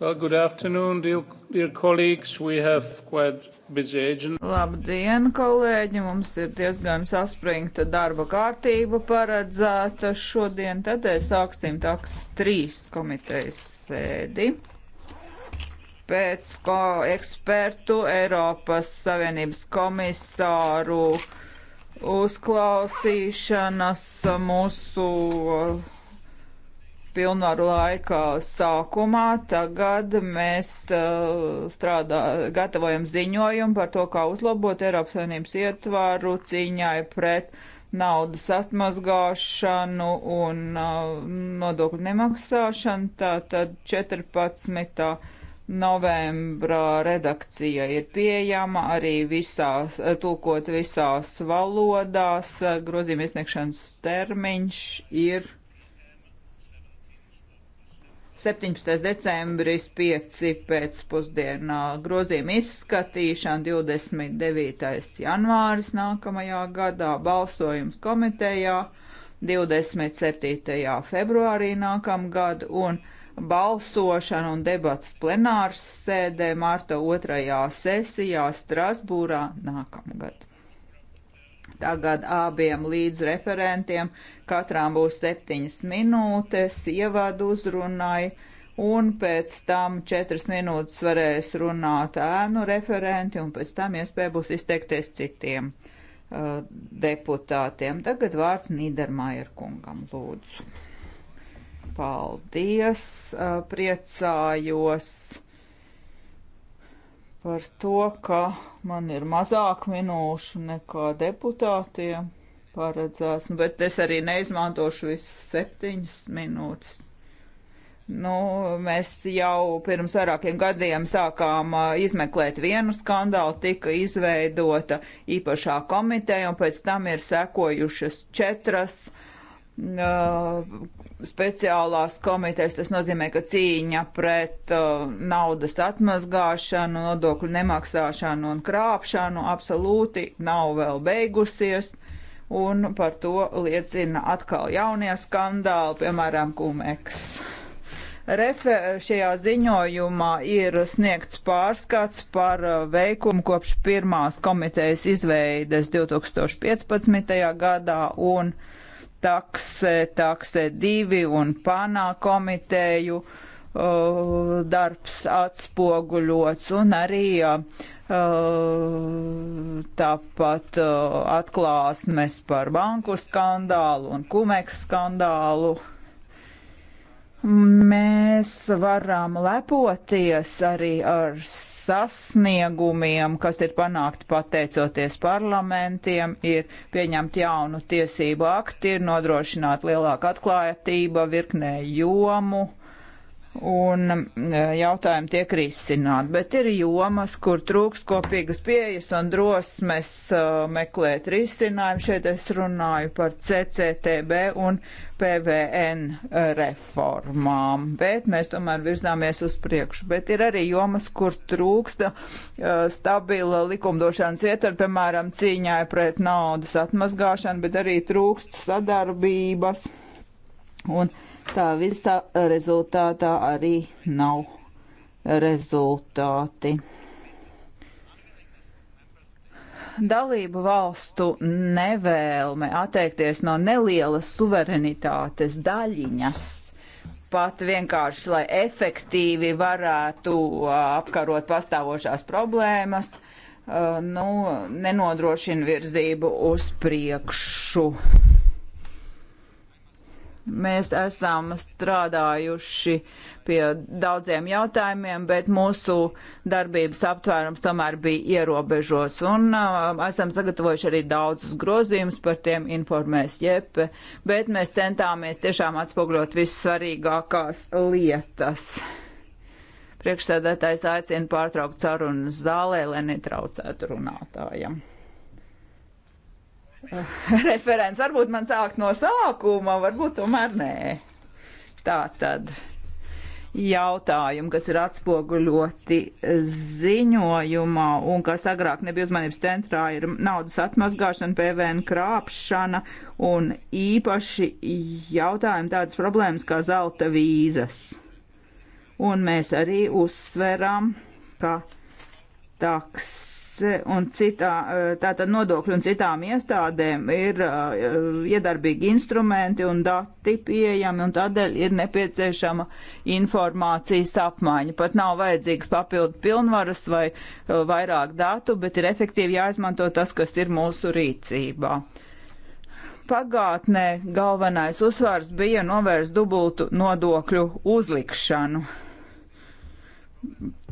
Well, good afternoon, dear, dear colleagues. We have quite busy agenda. Labdien, kolēģi! Mums ir diezgan saspringta darba kārtība paredzēta šodien, tādēļ eh, sāksim taks trīs komitejas sēdi. Pēc ko ekspertu Eiropas Savienības komisāru uzklausīšanas mūsu pilnvaru laika sākumā. Tagad mēs uh, strādā, gatavojam ziņojumu par to, kā uzlabot Eiropas Savienības ietvaru cīņai pret naudas atmazgāšanu un uh, nodokļu nemaksāšanu. Tātad 14. novembra redakcija ir pieejama arī visās, tulkot visās valodās. Grozījuma iesniegšanas termiņš ir 17. decembris 5 pēcpusdienā grozījuma izskatīšana 29. janvāris nākamajā gadā balsojums komitejā 27. februārī nākamgad un balsošana un debats plenārs sēdē marta 2. sesijā Strasbūrā nākamgad. Tagad abiem līdz referentiem katrām būs septiņas minūtes ievadu uzrunai, un pēc tam četras minūtes varēs runāt ēnu referenti, un pēc tam iespēja būs izteikties citiem uh, deputātiem. Tagad vārds Nīdermājer kungam lūdzu. Paldies, uh, priecājos par to, ka man ir mazāk minūšu nekā deputātiem paredzēts, nu, bet es arī neizmantošu visas septiņas minūtes. Nu, mēs jau pirms vairākiem gadiem sākām izmeklēt vienu skandālu, tika izveidota īpašā komiteja, un pēc tam ir sekojušas četras uh, Uh, speciālās komitejas, tas nozīmē, ka cīņa pret uh, naudas atmazgāšanu, nodokļu nemaksāšanu un krāpšanu absolūti nav vēl beigusies, un par to liecina atkal jaunie skandāli, piemēram, Kumeks. Refe šajā ziņojumā ir sniegts pārskats par uh, veikumu kopš pirmās komitejas izveides 2015. gadā un 2015 takse, takse divi un panā komiteju uh, darbs atspoguļots un arī uh, tāpat uh, atklāsmes par banku skandālu un kumeks skandālu. Mēs varam lepoties arī ar sasniegumiem, kas ir panākti pateicoties parlamentiem, ir pieņemt jaunu tiesību akti, ir nodrošināt lielāku atklātību virknē jomu un um, jautājumi tiek risināti, bet ir jomas, kur trūkst kopīgas pieejas un drosmes uh, meklēt risinājumu. Šeit es runāju par CCTB un PVN uh, reformām, bet mēs tomēr virzāmies uz priekšu. Bet ir arī jomas, kur trūksta uh, stabila likumdošanas ietver, piemēram, cīņai pret naudas atmazgāšanu, bet arī trūkst sadarbības. Un, uh, tā visa rezultātā arī nav rezultāti. Dalību valstu nevēlme atteikties no nelielas suverenitātes daļiņas, pat vienkārši, lai efektīvi varētu apkarot pastāvošās problēmas, nu, nenodrošina virzību uz priekšu Mēs esam strādājuši pie daudziem jautājumiem, bet mūsu darbības aptvērums tomēr bija ierobežos. Un uh, esam sagatavojuši arī daudzus grozījumus, par tiem informēs Jepe, bet mēs centāmies tiešām atspogļot vissvarīgākās lietas. Priekšsēdētājs aicina pārtraukt sarunas zālē, lai netraucētu runātājiem. referents. Varbūt man sākt no sākuma, varbūt tomēr nē. Tā tad jautājumi, kas ir atspoguļoti ziņojumā un kas agrāk nebija uzmanības centrā, ir naudas atmazgāšana, PVN krāpšana un īpaši jautājumi tādas problēmas kā zelta vīzas. Un mēs arī uzsveram, ka taks un citā, eh, tātad nodokļu un citām iestādēm ir eh, iedarbīgi instrumenti un dati pieejami, un tādēļ ir nepieciešama informācijas apmaiņa. Pat nav vajadzīgs papildu pilnvaras vai eh, vairāk datu, bet ir efektīvi jāizmanto tas, kas ir mūsu rīcībā. Pagātnē galvenais uzsvars bija novērst dubultu nodokļu uzlikšanu.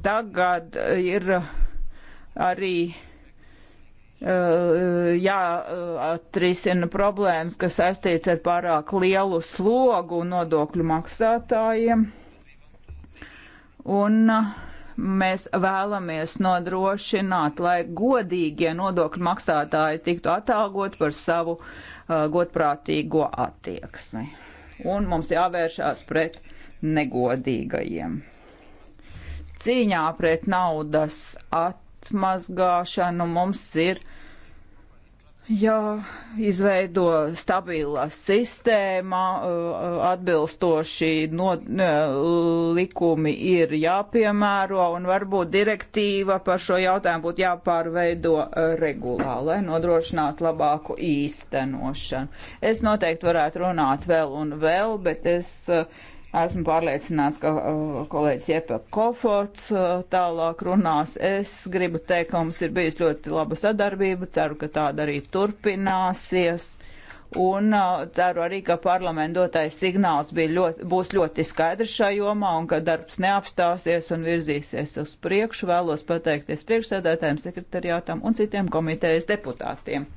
Tagad ir uh, arī eh, jāatrisina eh, problēmas, kas saistīts ar pārāk lielu slogu nodokļu maksātājiem. Un eh, mēs vēlamies nodrošināt, lai godīgie nodokļu maksātāji tiktu atalgot par savu uh, godprātīgo attieksmi. Un mums jāvēršās pret negodīgajiem. Cīņā pret naudas attieksmi atmazgāšanu mums ir jāizveido stabila sistēma, uh, atbilstoši no, uh, likumi ir jāpiemēro un varbūt direktīva par šo jautājumu būtu jāpārveido uh, regulā, lai nodrošinātu labāku īstenošanu. Es noteikti varētu runāt vēl un vēl, bet es uh, Esmu pārliecināts, ka uh, kolēģis Jepa Koforts uh, tālāk runās. Es gribu teikt, ka mums ir bijusi ļoti laba sadarbība, ceru, ka tāda arī turpināsies. Un uh, ceru arī, ka parlamentotais signāls ļoti, būs ļoti skaidrs šajā jomā un ka darbs neapstāsies un virzīsies uz priekšu. Vēlos pateikties priekšsēdētājiem, sekretariātam un citiem komitejas deputātiem.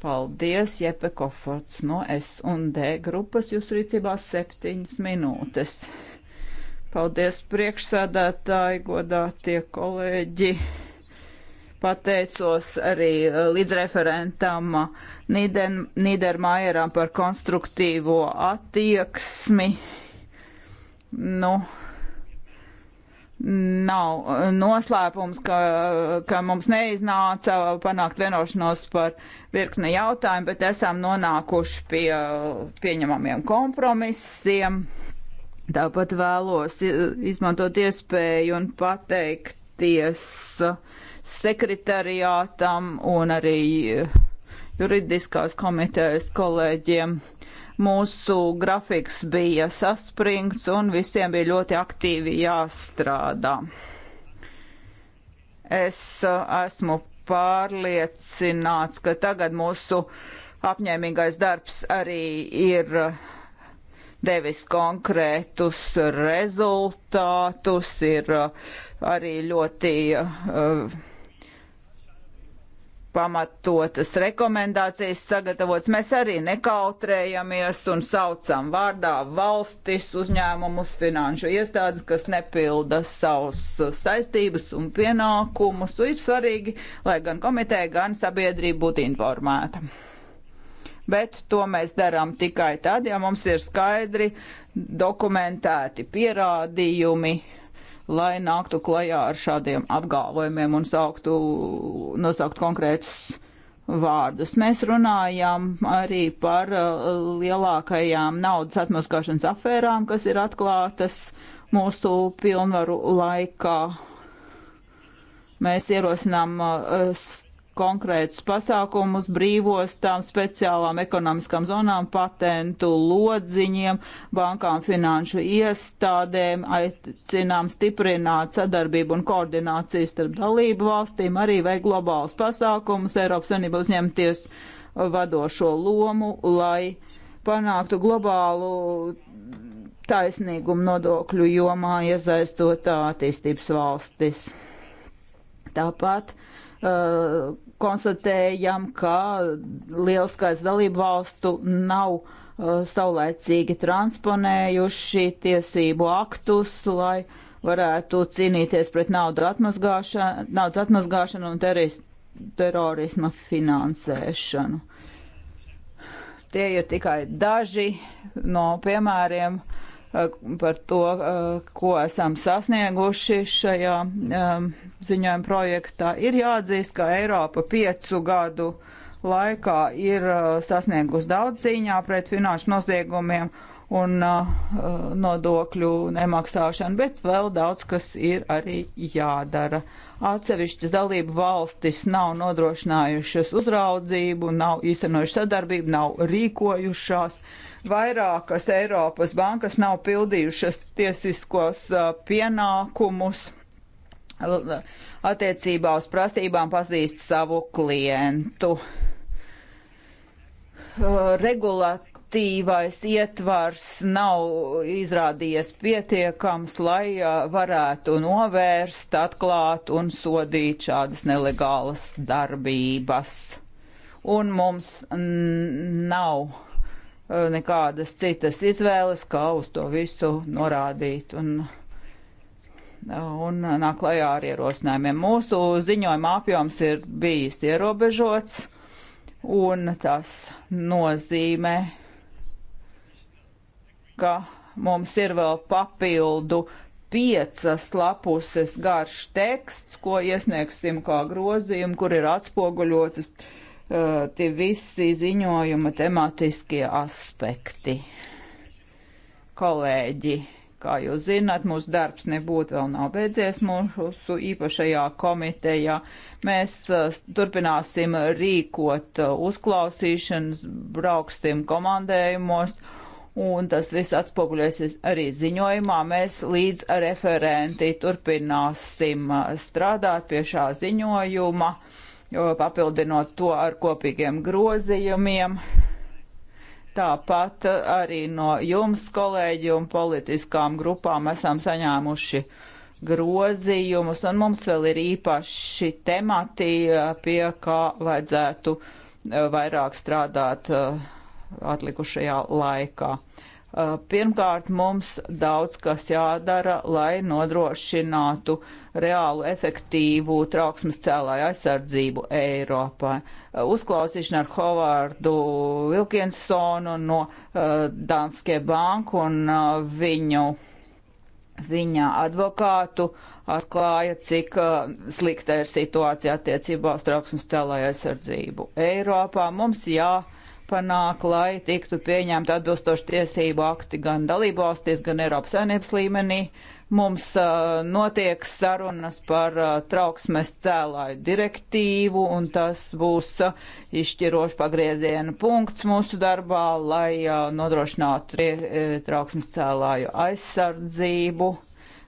Paldies, Jepe Koforts no S&D grupas. Jūsu rīcībā septiņas minūtes. Paldies priekšsādātāji, godātie kolēģi. Pateicos arī eh, līdzreferentam eh, Nīdermajeram par konstruktīvo attieksmi. Nu, Nav eh, noslēpums, ka, ka mums neiznāca panākt vienošanos par virkni jautājumu, bet esam nonākuši pie eh, pieņemamiem kompromisiem. Tāpat vēlos eh, izmantot iespēju un pateikties sekretariātam un arī juridiskās komitejas kolēģiem. Mūsu grafiks bija saspringts un visiem bija ļoti aktīvi jāstrādā. Es uh, esmu pārliecināts, ka tagad mūsu apņēmīgais darbs arī ir uh, devis konkrētus rezultātus, ir uh, arī ļoti uh, pamatotas rekomendācijas sagatavotas. Mēs arī nekautrējamies un saucam vārdā valstis, uzņēmumus, finanšu iestādes, kas nepilda savus saistības un pienākumus. Ir svarīgi, lai gan komiteja, gan sabiedrība būtu informēta. Bet to mēs darām tikai tad, ja mums ir skaidri dokumentēti pierādījumi lai nāktu klajā ar šādiem apgalvojumiem un sauktu, nosaukt konkrētus vārdus. Mēs runājām arī par uh, lielākajām naudas atmaskāšanas afērām, kas ir atklātas mūsu pilnvaru laikā. Mēs ierosinām uh, konkrētus pasākumus brīvostām, speciālām ekonomiskām zonām, patentu lodziņiem, bankām, finanšu iestādēm, aicinām stiprināt sadarbību un koordināciju starp dalību valstīm, arī veikt globālus pasākumus, Eiropas Savienība uzņemties vadošo lomu, lai panāktu globālu taisnīgumu nodokļu jomā, iesaistot attīstības valstis. Tāpat uh, konstatējam, ka liels skaits dalību valstu nav uh, saulēcīgi transponējuši tiesību aktus, lai varētu cīnīties pret naudu atmazgāšanu, naudas atmazgāšanu un teris, terorisma finansēšanu. Tie ir tikai daži no piemēriem uh, Eh, par to, eh, ko esam sasnieguši šajā eh, ziņojuma projektā. Ir jāatzīst, ka Eiropa piecu gadu laikā ir sasniegusi daudz cīņā pret finanšu noziegumiem un nodokļu nemaksāšanu, bet vēl daudz, kas ir arī jādara. Atsevišķas dalību valstis nav nodrošinājušas uzraudzību, nav īstenojušas sadarbību, nav rīkojušās. Uh, Vairākas Eiropas bankas nav pildījušas tiesiskos uh, pienākumus attiecībā uz prasībām pazīst savu klientu. Uh, regulatīvais ietvars nav izrādījies pietiekams, lai uh, varētu novērst, atklāt un sodīt šādas nelegālas darbības. Un mums nav Eh, nekādas citas izvēles, kā uz to visu norādīt un, eh, un nāk klajā ar ierosinājumiem. Mūsu ziņojuma apjoms ir bijis ierobežots, un tas nozīmē, ka mums ir vēl papildu piecas lapuses garš teksts, ko iesniegsim kā grozījumu, kur ir atspoguļotas uh, Eh, tie visi ziņojuma tematiskie aspekti. Kolēģi, kā jūs zināt, mūsu darbs nebūtu vēl nav beidzies mūsu īpašajā komitejā. Mēs eh, turpināsim rīkot eh, uzklausīšanas, brauksim komandējumos. Un tas viss atspoguļosies arī ziņojumā. Mēs līdz referenti turpināsim strādāt pie šā ziņojuma. Uh, papildinot to ar kopīgiem grozījumiem. Tāpat arī no jums, kolēģi, un politiskām grupām esam saņēmuši grozījumus, un mums vēl ir īpaši temati, pie kā vajadzētu eh, vairāk strādāt eh, atlikušajā laikā. Uh, Uh, pirmkārt, mums daudz kas jādara, lai nodrošinātu reālu efektīvu trauksmes cēlāju aizsardzību Eiropā. Uh, uzklausīšana ar Hovardu Vilkinsonu no uh, Danske Banku un viņu viņa advokātu atklāja, cik uh, slikta ir situācija attiecībā uz trauksmes cēlāju aizsardzību. Eiropā mums jā. Ja jāpanāk, lai tiktu pieņemti atbilstoši tiesību akti gan dalību valstīs, gan Eiropas saimnības līmenī. Mums uh, notiek sarunas par uh, trauksmes cēlāju direktīvu, un tas būs uh, izšķiroši pagrieziena punkts mūsu darbā, lai uh, nodrošinātu uh, trauksmes cēlāju aizsardzību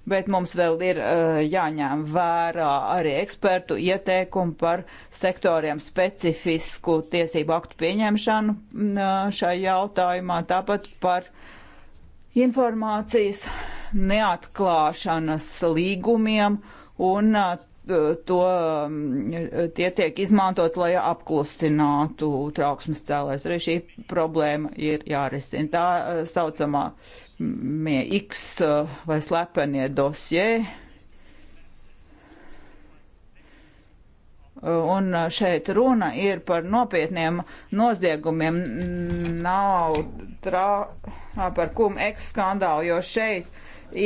bet mums vēl ir uh, jāņem vērā arī ekspertu ieteikumi par sektoriem specifisku tiesību aktu pieņemšanu mm, eh, šai jautājumā, tāpat par informācijas neatklāšanas līgumiem un uh, to mm, tie tiek izmantot, lai apklusinātu trauksmes cēlēs. Arī šī problēma ir jārisina. Tā saucamā X eh, vai slepenie dosjē. Eh, un šeit runa ir par nopietniem noziegumiem, nav trā, par kum eks skandālu, jo šeit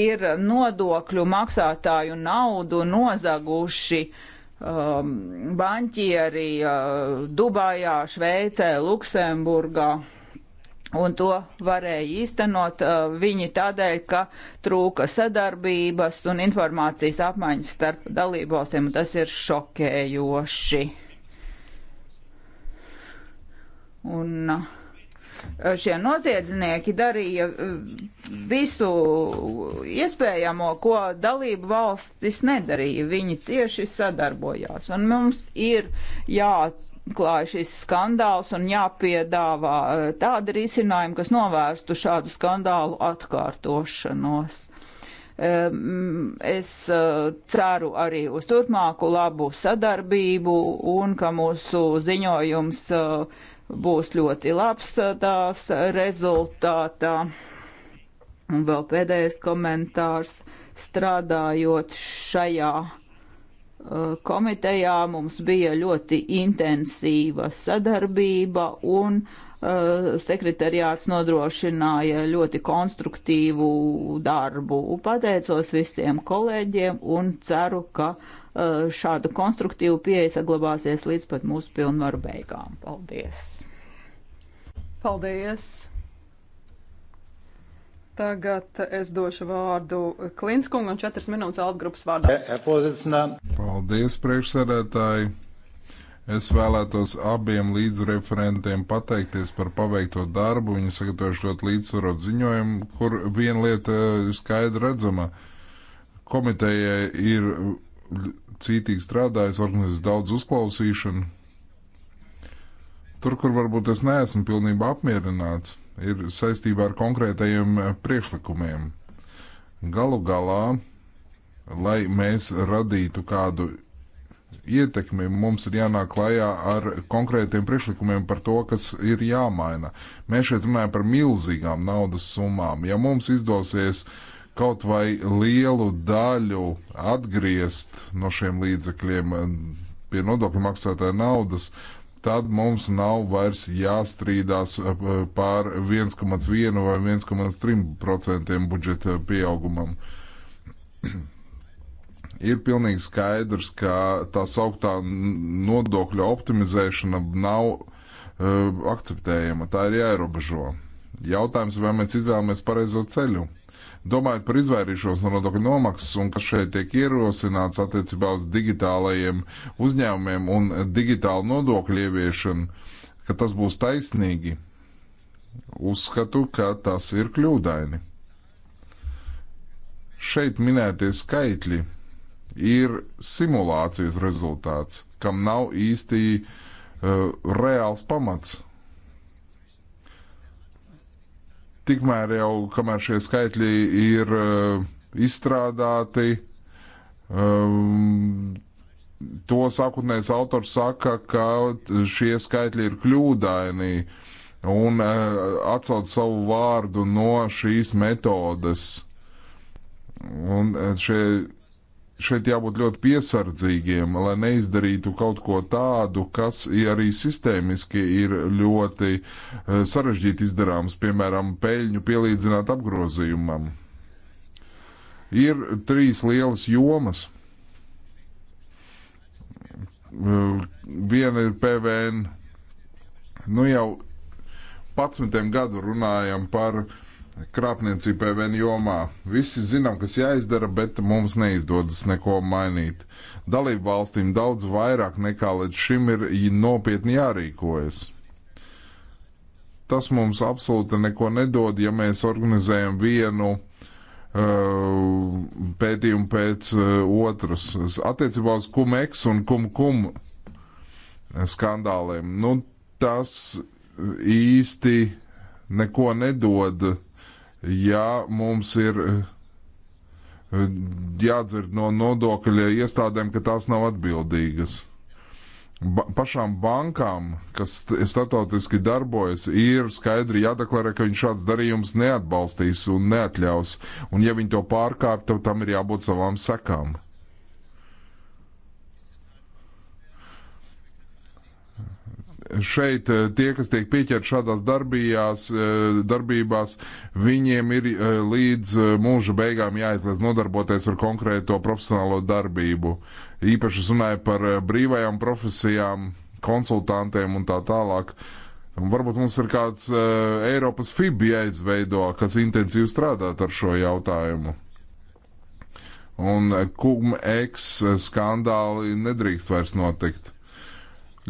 ir nodokļu maksātāju naudu nozaguši um, banķieri uh, Dubajā, Šveicē, Luksemburgā. Un to varēja īstenot uh, viņi tādēļ, ka trūka sadarbības un informācijas apmaiņas starp dalībvalstīm, un tas ir šokējoši. Un uh, šie noziedznieki darīja uh, visu iespējamo, ko dalību valstis nedarīja. Viņi cieši sadarbojās, un mums ir jāatcerās jāatklāj šis skandāls un jāpiedāvā eh, tādi risinājumi, kas novērstu šādu skandālu atkārtošanos. Es eh, ceru arī uz turpmāku labu sadarbību un ka mūsu ziņojums eh, būs ļoti labs tās rezultātā. Un vēl pēdējais komentārs strādājot šajā komitejā mums bija ļoti intensīva sadarbība un uh, sekretariāts nodrošināja ļoti konstruktīvu darbu. Pateicos visiem kolēģiem un ceru, ka uh, šāda konstruktīva pieeja saglabāsies līdz pat mūsu pilnvaru beigām. Paldies! Paldies! Tagad es došu vārdu Klinskungam, 4 minūtes altgrupas vārdā. Paldies, priekšsēdētāji! Es vēlētos abiem līdzreferentiem pateikties par paveikto darbu. Viņi sagatavojuši ļoti līdzsvarot ziņojumu, kur viena lieta eh, skaidri redzama. Komiteja ir cītīgi strādājusi, organizējusi daudz uzklausīšanu. Tur, kur varbūt es neesmu pilnībā apmierināts, ir saistībā ar konkrētajiem eh, priekšlikumiem. Galu galā, lai mēs radītu kādu ietekmi, mums ir jānāk klajā ar konkrētiem priekšlikumiem par to, kas ir jāmaina. Mēs šeit runājam par milzīgām naudas summām. Ja mums izdosies kaut vai lielu daļu atgriezt no šiem līdzekļiem eh, pie nodokļu maksātāja naudas, tad mums nav vairs jāstrīdās eh, pār 1,1 vai 1,3% budžeta pieaugumam. Ir pilnīgi skaidrs, ka tā sauktā nodokļa optimizēšana nav uh, akceptējama, tā ir jāierobežo. Jautājums, vai mēs izvēlamies pareizo ceļu? Domājot par izvairīšanos no nodokļu nomaksas un kas šeit tiek ierosināts attiecībā uz digitālajiem uzņēmumiem un digitālu nodokļu ieviešanu, ka tas būs taisnīgi, uzskatu, ka tas ir kļūdaini. Šeit minētie skaitļi ir simulācijas rezultāts, kam nav īsti uh, reāls pamats. Tikmēr jau, kamēr šie skaitļi ir uh, izstrādāti, um, to sākotnējais autors saka, ka šie skaitļi ir kļūdaini un uh, atsauc savu vārdu no šīs metodes. Un eh, šie šeit jābūt ļoti piesardzīgiem, lai neizdarītu kaut ko tādu, kas arī sistēmiski ir ļoti eh, sarežģīti izdarāms, piemēram, peļņu pielīdzināt apgrozījumam. Ir trīs lielas jomas. Eh, viena ir PVN. Nu jau 11 gadu runājam par uh, krāpniecība PVN jomā. Visi zinām, kas jāizdara, bet mums neizdodas neko mainīt. Dalību valstīm daudz vairāk nekā līdz šim ir nopietni jārīkojas. Tas mums absolūti neko nedod, ja mēs organizējam vienu uh, pētījumu pēc uh, otras. Attiecībā uz kumeks un kumkum skandāliem, nu, tas īsti neko nedod uh, ja mums ir eh, jādzird no nodokļa iestādēm, ka tās nav atbildīgas. Ba pašām bankām, kas statotiski darbojas, ir skaidri jādeklarē, ka viņš šāds darījums neatbalstīs un neatļaus, un ja viņi to pārkāpj, tad tam ir jābūt savām sekām. šeit eh, tie, kas tiek pieķert šādās darbījās, eh, darbībās, viņiem ir eh, līdz mūža beigām jāizliedz nodarboties ar konkrēto profesionālo darbību. Īpaši es runāju par brīvajām profesijām, konsultantiem un tā tālāk. Un varbūt mums ir kāds uh, Eiropas FIB jāizveido, kas intensīvi strādāt ar šo jautājumu. Un kum eks skandāli nedrīkst vairs notikt.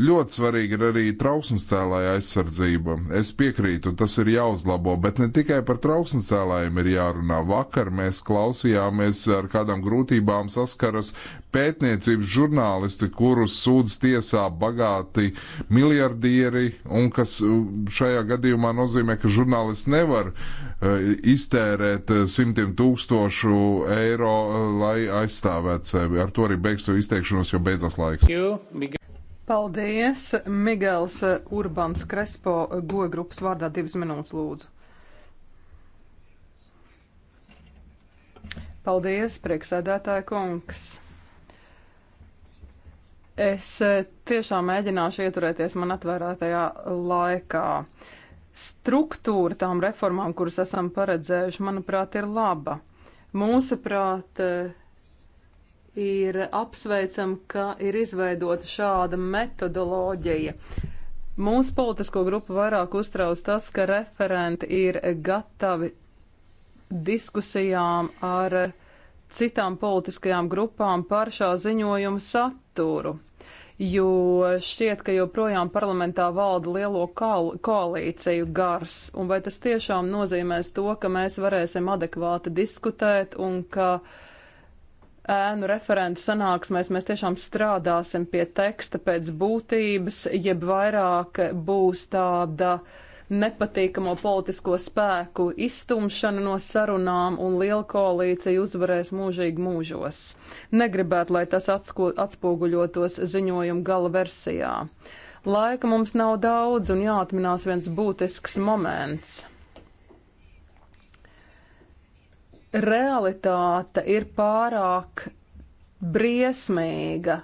Ļoti svarīgi ir arī trauksmes cēlāja aizsardzība. Es piekrītu, tas ir jāuzlabo, bet ne tikai par trauksmes cēlājiem ir jārunā. Vakar mēs klausījāmies, ar kādām grūtībām saskaras pētniecības žurnālisti, kurus sūdz tiesā bagāti miljardieri, un kas uh, šajā gadījumā nozīmē, ka žurnālisti nevar uh, iztērēt uh, simtiem tūkstošu eiro, lai aizstāvētu sevi. Ar to arī beigšu izteikšanos, jo beidzas laiks. Paldies, Migels Urbans Krespo, goja grupas vārdā divas minūtes lūdzu. Paldies, prieksēdētāja kungs. Es eh, tiešām mēģināšu ieturēties man atvērētajā laikā. Struktūra tām reformām, kuras esam paredzējuši, manuprāt, ir laba. Mūsuprāt, uh, ir apsveicam, ka ir izveidota šāda metodoloģija. Mūsu politisko grupu vairāk uztrauc tas, ka referenti ir gatavi diskusijām ar citām politiskajām grupām par šā ziņojuma saturu, jo šķiet, ka joprojām parlamentā valda lielo koalīciju gars, un vai tas tiešām nozīmēs to, ka mēs varēsim adekvāti diskutēt un ka uh, ēnu referentu sanāksmēs mēs tiešām strādāsim pie teksta pēc būtības, jeb vairāk būs tāda nepatīkamo politisko spēku izstumšana no sarunām un liela koalīcija uzvarēs mūžīgi mūžos. Negribētu, lai tas atsko, atspoguļotos ziņojuma gala versijā. Laika mums nav daudz un jāatminās viens būtisks moments. realitāte ir pārāk briesmīga.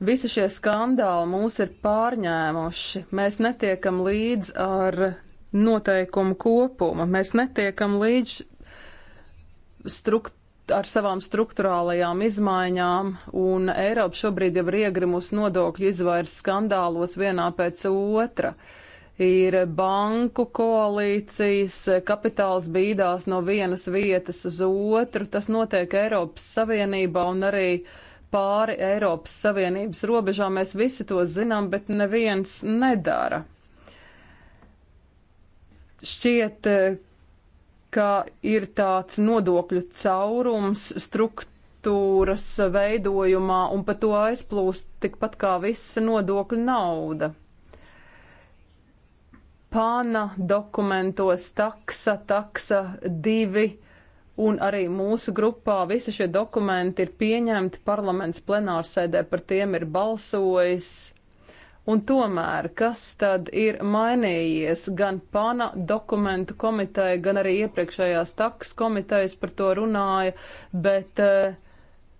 Visi šie skandāli mūs ir pārņēmuši. Mēs netiekam līdz ar noteikumu kopumu, mēs netiekam līdz strukt, ar savām struktūrālajām izmaiņām, un Eiropa šobrīd jau ir iegrimusi nodokļu izvairs skandālos vienā pēc otra. Uh, ir banku koalīcijas, kapitāls bīdās no vienas vietas uz otru. Tas notiek Eiropas Savienībā un arī pāri Eiropas Savienības robežām. Mēs visi to zinām, bet neviens nedara. Šķiet, ka ir tāds nodokļu caurums struktūra struktūras veidojumā, un pa to aizplūst tikpat kā visa nodokļu nauda pāna dokumentos, taksa, taksa divi. Un arī mūsu grupā visi šie dokumenti ir pieņemti, parlaments plenārsēdē par tiem ir balsojis. Un tomēr, kas tad ir mainījies gan pana dokumentu komiteja, gan arī iepriekšējās taks komitejas par to runāja, bet uh,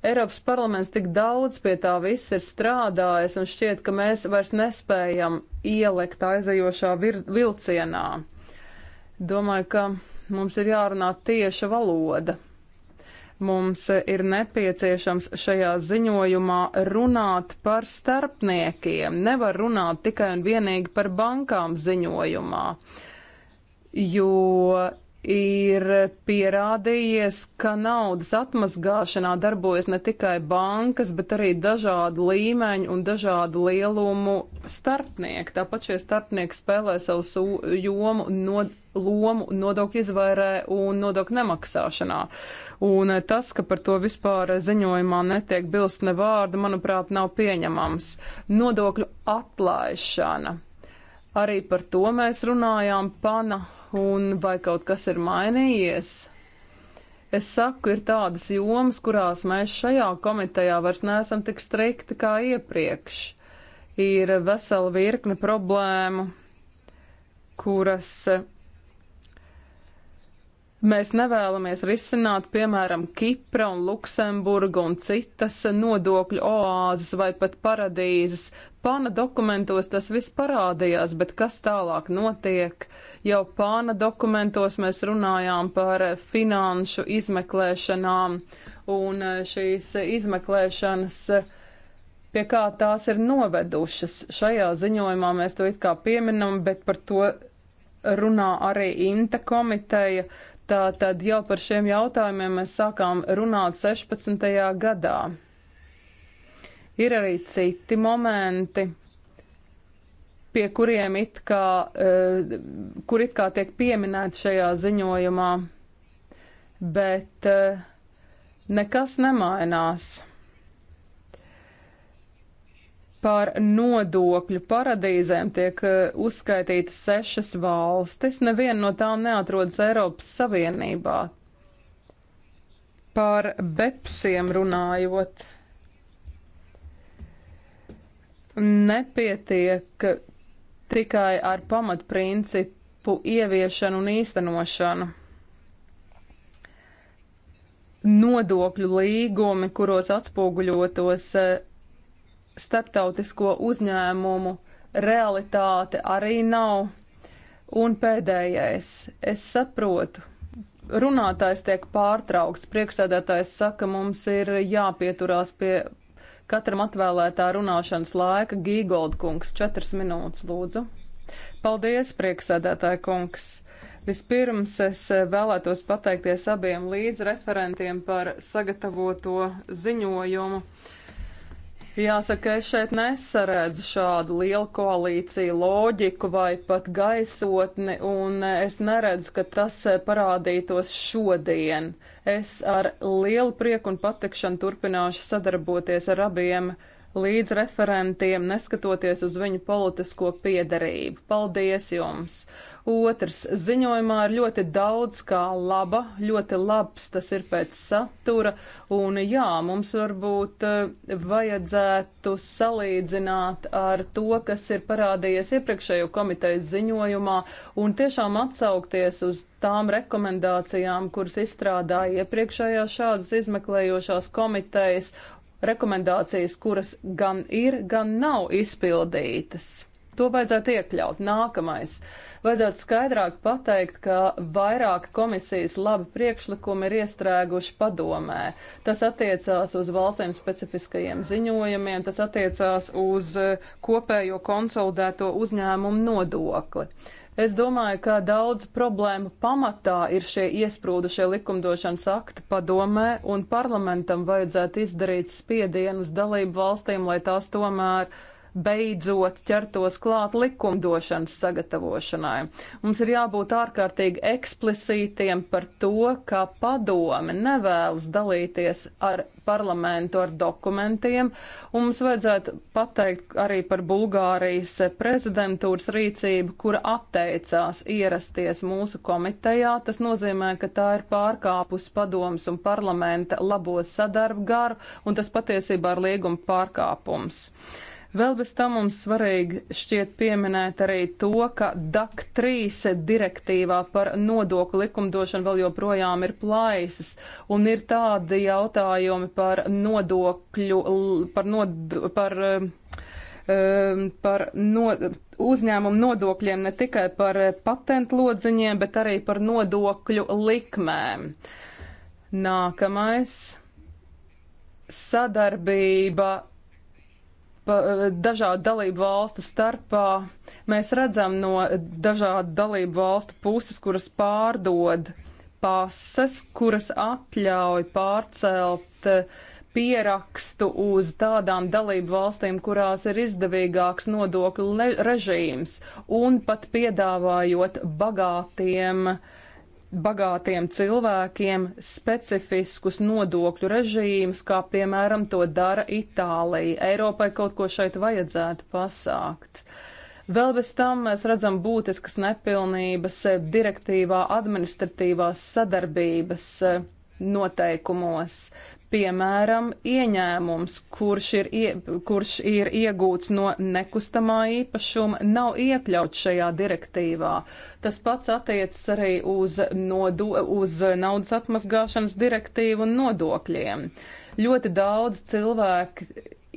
Eiropas parlaments tik daudz pie tā viss ir strādājis, un šķiet, ka mēs vairs nespējam ielikt aizajošā vilcienā. Domāju, ka mums ir jārunā tieša valoda. Mums ir nepieciešams šajā ziņojumā runāt par starpniekiem. Nevar runāt tikai un vienīgi par bankām ziņojumā, jo ir pierādījies, ka naudas atmazgāšanā darbojas ne tikai bankas, bet arī dažādu līmeņu un dažādu lielumu starpnieki. Tāpat šie starpnieki spēlē savu jomu, no, lomu nodokļu izvairē un nodokļu nemaksāšanā. Un tas, ka par to vispār ziņojumā netiek bilst ne vārda, manuprāt, nav pieņemams. Nodokļu atlaišana. Arī par to mēs runājām pana un vai kaut kas ir mainījies. Es saku, ir tādas jomas, kurās mēs šajā komitejā vairs neesam tik strikti kā iepriekš. Ir vesela virkne problēmu, kuras Mēs nevēlamies risināt, piemēram, Kipra un Luksemburga un citas nodokļu oāzes vai pat paradīzes. Pāna dokumentos tas viss parādījās, bet kas tālāk notiek? Jau pāna dokumentos mēs runājām par finanšu izmeklēšanām un šīs izmeklēšanas pie kā tās ir novedušas. Šajā ziņojumā mēs to it kā pieminam, bet par to runā arī Inta komiteja. Tātad jau par šiem jautājumiem mēs sākām runāt 16. gadā. Ir arī citi momenti, pie kuriem it kā, eh, kur it kā tiek pieminēts šajā ziņojumā, bet eh, nekas nemainās. Par nodokļu paradīzēm tiek eh, uzskaitītas sešas valstis, neviena no tām neatrodas Eiropas Savienībā. Par bepsiem runājot, nepietiek tikai ar pamatprincipu ieviešanu un īstenošanu. Nodokļu līgumi, kuros atspoguļotos eh, starptautisko uzņēmumu realitāte arī nav. Un pēdējais, es saprotu, runātājs tiek pārtraukts, priekšsēdētājs saka, mums ir jāpieturās pie katram atvēlētā runāšanas laika. Gīgold kungs, četras minūtes lūdzu. Paldies, priekšsēdētāja kungs. Vispirms es vēlētos pateikties abiem līdzreferentiem par sagatavoto ziņojumu. Jāsaka, es šeit nesaredzu šādu lielu koalīciju loģiku vai pat gaisotni, un es neredzu, ka tas eh, parādītos šodien. Es ar lielu prieku un patikšanu turpināšu sadarboties ar abiem līdz referentiem, neskatoties uz viņu politisko piedarību. Paldies jums! Otrs ziņojumā ir ļoti daudz kā laba, ļoti labs tas ir pēc satura, un jā, mums varbūt eh, vajadzētu salīdzināt ar to, kas ir parādījies iepriekšējo komitejas ziņojumā, un tiešām atsaukties uz tām rekomendācijām, kuras izstrādāja iepriekšējās šādas izmeklējošās komitejas, rekomendācijas, kuras gan ir, gan nav izpildītas. To vajadzētu iekļaut. Nākamais. Vajadzētu skaidrāk pateikt, ka vairāki komisijas labi priekšlikumi ir iestrēguši padomē. Tas attiecās uz valstīm specifiskajiem ziņojumiem, tas attiecās uz kopējo konsolidēto uzņēmumu nodokli. Es domāju, ka daudz problēmu pamatā ir šie iesprūdušie likumdošanas akti padomē, un parlamentam vajadzētu izdarīt spiedienu uz dalību valstīm, lai tās tomēr beidzot ķertos klāt likumdošanas sagatavošanai. Mums ir jābūt ārkārtīgi eksplicītiem par to, ka padome nevēlas dalīties ar parlamentu ar dokumentiem, un mums vajadzētu pateikt arī par Bulgārijas prezidentūras rīcību, kura atteicās ierasties mūsu komitejā. Tas nozīmē, ka tā ir pārkāpus padomas un parlamenta labo sadarbu garu, un tas patiesībā ir līguma pārkāpums. Vēl bez tam mums svarīgi šķiet pieminēt arī to, ka DAC 3 direktīvā par nodokļu likumdošanu vēl joprojām ir plaisas, un ir tādi jautājumi par nodokļu, par, nod, par, um, um, par no, uzņēmumu nodokļiem ne tikai par patentlodziņiem, bet arī par nodokļu likmēm. Nākamais sadarbība Eh, dažādu dalību valstu starpā. Mēs redzam no dažādu dalību valstu puses, kuras pārdod pases, kuras atļauj pārcelt eh, pierakstu uz tādām dalību valstīm, kurās ir izdevīgāks nodokļu režīms, un pat piedāvājot bagātiem uh, bagātiem cilvēkiem specifiskus nodokļu režīmus, kā piemēram to dara Itālija. Eiropai kaut ko šeit vajadzētu pasākt. Vēl bez tam mēs redzam būtiskas nepilnības direktīvā administratīvās sadarbības noteikumos. Piemēram, ieņēmums, kurš ir, ie, kurš ir iegūts no nekustamā īpašuma, nav iekļauts šajā direktīvā. Tas pats attiecas arī uz, nodo, uz naudas atmazgāšanas direktīvu un nodokļiem. Ļoti daudz cilvēku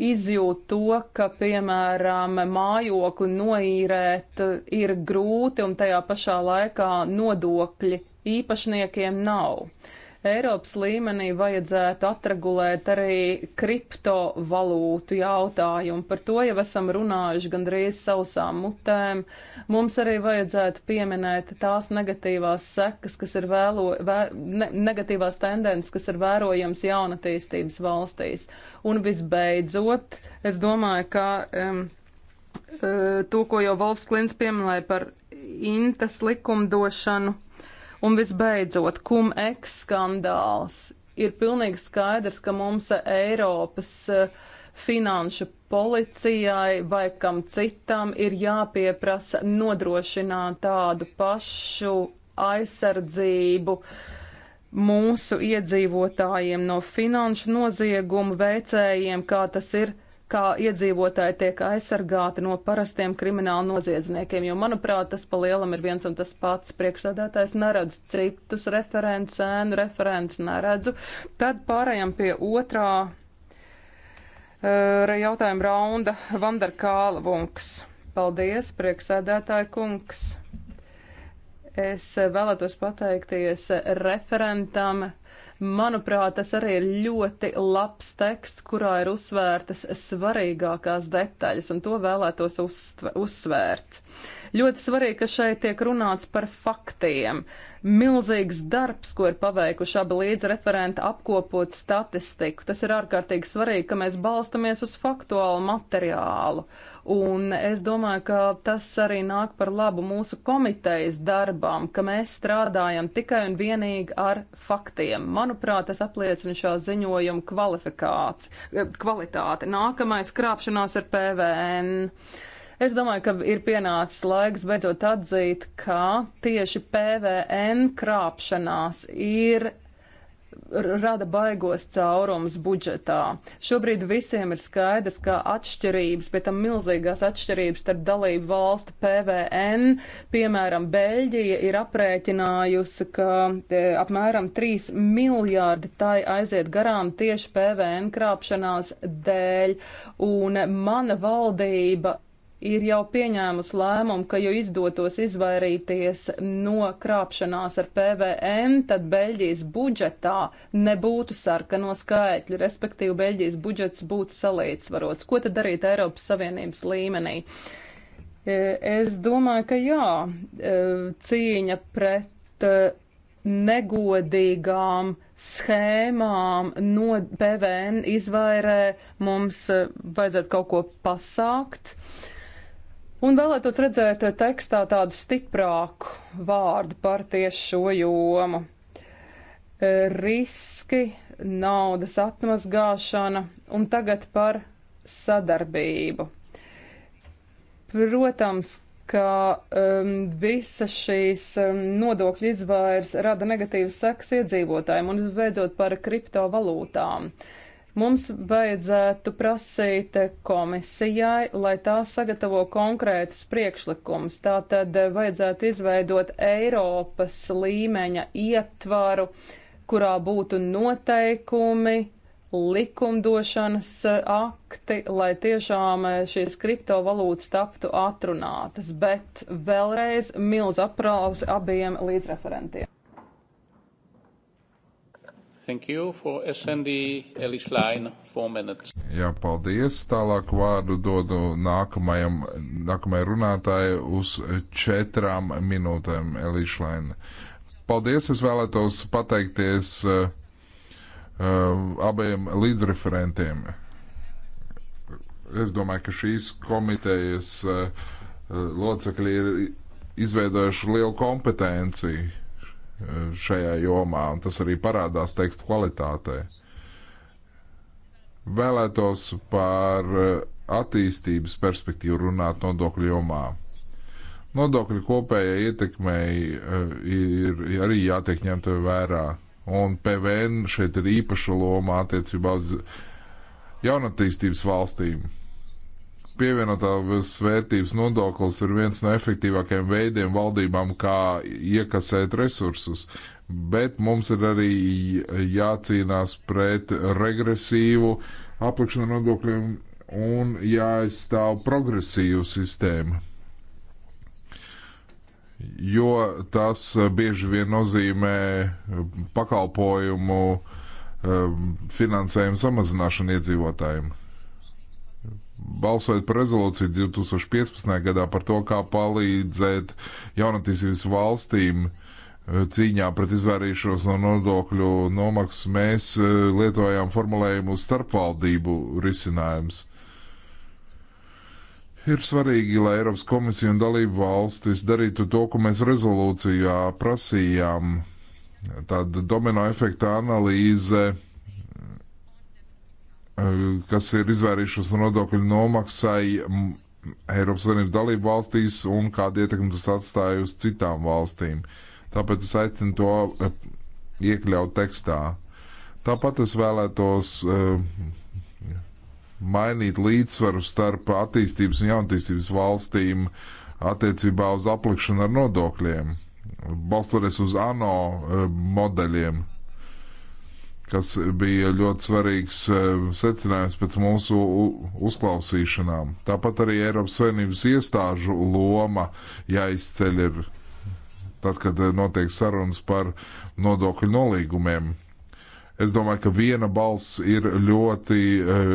izjūt to, ka, piemēram, mājokli noīrēt ir grūti un tajā pašā laikā nodokļi īpašniekiem nav. Eiropas līmenī vajadzētu atregulēt arī kriptovalūtu jautājumu. Par to jau esam runājuši gandrīz sausām mutēm. Mums arī vajadzētu pieminēt tās negatīvās sekas, kas ir vēlo, vē, ne, negatīvās tendences, kas ir vērojams jaunatīstības valstīs. Un visbeidzot, es domāju, ka. Um, To, ko jau Volfs Klints pieminēja par intas likumdošanu, uh, Un visbeidzot, kum eks skandāls. Ir pilnīgi skaidrs, ka mums eh, Eiropas eh, finanšu policijai vai kam citam ir jāpieprasa nodrošināt tādu pašu aizsardzību mūsu iedzīvotājiem no finanšu noziegumu veicējiem, kā tas ir kā iedzīvotāji tiek aizsargāti no parastiem kriminālu noziedzniekiem, jo, manuprāt, tas pa lielam ir viens un tas pats. Priekšsēdētājs neredzu citus referents, ēnu referents neredzu. Tad pārējām pie otrā uh, jautājuma raunda Vandarkāla Vunks. Paldies, priekšsēdētāja kungs! Es eh, vēlētos pateikties referentam Manuprāt, tas arī ir ļoti labs teksts, kurā ir uzsvērtas svarīgākās detaļas, un to vēlētos uzsvērt. Ļoti svarīgi, ka šeit tiek runāts par faktiem. Milzīgs darbs, ko ir paveikuši abi līdzreferenti apkopot statistiku. Tas ir ārkārtīgi svarīgi, ka mēs balstamies uz faktuālu materiālu. Un es domāju, ka tas arī nāk par labu mūsu komitejas darbam, ka mēs strādājam tikai un vienīgi ar faktiem. Manuprāt, tas apliecina šā ziņojuma kvalifikāciju, kvalitāti. Nākamais krāpšanās ar PVN. Es domāju, ka ir pienācis laiks beidzot atzīt, ka tieši PVN krāpšanās ir rada baigos caurums budžetā. Šobrīd visiem ir skaidrs, ka atšķirības, pie tam milzīgās atšķirības starp dalību valstu PVN, piemēram, Beļģija ir aprēķinājusi, ka e, apmēram 3 miljārdi tai aiziet garām tieši PVN krāpšanās dēļ, un mana valdība ir jau pieņēmusi lēmumu, ka, ja izdotos izvairīties no krāpšanās ar PVN, tad Beļģijas budžetā nebūtu sarkano skaitļu, respektīvi Beļģijas budžets būtu salīdzvarots. Ko tad darīt Eiropas Savienības līmenī? E, es domāju, ka jā, e, cīņa pret e, negodīgām schēmām no PVN izvairē mums vajadzētu kaut ko pasākt. Uh, Un vēlētos redzēt tekstā tādu stiprāku vārdu par tieši šo jomu. Riski, naudas atmazgāšana un tagad par sadarbību. Protams, ka um, visas šīs um, nodokļu izvairs rada negatīvas sekas iedzīvotājiem un visbeidzot par kriptovalūtām. Uh, Mums vajadzētu prasīt komisijai, lai tā sagatavo konkrētus priekšlikumus. Tātad vajadzētu izveidot Eiropas līmeņa ietvaru, kurā būtu noteikumi, likumdošanas akti, lai tiešām šīs kriptovalūtas taptu atrunātas, bet vēlreiz milzu aplausi abiem līdzreferentiem. Thank you for SND Elish Line, four minutes. Jā, paldies. Tālāk vārdu dodu nākamajam, nākamajai runātāji uz četrām minūtēm Elish Line. Paldies, es vēlētos pateikties uh, uh, abiem līdzreferentiem. Es domāju, ka šīs komitejas uh, locekļi ir izveidojuši lielu kompetenciju šajā jomā, un tas arī parādās tekstu kvalitātē. Vēlētos par eh, attīstības perspektīvu runāt nodokļu jomā. Nodokļu kopējai ietekmei eh, ir arī jātiek ņemta vērā, un PVN šeit ir īpaša loma attiecībā uz jaunatīstības valstīm pievienotās vērtības nodoklis ir viens no efektīvākajiem veidiem valdībām, kā iekasēt resursus. Bet mums ir arī jācīnās pret regresīvu aplikšanu nodokļiem un jāizstāv progresīvu sistēmu jo tas bieži vien nozīmē pakalpojumu um, finansējumu samazināšanu iedzīvotājiem balsojot par rezolūciju 2015. gadā par to, kā palīdzēt jaunatīstības valstīm eh, cīņā pret izvairīšanos no nodokļu nomaksas, mēs eh, lietojām formulējumu starpvaldību risinājums. Ir svarīgi, lai Eiropas komisija un dalību valstis darītu to, ko mēs rezolūcijā prasījām. Tāda domino efekta analīze uh, Um, kas ir izvairījušos no nodokļu nomaksai Eiropas Savienības dalību valstīs un kādu ietekmi tas atstāja uz citām valstīm. Tāpēc es aicinu to eh, iekļaut tekstā. Tāpat es vēlētos eh, mainīt līdzsvaru starp attīstības un jaunatīstības valstīm attiecībā uz aplikšanu ar nodokļiem, balstoties uz ANO eh, modeļiem kas bija ļoti svarīgs e, secinājums pēc mūsu uzklausīšanām. Tāpat arī Eiropas Savienības iestāžu loma jāizceļ ir tad, kad notiek sarunas par nodokļu nolīgumiem. Es domāju, ka viena balss ir ļoti e,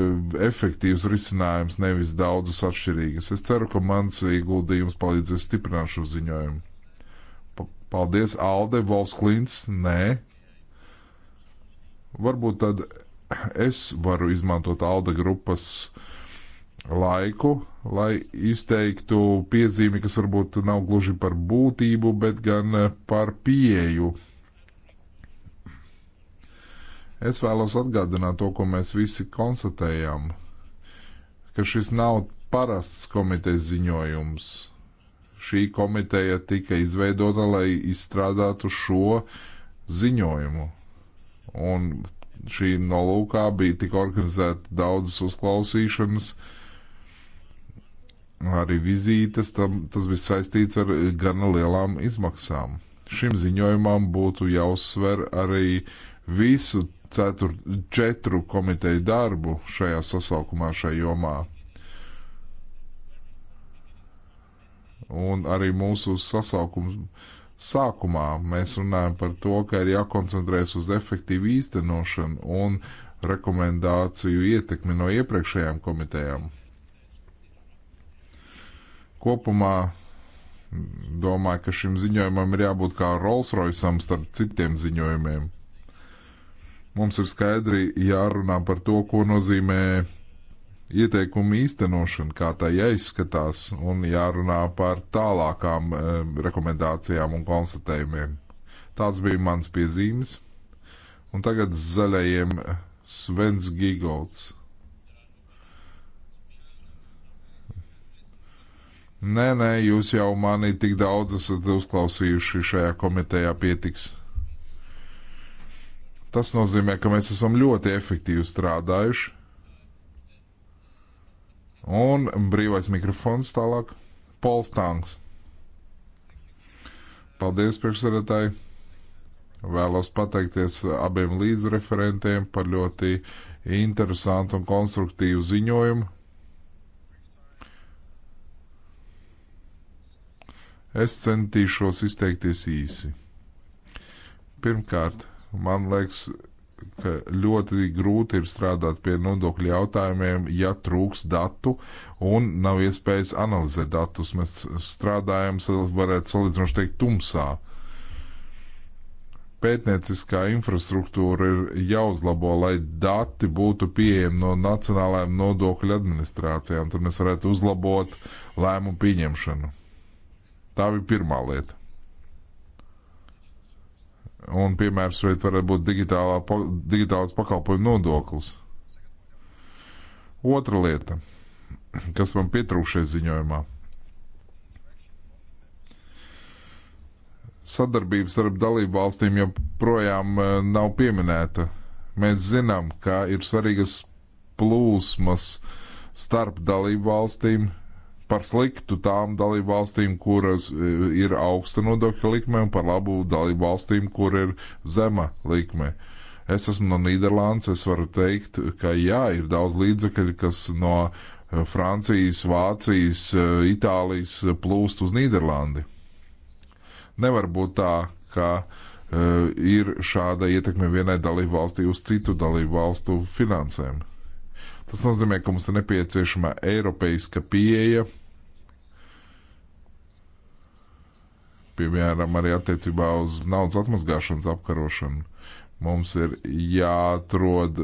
efektīvs risinājums, nevis daudzas atšķirīgas. Es ceru, ka mans ieguldījums palīdzēs stiprināt šo ziņojumu. Paldies, Alde, Volsklīns, nē, Varbūt tad es varu izmantot Alda grupas laiku, lai izteiktu piezīmi, kas varbūt nav gluži par būtību, bet gan par pieeju. Es vēlos atgādināt to, ko mēs visi konstatējam, ka šis nav parasts komitejas ziņojums. Šī komiteja tika izveidota, lai izstrādātu šo ziņojumu Un šī nolūkā bija tik organizēta daudzas uzklausīšanas, arī vizītes, tam, tas bija saistīts ar gana lielām izmaksām. Šim ziņojumam būtu jāuzsver arī visu cetur, četru komiteju darbu šajā sasaukumā, šajā jomā. Un arī mūsu sasaukums sākumā mēs runājam par to, ka ir jākoncentrējas uz efektīvu īstenošanu un rekomendāciju ietekmi no iepriekšējām komitejām. Kopumā mm, domāju, ka šim ziņojumam ir jābūt kā Rolls-Royceam starp citiem ziņojumiem. Mums ir skaidri jārunā par to, ko nozīmē ieteikumu īstenošanu, kā tā jāizskatās, un jārunā par tālākām e, rekomendācijām un konstatējumiem. Tāds bija mans piezīmes. Un tagad zaļajiem eh, Svens Gigolds. Nē, nē, jūs jau mani tik daudz esat uzklausījuši šajā komitejā pietiks. Tas nozīmē, ka mēs esam ļoti efektīvi strādājuši Un brīvais mikrofons tālāk. Pols Tanks. Paldies, priekšsēdētāji. Vēlos pateikties abiem līdzreferentiem par ļoti interesantu un konstruktīvu ziņojumu. Es centīšos izteikties īsi. Pirmkārt, man liekas, ka ļoti grūti ir strādāt pie nodokļu jautājumiem, ja trūks datu un nav iespējas analizēt datus. Mēs strādājam, varētu salīdzinoši teikt, tumsā. Pētnieciskā infrastruktūra ir jāuzlabo, lai dati būtu pieejami no nacionālajām nodokļu administrācijām. Tad mēs varētu uzlabot lēmumu pieņemšanu. Tā bija pirmā lieta. Un piemērs šeit varētu būt digitālā, digitāls pakalpojumu nodoklis. Otra lieta, kas man pietrūkšai ziņojumā. Sadarbības starp dalību valstīm joprojām eh, nav pieminēta. Mēs zinām, ka ir svarīgas plūsmas starp dalību valstīm, par sliktu tām dalību valstīm, kuras e, ir augsta nodokļa likme, un par labu dalību valstīm, kur ir zema likme. Es esmu no Nīderlandes, es varu teikt, ka jā, ir daudz līdzekļu, kas no e, Francijas, Vācijas, e, Itālijas plūst uz Nīderlandi. Nevar būt tā, ka uh, ir šāda ietekme vienai dalību valstī uz citu dalību valstu finansēm. Tas nozīmē, ka mums ir nepieciešama eiropeiska pieeja, piemēram, arī attiecībā uz naudas atmazgāšanas apkarošanu. Mums ir jāatrod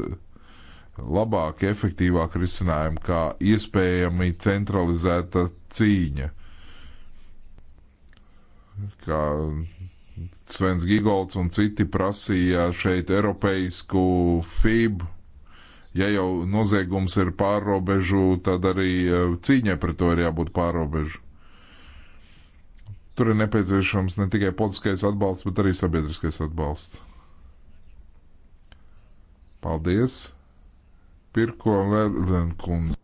labāk, efektīvāk risinājumu, kā iespējami centralizēta cīņa. Kā Svens Gigolds un citi prasīja šeit Eiropeisku FIB Ja jau noziegums ir pārobežu, tad arī e, cīņai pret to ir jābūt pārobežu. Tur ir nepieciešams ne tikai politiskais atbalsts, bet arī sabiedriskais atbalsts. Paldies! Pirko Lērlenkundze.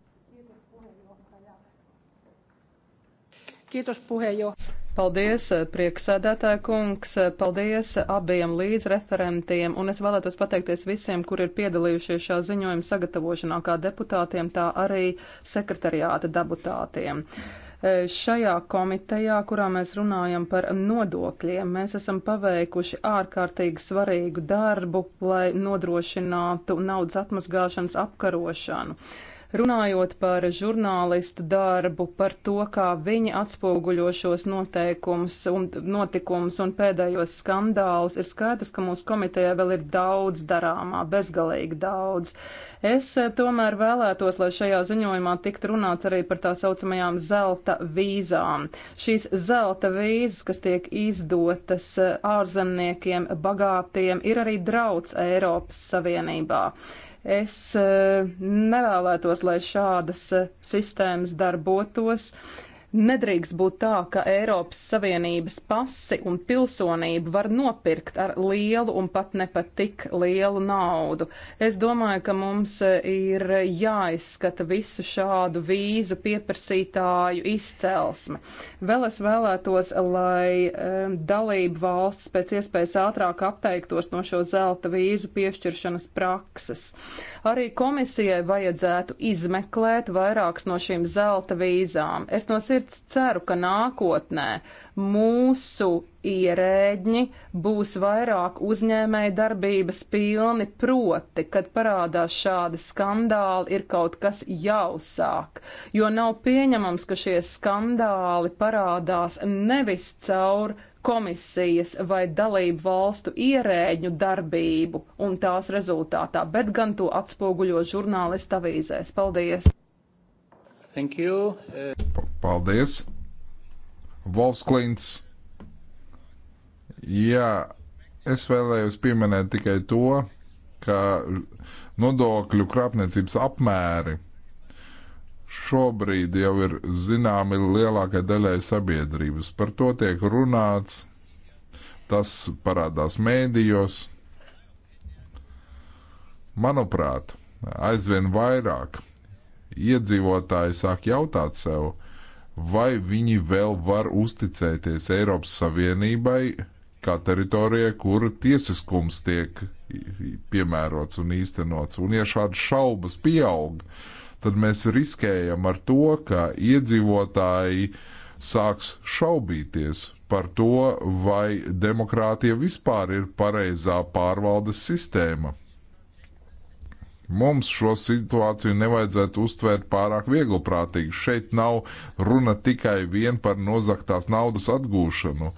Kiitos puheenjohtaja. Paldies, eh, prieksēdētāja kungs, eh, paldies abiem līdzreferentiem, un es vēlētos pateikties visiem, kur ir piedalījušies šā ziņojuma sagatavošanā, kā deputātiem, tā arī sekretariāta deputātiem. Eh, šajā komitejā, kurā mēs runājam par nodokļiem, mēs esam paveikuši ārkārtīgi svarīgu darbu, lai nodrošinātu naudas atmazgāšanas apkarošanu. Runājot par žurnālistu darbu, par to, kā viņi atspoguļo šos noteikumus un notikumus un pēdējos skandālus, ir skaidrs, ka mūsu komitejā vēl ir daudz darāmā, bezgalīgi daudz. Es eh, tomēr vēlētos, lai šajā ziņojumā tiktu runāts arī par tā saucamajām zelta vīzām. Šīs zelta vīzas, kas tiek izdotas eh, ārzemniekiem, bagātiem, ir arī drauds Eiropas Savienībā. Es eh, nevēlētos, lai šādas eh, sistēmas darbotos. Nedrīkst būt tā, ka Eiropas Savienības pasi un pilsonību var nopirkt ar lielu un pat ne pat tik lielu naudu. Es domāju, ka mums e, ir jāizskata visu šādu vīzu pieprasītāju izcelsme. Vēl es vēlētos, lai um, dalību valsts pēc iespējas ātrāk apteiktos no šo zelta vīzu piešķiršanas prakses. Arī komisijai vajadzētu izmeklēt vairākas no šīm zelta vīzām. Es no sirds sirds ceru, ka nākotnē mūsu ierēģi būs vairāk uzņēmēji darbības pilni, proti, kad parādās šādi skandāli, ir kaut kas jāuzsāk, jo nav pieņemams, ka šie skandāli parādās nevis caur komisijas vai dalību valstu ierēģu darbību un tās rezultātā, bet gan to atspoguļo žurnālistu avīzēs. Paldies! Thank you. Uh... Paldies. Volfs Klints. Jā, es vēlējos pieminēt tikai to, ka nodokļu krāpniecības apmēri šobrīd jau ir zināmi lielākai daļai sabiedrības. Par to tiek runāts, tas parādās mēdījos. Manuprāt, aizvien vairāk iedzīvotāji sāk jautāt sev, vai viņi vēl var uzticēties Eiropas Savienībai kā teritorijai, kur tiesiskums tiek piemērots un īstenots. Un ja šādas šaubas pieaug, tad mēs riskējam ar to, ka iedzīvotāji sāks šaubīties par to, vai demokrātija vispār ir pareizā pārvaldes sistēma. Mums šo situāciju nevajadzētu uztvērt pārāk vieglprātīgi. Šeit nav runa tikai vien par nozaktās naudas atgūšanu,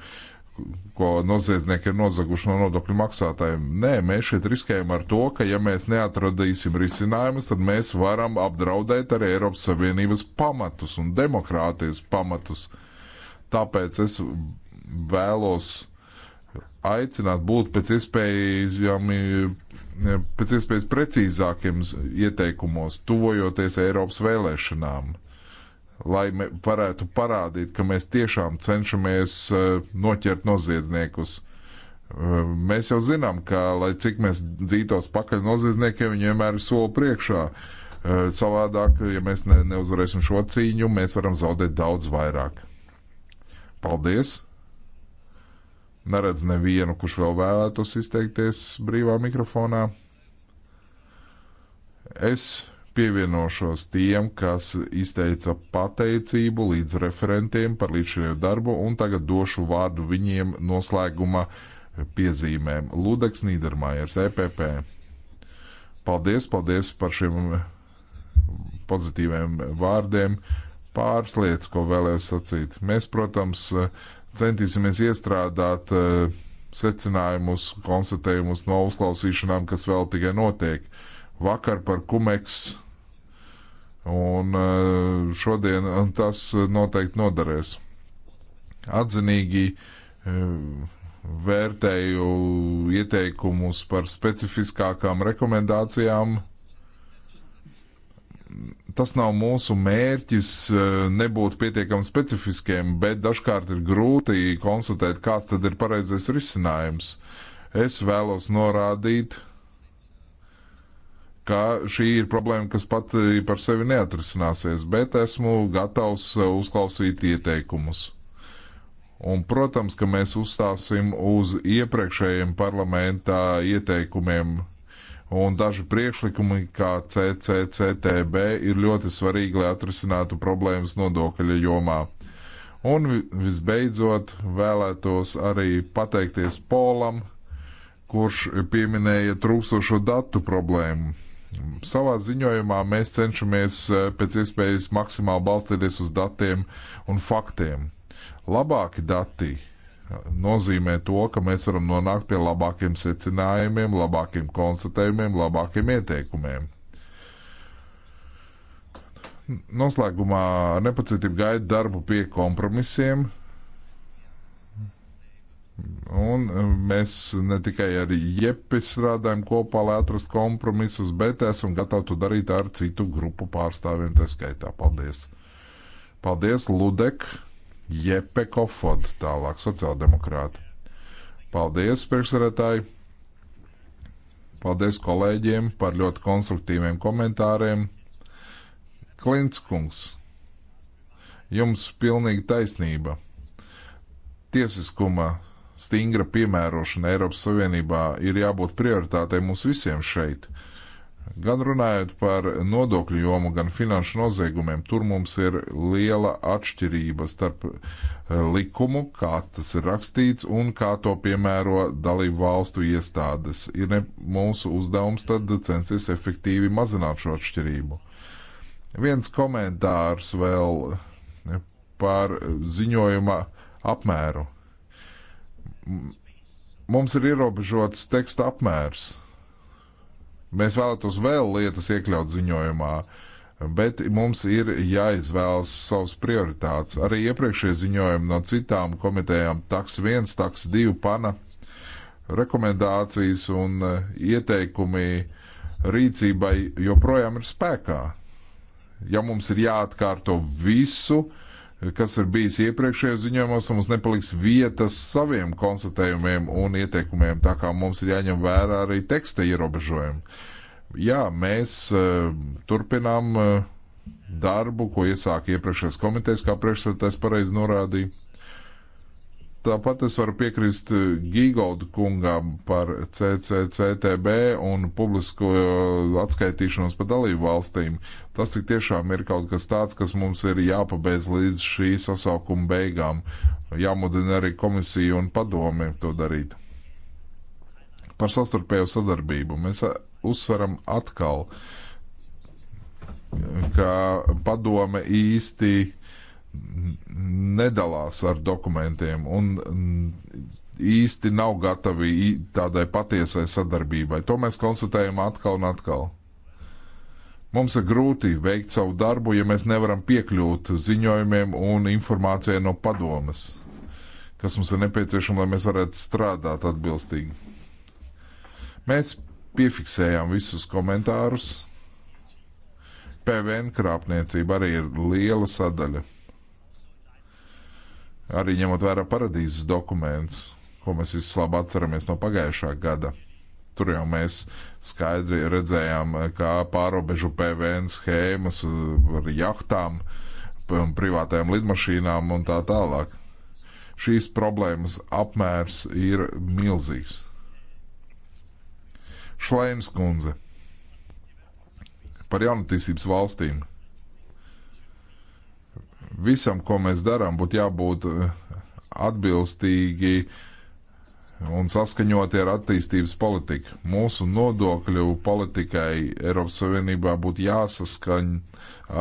ko noziedznieki ir nozaguši no nodokļu maksātājiem. Nē, mēs šeit riskējam ar to, ka ja mēs neatradīsim risinājumus, tad mēs varam apdraudēt arī Eiropas Savienības pamatus un demokrātijas pamatus. Tāpēc es vēlos aicināt būt pēc iespējami, pēc iespējas precīzākiem ieteikumos, tuvojoties Eiropas vēlēšanām, lai varētu parādīt, ka mēs tiešām cenšamies e, noķert noziedzniekus. E, mēs jau zinām, ka, lai cik mēs dzītos pakaļ noziedzniekiem, viņi vienmēr ir soli priekšā. E, savādāk, ja mēs ne, neuzvarēsim šo cīņu, mēs varam zaudēt daudz vairāk. Paldies! Neredz nevienu, kurš vēl vēlētos izteikties brīvā mikrofonā. Es pievienošos tiem, kas izteica pateicību līdz referentiem par līdzšinējo darbu, un tagad došu vārdu viņiem noslēguma piezīmēm. Ludeks Nīdermājers, EPP. Paldies, paldies par šiem pozitīviem vārdiem. Pāris lietas, ko vēlēju sacīt. Mēs, protams, centīsimies iestrādāt uh, secinājumus, konstatējumus no uzklausīšanām, kas vēl tikai notiek. Vakar par kumeks un uh, šodien un tas noteikti noderēs. Atzinīgi eh, vērtēju ieteikumus par specifiskākām rekomendācijām tas nav mūsu mērķis eh, nebūt pietiekami specifiskiem, bet dažkārt ir grūti konstatēt, kāds tad ir pareizais risinājums. Es vēlos norādīt, ka šī ir problēma, kas pati par sevi neatrisināsies, bet esmu gatavs eh, uzklausīt ieteikumus. Un, protams, ka mēs uzstāsim uz iepriekšējiem parlamentā ieteikumiem un daži priekšlikumi, kā CCCTB, ir ļoti svarīgi, lai atrisinātu problēmas nodokļa jomā. Un visbeidzot, vēlētos arī pateikties Polam, kurš pieminēja trūkstošo datu problēmu. Savā ziņojumā mēs cenšamies eh, pēc iespējas maksimāli balstīties uz datiem un faktiem. Labāki dati nozīmē to, ka mēs varam nonākt pie labākiem secinājumiem, labākiem konstatējumiem, labākiem ieteikumiem. Noslēgumā ar nepacietību gaidu darbu pie kompromisiem. Un e, mēs ne tikai ar jepi strādājam kopā, lai atrastu kompromisus, bet esam gatavi to darīt ar citu grupu pārstāvjiem, tā skaitā. Paldies! Paldies, Ludek! Jepe Kofod, tālāk sociāldemokrāti. Paldies, priekšsarētāji! Paldies kolēģiem par ļoti konstruktīviem komentāriem. Klints kungs, jums pilnīgi taisnība. Tiesiskuma stingra piemērošana Eiropas Savienībā ir jābūt prioritātei mums visiem šeit. Uh, Gan runājot par nodokļu jomu, gan finanšu noziegumiem, tur mums ir liela atšķirība starp eh, likumu, kā tas ir rakstīts, un kā to piemēro dalību valstu iestādes. Ir ne, mūsu uzdevums tad censties efektīvi mazināt šo atšķirību. Viens komentārs vēl eh, par ziņojuma apmēru. Mums ir ierobežots teksta apmērs Mēs vēlētos vēl lietas iekļaut ziņojumā, bet mums ir jāizvēlas savas prioritātes. Arī iepriekšējie ziņojumi no citām komitejām, taks 1, taks 2, pana rekomendācijas un eh, ieteikumi rīcībai joprojām ir spēkā. Ja mums ir jāatkārto visu, uh, kas ir bijis iepriekšējos ziņojumos, mums nepaliks vietas saviem konstatējumiem un ieteikumiem, tā kā mums ir jāņem vērā arī teksta ierobežojumi. Jā, mēs uh, turpinām uh, darbu, ko iesāka iepriekšējais komitejas, kā priekšsēdētājs pareizi norādīja. Tāpat es varu piekrist eh, Gigoldu kungam par CCCTB un publisko eh, atskaitīšanos pa dalību valstīm. Tas tik tiešām ir kaut kas tāds, kas mums ir jāpabeidz līdz šī sasaukuma beigām. Jāmudina arī komisiju un padomi to darīt. Par sastarpējo sadarbību mēs eh, uzsveram atkal, ka padome īsti nedalās ar dokumentiem un īsti nav gatavi tādai patiesai sadarbībai. To mēs konstatējam atkal un atkal. Mums ir grūti veikt savu darbu, ja mēs nevaram piekļūt ziņojumiem un informācijai no padomas, kas mums ir nepieciešama, lai mēs varētu strādāt atbilstīgi. Mēs piefiksējām visus komentārus. PVN krāpniecība arī ir liela sadaļa. Arī ņemot vērā paradīzes dokumentus, ko mēs vislabāk atceramies no pagājušā gada. Tur jau mēs skaidri redzējām, kā pārobežu PVN schēmas eh, ar jahtām, privātajām lidmašīnām un tā tālāk. Šīs problēmas apmērs ir milzīgs. Šlēms kundze par jaunatīstības valstīm visam, ko mēs darām, būtu jābūt eh, atbilstīgi un saskaņoti ar attīstības politiku. Mūsu nodokļu politikai Eiropas Savienībā būtu jāsaskaņ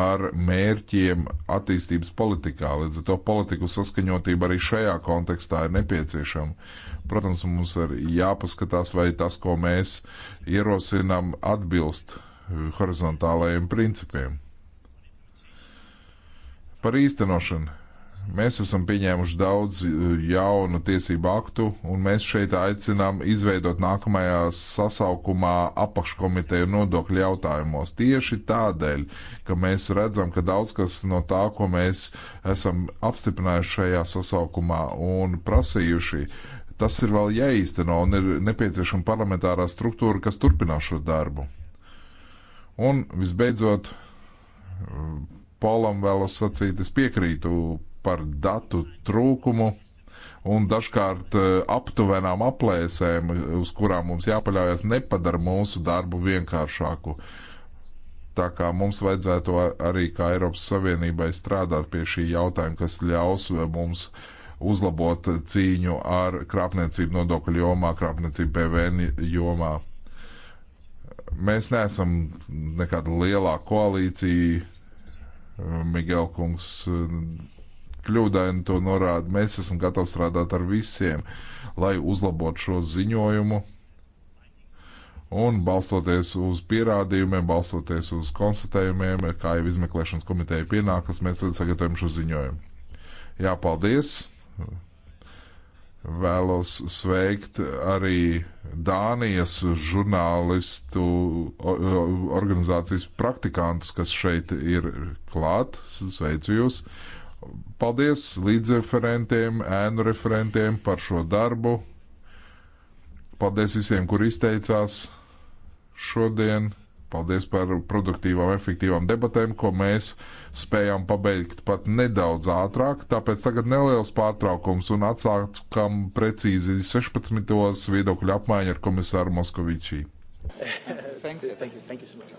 ar mērķiem attīstības politikā. Līdz ar to politiku saskaņotība arī šajā kontekstā ir nepieciešama. Protams, mums ir jāpaskatās, vai tas, ko mēs ierosinām, atbilst eh, horizontālajiem principiem. Par īstenošanu. Mēs esam pieņēmuši daudz e, jaunu tiesību aktu, un mēs šeit aicinām izveidot nākamajā sasaukumā apakškomiteju nodokļu jautājumos. Tieši tādēļ, ka mēs redzam, ka daudz kas no tā, ko mēs esam apstiprinājuši šajā sasaukumā un prasījuši, tas ir vēl jāīsteno un ir nepieciešama parlamentārā struktūra, kas turpinās šo darbu. Un visbeidzot Polam vēlas sacīt, es piekrītu par datu trūkumu un dažkārt eh, aptuvenām aplēsēm, uz kurām mums jāpaļaujas, nepadara mūsu darbu vienkāršāku. Tā kā mums vajadzētu arī kā Eiropas Savienībai strādāt pie šī jautājuma, kas ļaus eh, mums uzlabot cīņu ar krāpniecību nodokļu jomā, krāpniecību PVN jomā. Mēs neesam nekāda lielā koalīcija, Miguel kungs kļūdaini to norāda. Mēs esam gatavi strādāt ar visiem, lai uzlabotu šo ziņojumu. Un balstoties uz pierādījumiem, balstoties uz konstatējumiem, kā jau izmeklēšanas komiteja pienākas, mēs tad sagatavojam šo ziņojumu. Jā, paldies! Vēlos sveikt arī Dānijas žurnālistu organizācijas praktikantus, kas šeit ir klāt. Sveicu jūs! Paldies līdzreferentiem, ēnu referentiem par šo darbu. Paldies visiem, kur izteicās šodien. Paldies par produktīvām, efektīvām debatēm, ko mēs uh, spējām pabeigt pat nedaudz ātrāk, tāpēc tagad neliels pārtraukums un atsākam precīzi 16. viedokļu apmaiņu ar komisāru Moskovičī. thank you, thank you, thank you so much.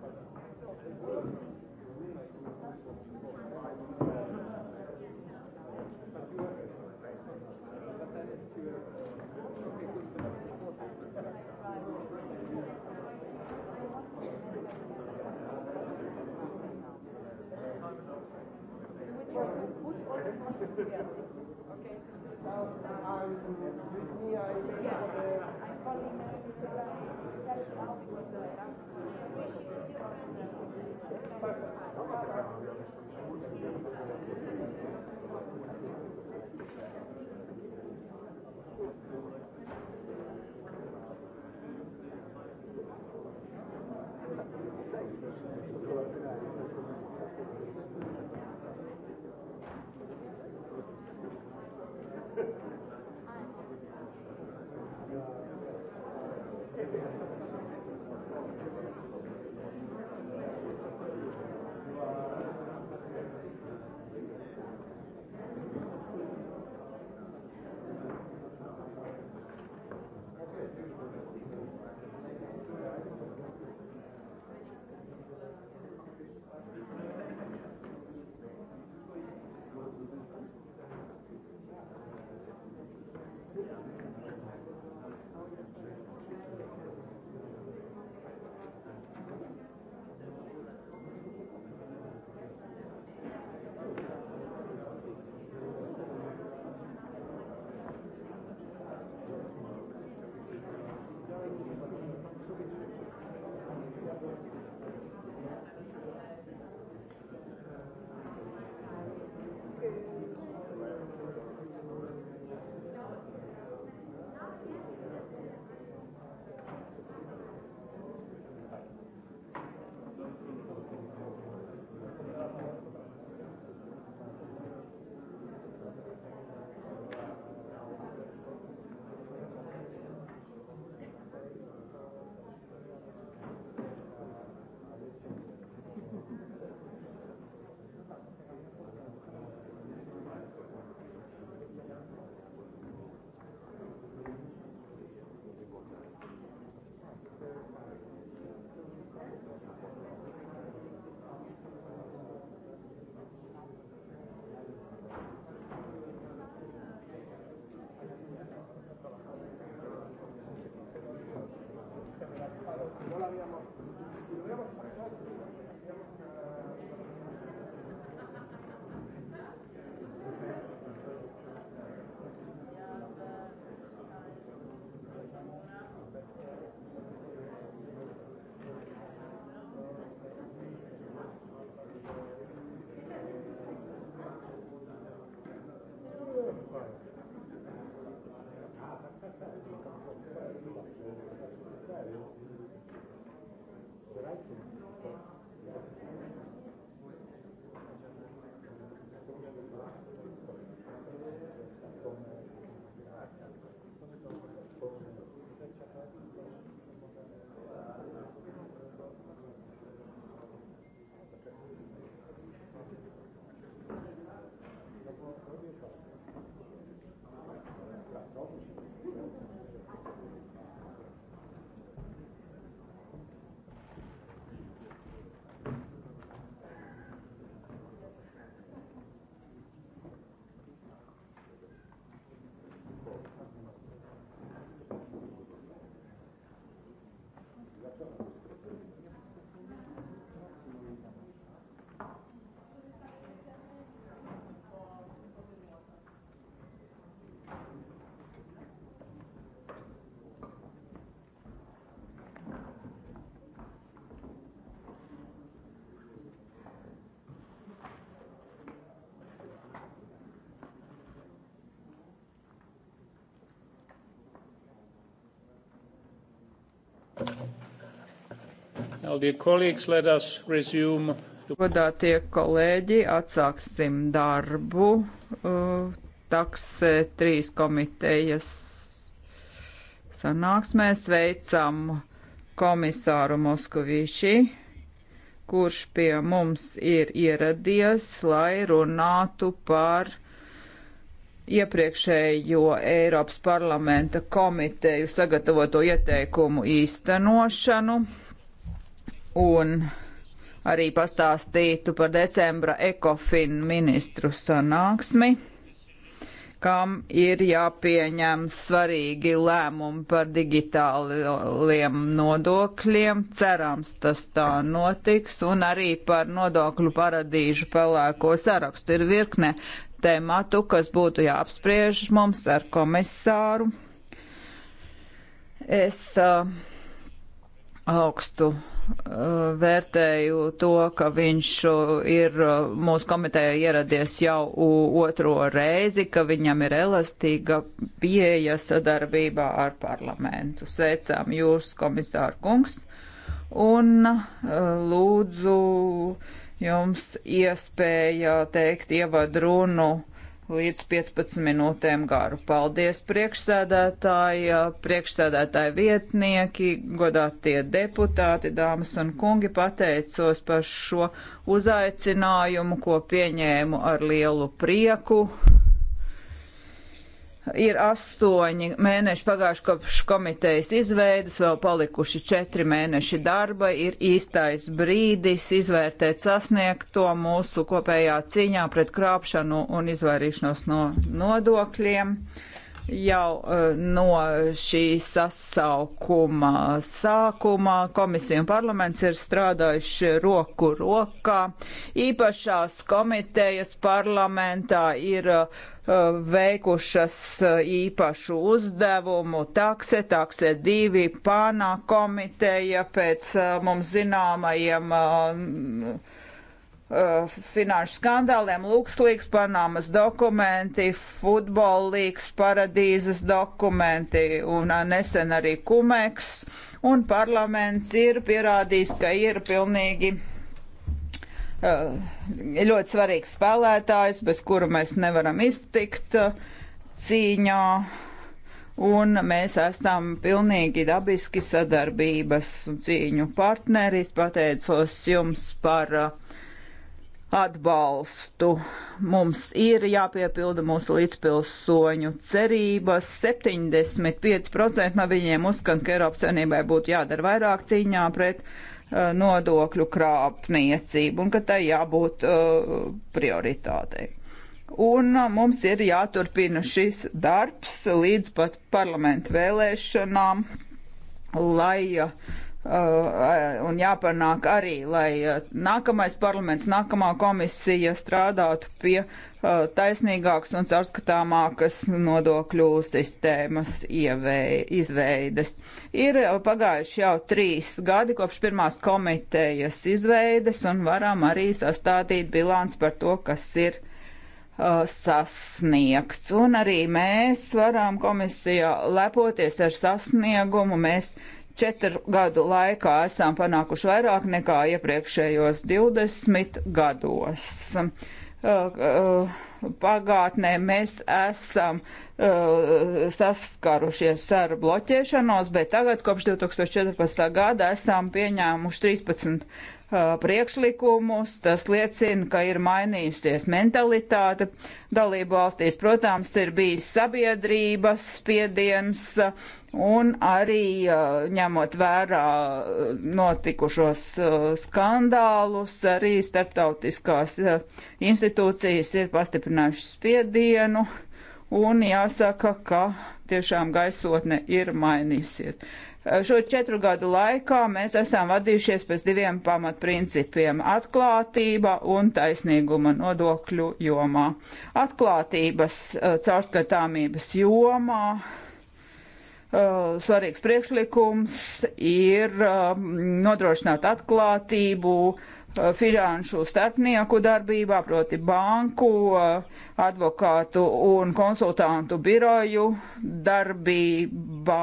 Okay. Now, I'm um, with me, I'm calling Thank you. dear colleagues, let us resume. Godātie kolēģi, atsāksim darbu. Uh, Taksē trīs komitejas sanāksmē sveicam komisāru Moskavīši, kurš pie mums ir ieradies, lai runātu par iepriekšējo Eiropas parlamenta komiteju sagatavoto ieteikumu īstenošanu un arī pastāstītu par decembra ekofin ministru sanāksmi kam ir jāpieņem svarīgi lēmumi par digitāliem nodokļiem. Cerams, tas tā notiks, un arī par nodokļu paradīžu pelēko sarakstu ir virkne tematu, kas būtu jāapspriež mums ar komisāru. Es uh, augstu Eh, vērtēju to, ka viņš eh, ir eh, mūsu komitejā ieradies jau otro reizi, ka viņam ir elastīga pieeja sadarbībā ar parlamentu. Sveicām jūs, komisāra kungs, un lūdzu jums iespēja teikt ievadrunu līdz 15 minūtēm garu. Paldies priekšsēdētāji, priekšsēdētāji vietnieki, godātie deputāti, dāmas un kungi, pateicos par šo uzaicinājumu, ko pieņēmu ar lielu prieku. Ir astoņi mēneši pagājuši kopš komitejas izveidas, vēl palikuši četri mēneši darba. Ir īstais brīdis izvērtēt sasniegto mūsu kopējā cīņā pret krāpšanu un izvairīšanos no nodokļiem. Uh, jau e, no šī sasaukuma sākumā komisija un parlaments ir strādājuši roku rokā. Īpašās komitejas parlamentā ir e, veikušas e, īpašu uzdevumu takse, takse divi, pānā komiteja pēc mums zināmajiem uh, finanšu skandāliem, Luxlīks, Panāmas dokumenti, futbolīgs, paradīzes dokumenti un uh, nesen arī kumeks. Un parlaments ir pierādījis, ka ir pilnīgi uh, ļoti svarīgs spēlētājs, bez kura mēs nevaram iztikt uh, cīņā un mēs esam pilnīgi dabiski sadarbības un cīņu partneris. Pateicos jums par uh, atbalstu. Mums ir jāpiepilda mūsu līdzpilsoņu cerības. 75% no viņiem uzskata, ka Eiropas Savienībai būtu jādara vairāk cīņā pret uh, nodokļu krāpniecību un ka tai jābūt uh, prioritātei. Un uh, mums ir jāturpina šis darbs līdz pat parlamentu vēlēšanām, lai uh, Uh, un jāpanāk arī, lai uh, nākamais parlaments, nākamā komisija strādātu pie uh, taisnīgākas un caurskatāmākas nodokļu sistēmas ievei, izveides. Ir pagājuši jau trīs gadi kopš pirmās komitejas izveides un varam arī sastādīt bilāns par to, kas ir uh, sasniegts. Un arī mēs varam komisijā lepoties ar sasniegumu. Mēs uh, četru gadu laikā esam panākuši vairāk nekā iepriekšējos 20 gados. Uh, uh, pagātnē mēs esam uh, saskarušies ar bloķēšanos, bet tagad kopš 2014. gada esam pieņēmuši 13 priekšlikumus. Tas liecina, ka ir mainījusies mentalitāte. Dalību valstīs, protams, ir bijis sabiedrības spiediens un arī ņemot vērā notikušos skandālus, arī starptautiskās institūcijas ir pastiprinājušas spiedienu. Un jāsaka, ka tiešām gaisotne ir mainījusies. Uh, Šo četru gadu laikā mēs esam vadījušies pēc diviem pamatprincipiem - atklātība un taisnīguma nodokļu jomā. Atklātības eh, caurskatāmības jomā eh, svarīgs priekšlikums ir eh, nodrošināt atklātību finanšu starpnieku darbībā, proti banku, advokātu un konsultantu biroju darbībā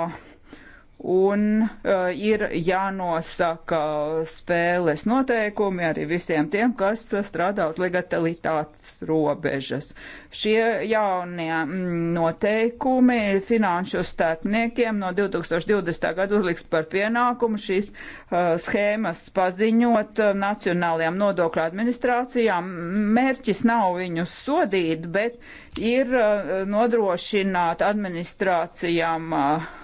un uh, ir jānosaka spēles noteikumi arī visiem tiem, kas strādā uz legalitātes robežas. Šie jaunie mm, noteikumi finanšu starpniekiem no 2020. gada uzliks par pienākumu šīs uh, schēmas paziņot uh, nacionālajām nodokļu administrācijām. Mērķis nav viņus sodīt, bet ir uh, nodrošināt administrācijām uh,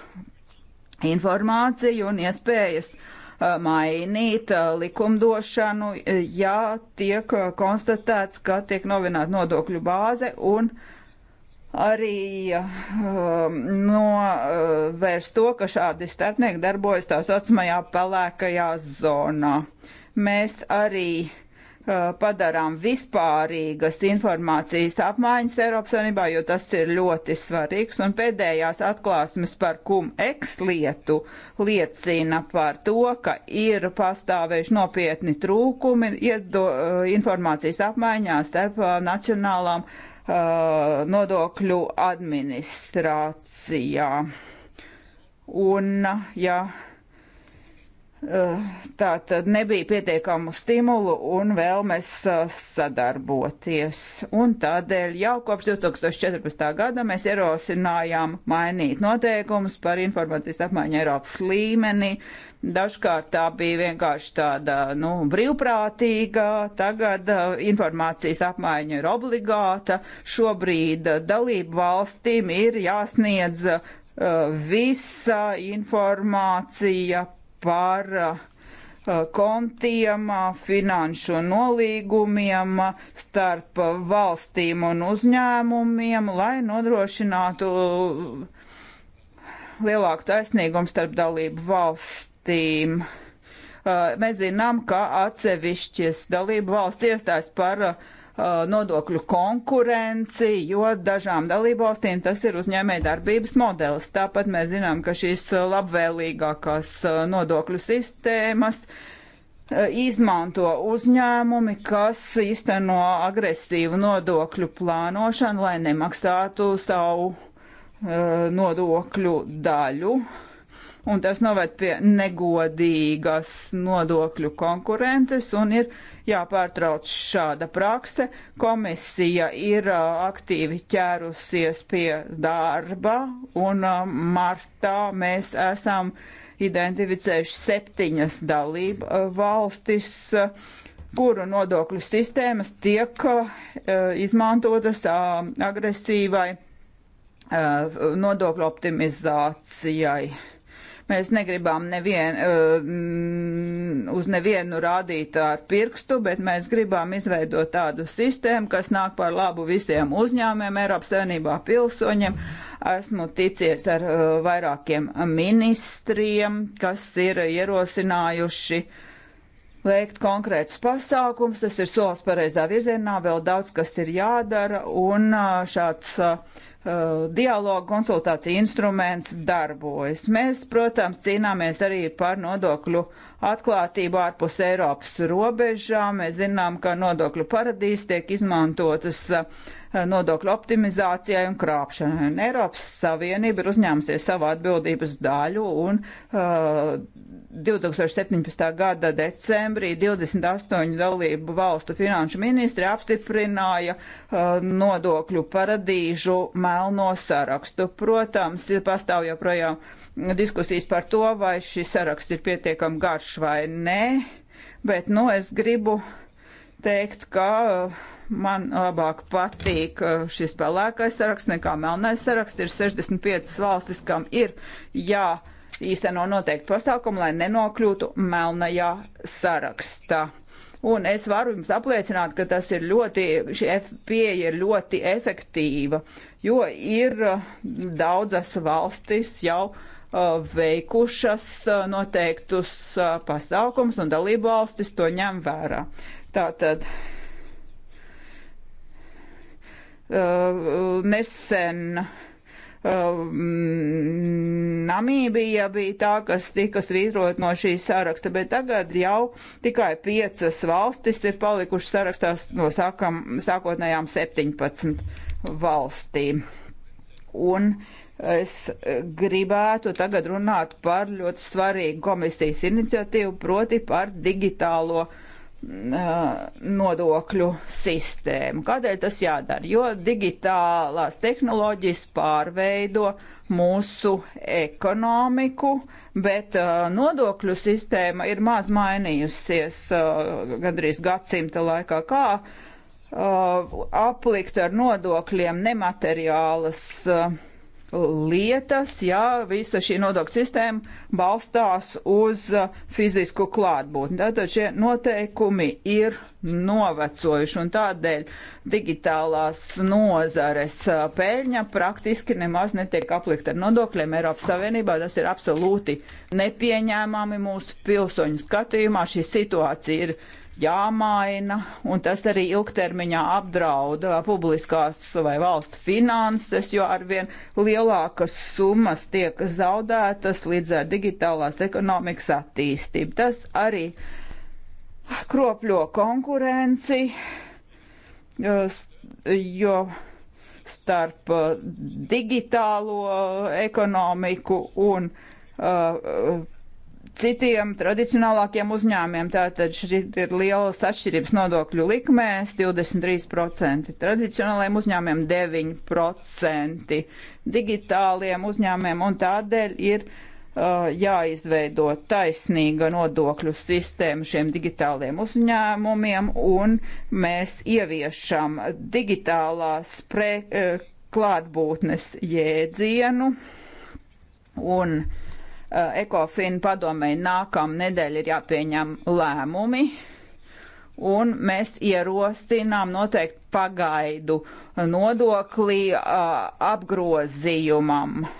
informāciju un iespējas uh, mainīt uh, likumdošanu, uh, ja tiek konstatēts, ka tiek novināta nodokļu bāze un arī um, novērst to, ka šādi starpnieki darbojas tā saucamajā pelēkajā zonā. Mēs arī uh, padarām vispārīgas informācijas apmaiņas Eiropas Savienībā, jo tas ir ļoti svarīgs. Un pēdējās atklāsmes par kum ekslietu liecina par to, ka ir pastāvējuši nopietni trūkumi iedo, uh, informācijas apmaiņā starp uh, nacionālām uh, nodokļu administrācijām. Un, uh, ja Eh, tā tad nebija pietiekamu stimulu un vēlmes eh, sadarboties. Un tādēļ jau kopš 2014. gada mēs ierosinājām mainīt noteikumus par informācijas apmaiņu Eiropas līmenī. Dažkārt tā bija vienkārši tāda nu, brīvprātīga, tagad eh, informācijas apmaiņa ir obligāta. Šobrīd dalību valstīm ir jāsniedz visa informācija par eh, eh, kontiem, eh, finanšu nolīgumiem starp valstīm un uzņēmumiem, lai nodrošinātu lielāku taisnīgumu starp dalību valstīm. Mēs zinām, ka atsevišķas dalību valsts iestājas par uh, Uh, nodokļu konkurenci, jo dažām dalībvalstīm tas ir uzņēmē darbības modelis. Tāpat mēs zinām, ka šīs labvēlīgākās uh, nodokļu sistēmas uh, izmanto uzņēmumi, kas izteno agresīvu nodokļu plānošanu, lai nemaksātu savu nodokļu daļu. Uh, un tas noved pie negodīgas nodokļu konkurences un ir jāpārtrauc šāda prakse. Komisija ir aktīvi ķērusies pie darba un martā mēs esam identificējuši septiņas dalību valstis, kuru nodokļu sistēmas tiek izmantotas agresīvai nodokļu optimizācijai. Mēs negribam nevien, uh, uz nevienu rādīt ar pirkstu, bet mēs gribam izveidot tādu sistēmu, kas nāk par labu visiem uzņēmiem Eiropas Savienībā pilsoņiem. Esmu ticies ar uh, vairākiem ministriem, kas ir ierosinājuši veikt konkrētus pasākums, tas ir solis pareizā virzienā, vēl daudz kas ir jādara, un eh, šāds uh, Eh, dialogu konsultāciju instruments darbojas. Mēs, protams, cīnāmies arī par nodokļu atklātību ārpus Eiropas robežām. Mēs zinām, ka nodokļu paradīzes tiek izmantotas eh, nodokļu optimizācijai un krāpšanai. Un Eiropas Savienība ir uzņēmusies savu atbildības daļu un uh, eh, 2017. gada decembrī 28 dalību valstu finanšu ministri apstiprināja uh, nodokļu paradīžu mērķi melno sarakstu. Protams, pastāv joprojām diskusijas par to, vai šis saraksts ir pietiekami garš vai nē, bet, nu, es gribu teikt, ka man labāk patīk šis pelēkais saraksts nekā melnais saraksts. Ir 65 valstis, kam ir jā īsteno noteikti pasākumu, lai nenokļūtu melnajā sarakstā. Un es varu jums apliecināt, ka tas ir ļoti, šī pieeja ir ļoti efektīva, jo ir uh, daudzas valstis jau uh, veikušas uh, noteiktus pasākums un dalību valstis to ņem vērā. Tātad nesen uh, Um, Namībija bija tā, kas tika svītrot no šī saraksta, bet tagad jau tikai piecas valstis ir palikušas sarakstās no sākam, sākotnējām 17 valstīm. Un es gribētu tagad runāt par ļoti svarīgu komisijas iniciatīvu, proti par digitālo uh, nodokļu sistēmu. Kādēļ tas jādara? Jo digitālās tehnoloģijas pārveido mūsu ekonomiku, bet nodokļu sistēma ir maz mainījusies gandrīz gadsimta laikā. Kā aplikt ar nodokļiem nemateriālas uh, lietas, ja visa šī nodokļu sistēma balstās uz uh, fizisku klātbūtni. Tātad šie noteikumi ir novecojuši un tādēļ digitālās nozares uh, peļņa praktiski nemaz netiek aplikta ar nodokļiem Eiropas Savienībā. Tas ir absolūti nepieņēmami mūsu pilsoņu skatījumā. Šī situācija ir jāmaina, un tas arī ilgtermiņā apdrauda uh, publiskās vai valstu finanses, jo arvien lielākas summas tiek zaudētas līdz ar digitālās ekonomikas attīstību. Tas arī kropļo konkurenci, uh, jo starp uh, digitālo ekonomiku un uh, citiem tradicionālākiem uzņēmiem. Tātad šeit ir lielas atšķirības nodokļu likmēs - 23%, tradicionālajiem uzņēmiem 9%, digitāliem uzņēmiem un tādēļ ir uh, jāizveido taisnīga nodokļu sistēma šiem digitāliem uzņēmumiem un mēs ieviešam digitālās pre, uh, klātbūtnes jēdzienu un uh, Eh, Ekofina padomēji nākam nedēļ ir jāpieņem lēmumi. Un mēs ierosinām noteikti pagaidu nodokli eh, apgrozījumam eh,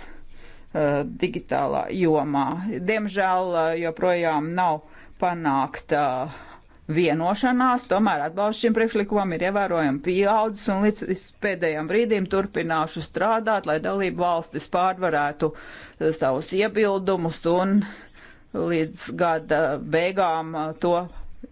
digitālā jomā. Diemžēl joprojām nav panākta uh, vienošanās, tomēr atbalsts šim priekšlikumam ir ievērojami pieaudzis un līdz pēdējiem brīdīm turpināšu strādāt, lai dalību valstis pārvarētu eh, savus iebildumus un līdz gada beigām eh, to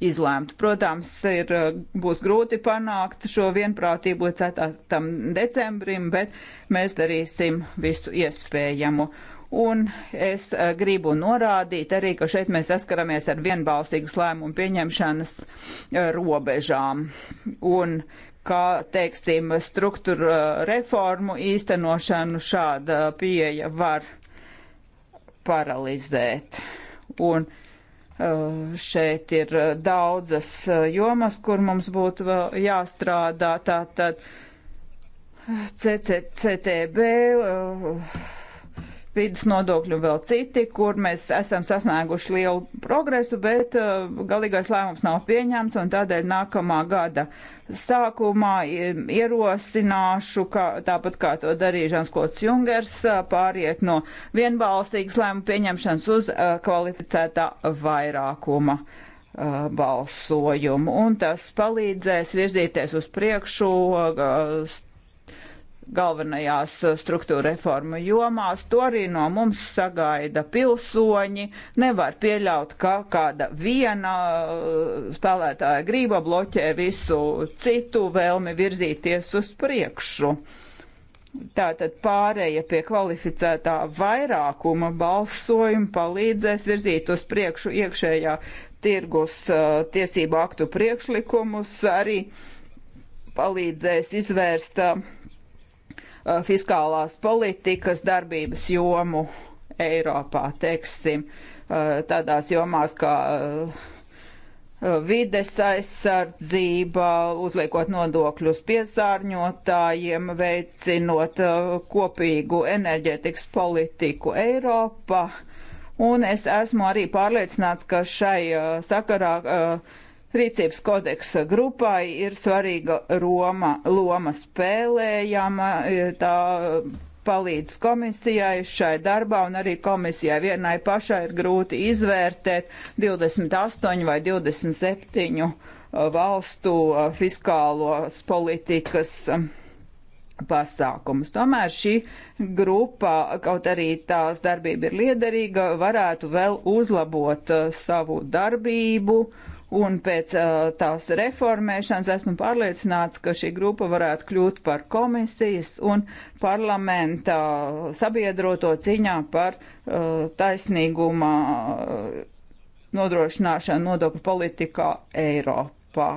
izlēmt. Protams, ir, eh, būs grūti panākt šo vienprātību līdz 4. decembrim, bet mēs darīsim visu iespējamo. Un es eh, gribu norādīt arī, ka šeit mēs saskaramies ar vienbalstīgas lēmumu pieņemšanas eh, robežām. Un kā, teiksim, struktūra eh, reformu īstenošanu šāda pieeja var paralizēt. Un šeit ir daudzas jomas, kur mums būtu vēl jāstrādā. Tātad CCCTB vidas nodokļi un vēl citi, kur mēs esam sasnieguši lielu progresu, bet uh, galīgais lēmums nav pieņemts un tādēļ nākamā gada sākumā um, ierosināšu, ka, tāpat kā to darīja Žans Klots Jungers, uh, pāriet no vienbalsīgas lēmuma pieņemšanas uz uh, kvalificētā vairākuma balsojumu, un tas palīdzēs virzīties uz priekšu galvenajās eh, struktūra reformu jomās. To arī no mums sagaida pilsoņi. Nevar pieļaut, ka kāda viena eh, spēlētāja grība bloķē visu citu vēlmi virzīties uz priekšu. Tātad pārēja pie kvalificētā vairākuma balsojuma palīdzēs virzīt uz priekšu iekšējā tirgus eh, tiesību aktu priekšlikumus, arī palīdzēs izvērst uh, Uh, fiskālās politikas darbības jomu Eiropā, teiksim, uh, tādās jomās kā uh, vides aizsardzība, uzliekot nodokļus piesārņotājiem, veicinot kopīgu enerģetikas politiku Eiropā. Un es esmu arī pārliecināts, ka šai sakarā uh, Rīcības kodeksa grupai ir svarīga Roma, loma spēlējama, e, tā palīdz komisijai šai darbā, un arī komisijai vienai pašai ir grūti izvērtēt 28 vai 27 e, valstu e, fiskālos politikas pasākumus. Tomēr šī grupa, kaut arī tās darbība ir liederīga, varētu vēl uzlabot savu darbību. Uh, un pēc uh, tās reformēšanas esmu pārliecināts, ka šī grupa varētu kļūt par komisijas un parlamenta sabiedroto ciņā par uh, taisnīgumā uh, nodrošināšanu nodokļu politikā Eiropā.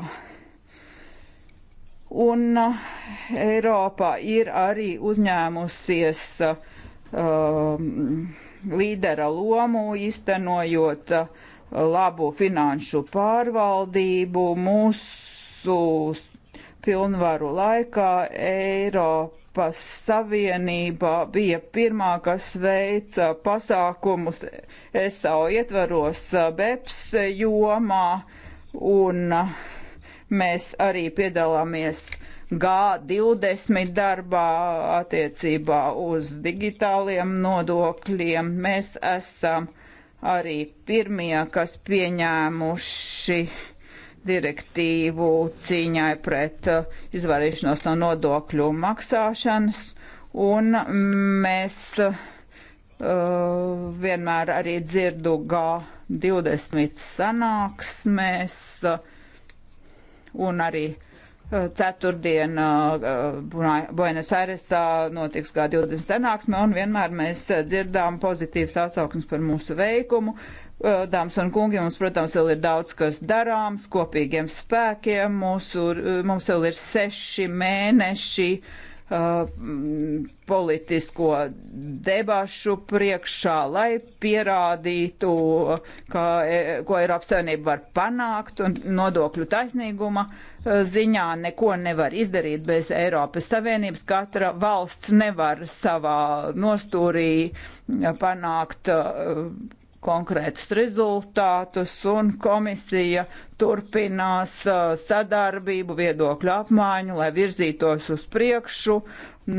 Un uh, Eiropā ir arī uzņēmusies uh, um, līdera lomu, iztenojot uh, labu finanšu pārvaldību mūsu pilnvaru laikā Eiropas Savienība bija pirmā, kas veica pasākumus SAO ietvaros BEPS jomā, un mēs arī piedalāmies G20 darbā attiecībā uz digitāliem nodokļiem. Mēs esam arī pirmie, kas pieņēmuši direktīvu cīņai pret uh, izvairīšanos no nodokļu maksāšanas, un mēs uh, vienmēr arī dzirdu G20 sanāksmēs, uh, un arī uh, Eh, ceturtdien eh, Buenos Airesā notiks kā 20 sanāksme un vienmēr mēs dzirdām pozitīvas atsauksmes par mūsu veikumu. Eh, dāmas un kungi, mums, protams, vēl ir daudz kas darāms kopīgiem spēkiem. Mūsu, mums vēl ir seši mēneši. Uh, Uh, mm, politisko debašu priekšā, lai pierādītu, ka, e, ko Eiropas Savienība var panākt un nodokļu taisnīguma uh, ziņā neko nevar izdarīt bez Eiropas Savienības. Katra valsts nevar savā nostūrī uh, panākt konkrētus rezultātus, un komisija turpinās uh, sadarbību, viedokļu apmaiņu, lai virzītos uz priekšu.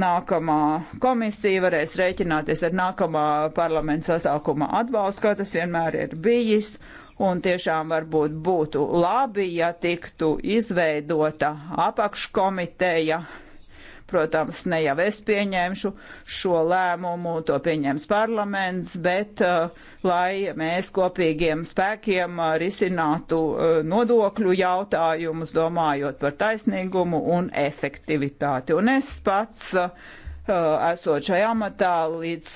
Nākamā komisija varēs rēķināties ar nākamā parlamenta sasākuma atbalstu, kā tas vienmēr ir bijis. Un tiešām varbūt būtu labi, ja tiktu izveidota apakškomiteja Protams, ne jau es pieņemšu šo lēmumu, to pieņems parlaments, bet uh, lai mēs kopīgiem spēkiem uh, risinātu uh, nodokļu jautājumus, domājot par taisnīgumu un efektivitāti. Un es pats, esot šajā amatā līdz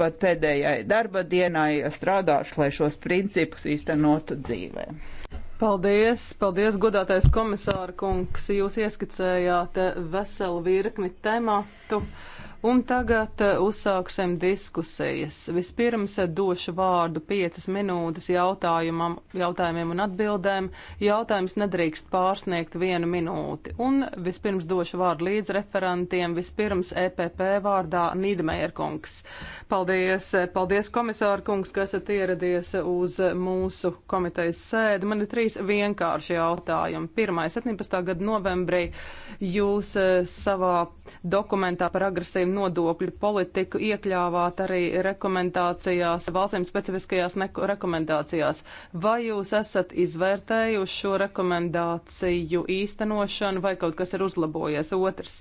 pat pēdējai darba dienai strādāšu, lai šos principus īstenotu dzīvē. Paldies, paldies, godātais komisāra kungs. Jūs ieskicējāt veselu virkni tematu. Un tagad eh, uzsāksim diskusijas. Vispirms eh, došu vārdu piecas minūtes jautājumam, jautājumiem un atbildēm. Jautājums nedrīkst pārsniegt vienu minūti. Un vispirms došu vārdu līdz referentiem. Vispirms EPP vārdā Nīdmērkungs. Paldies, eh, paldies komisāra kungs, ka esat ieradies uz mūsu komitejas sēdi. Man ir trīs vienkārši jautājumi. Pirmais, 17. gada novembrī jūs savā dokumentā par agresīvu nodokļu politiku iekļāvāt arī rekomendācijās, valstīm specifiskajās rekomendācijās. Vai jūs esat izvērtējuši šo rekomendāciju īstenošanu vai kaut kas ir uzlabojies? Otrs.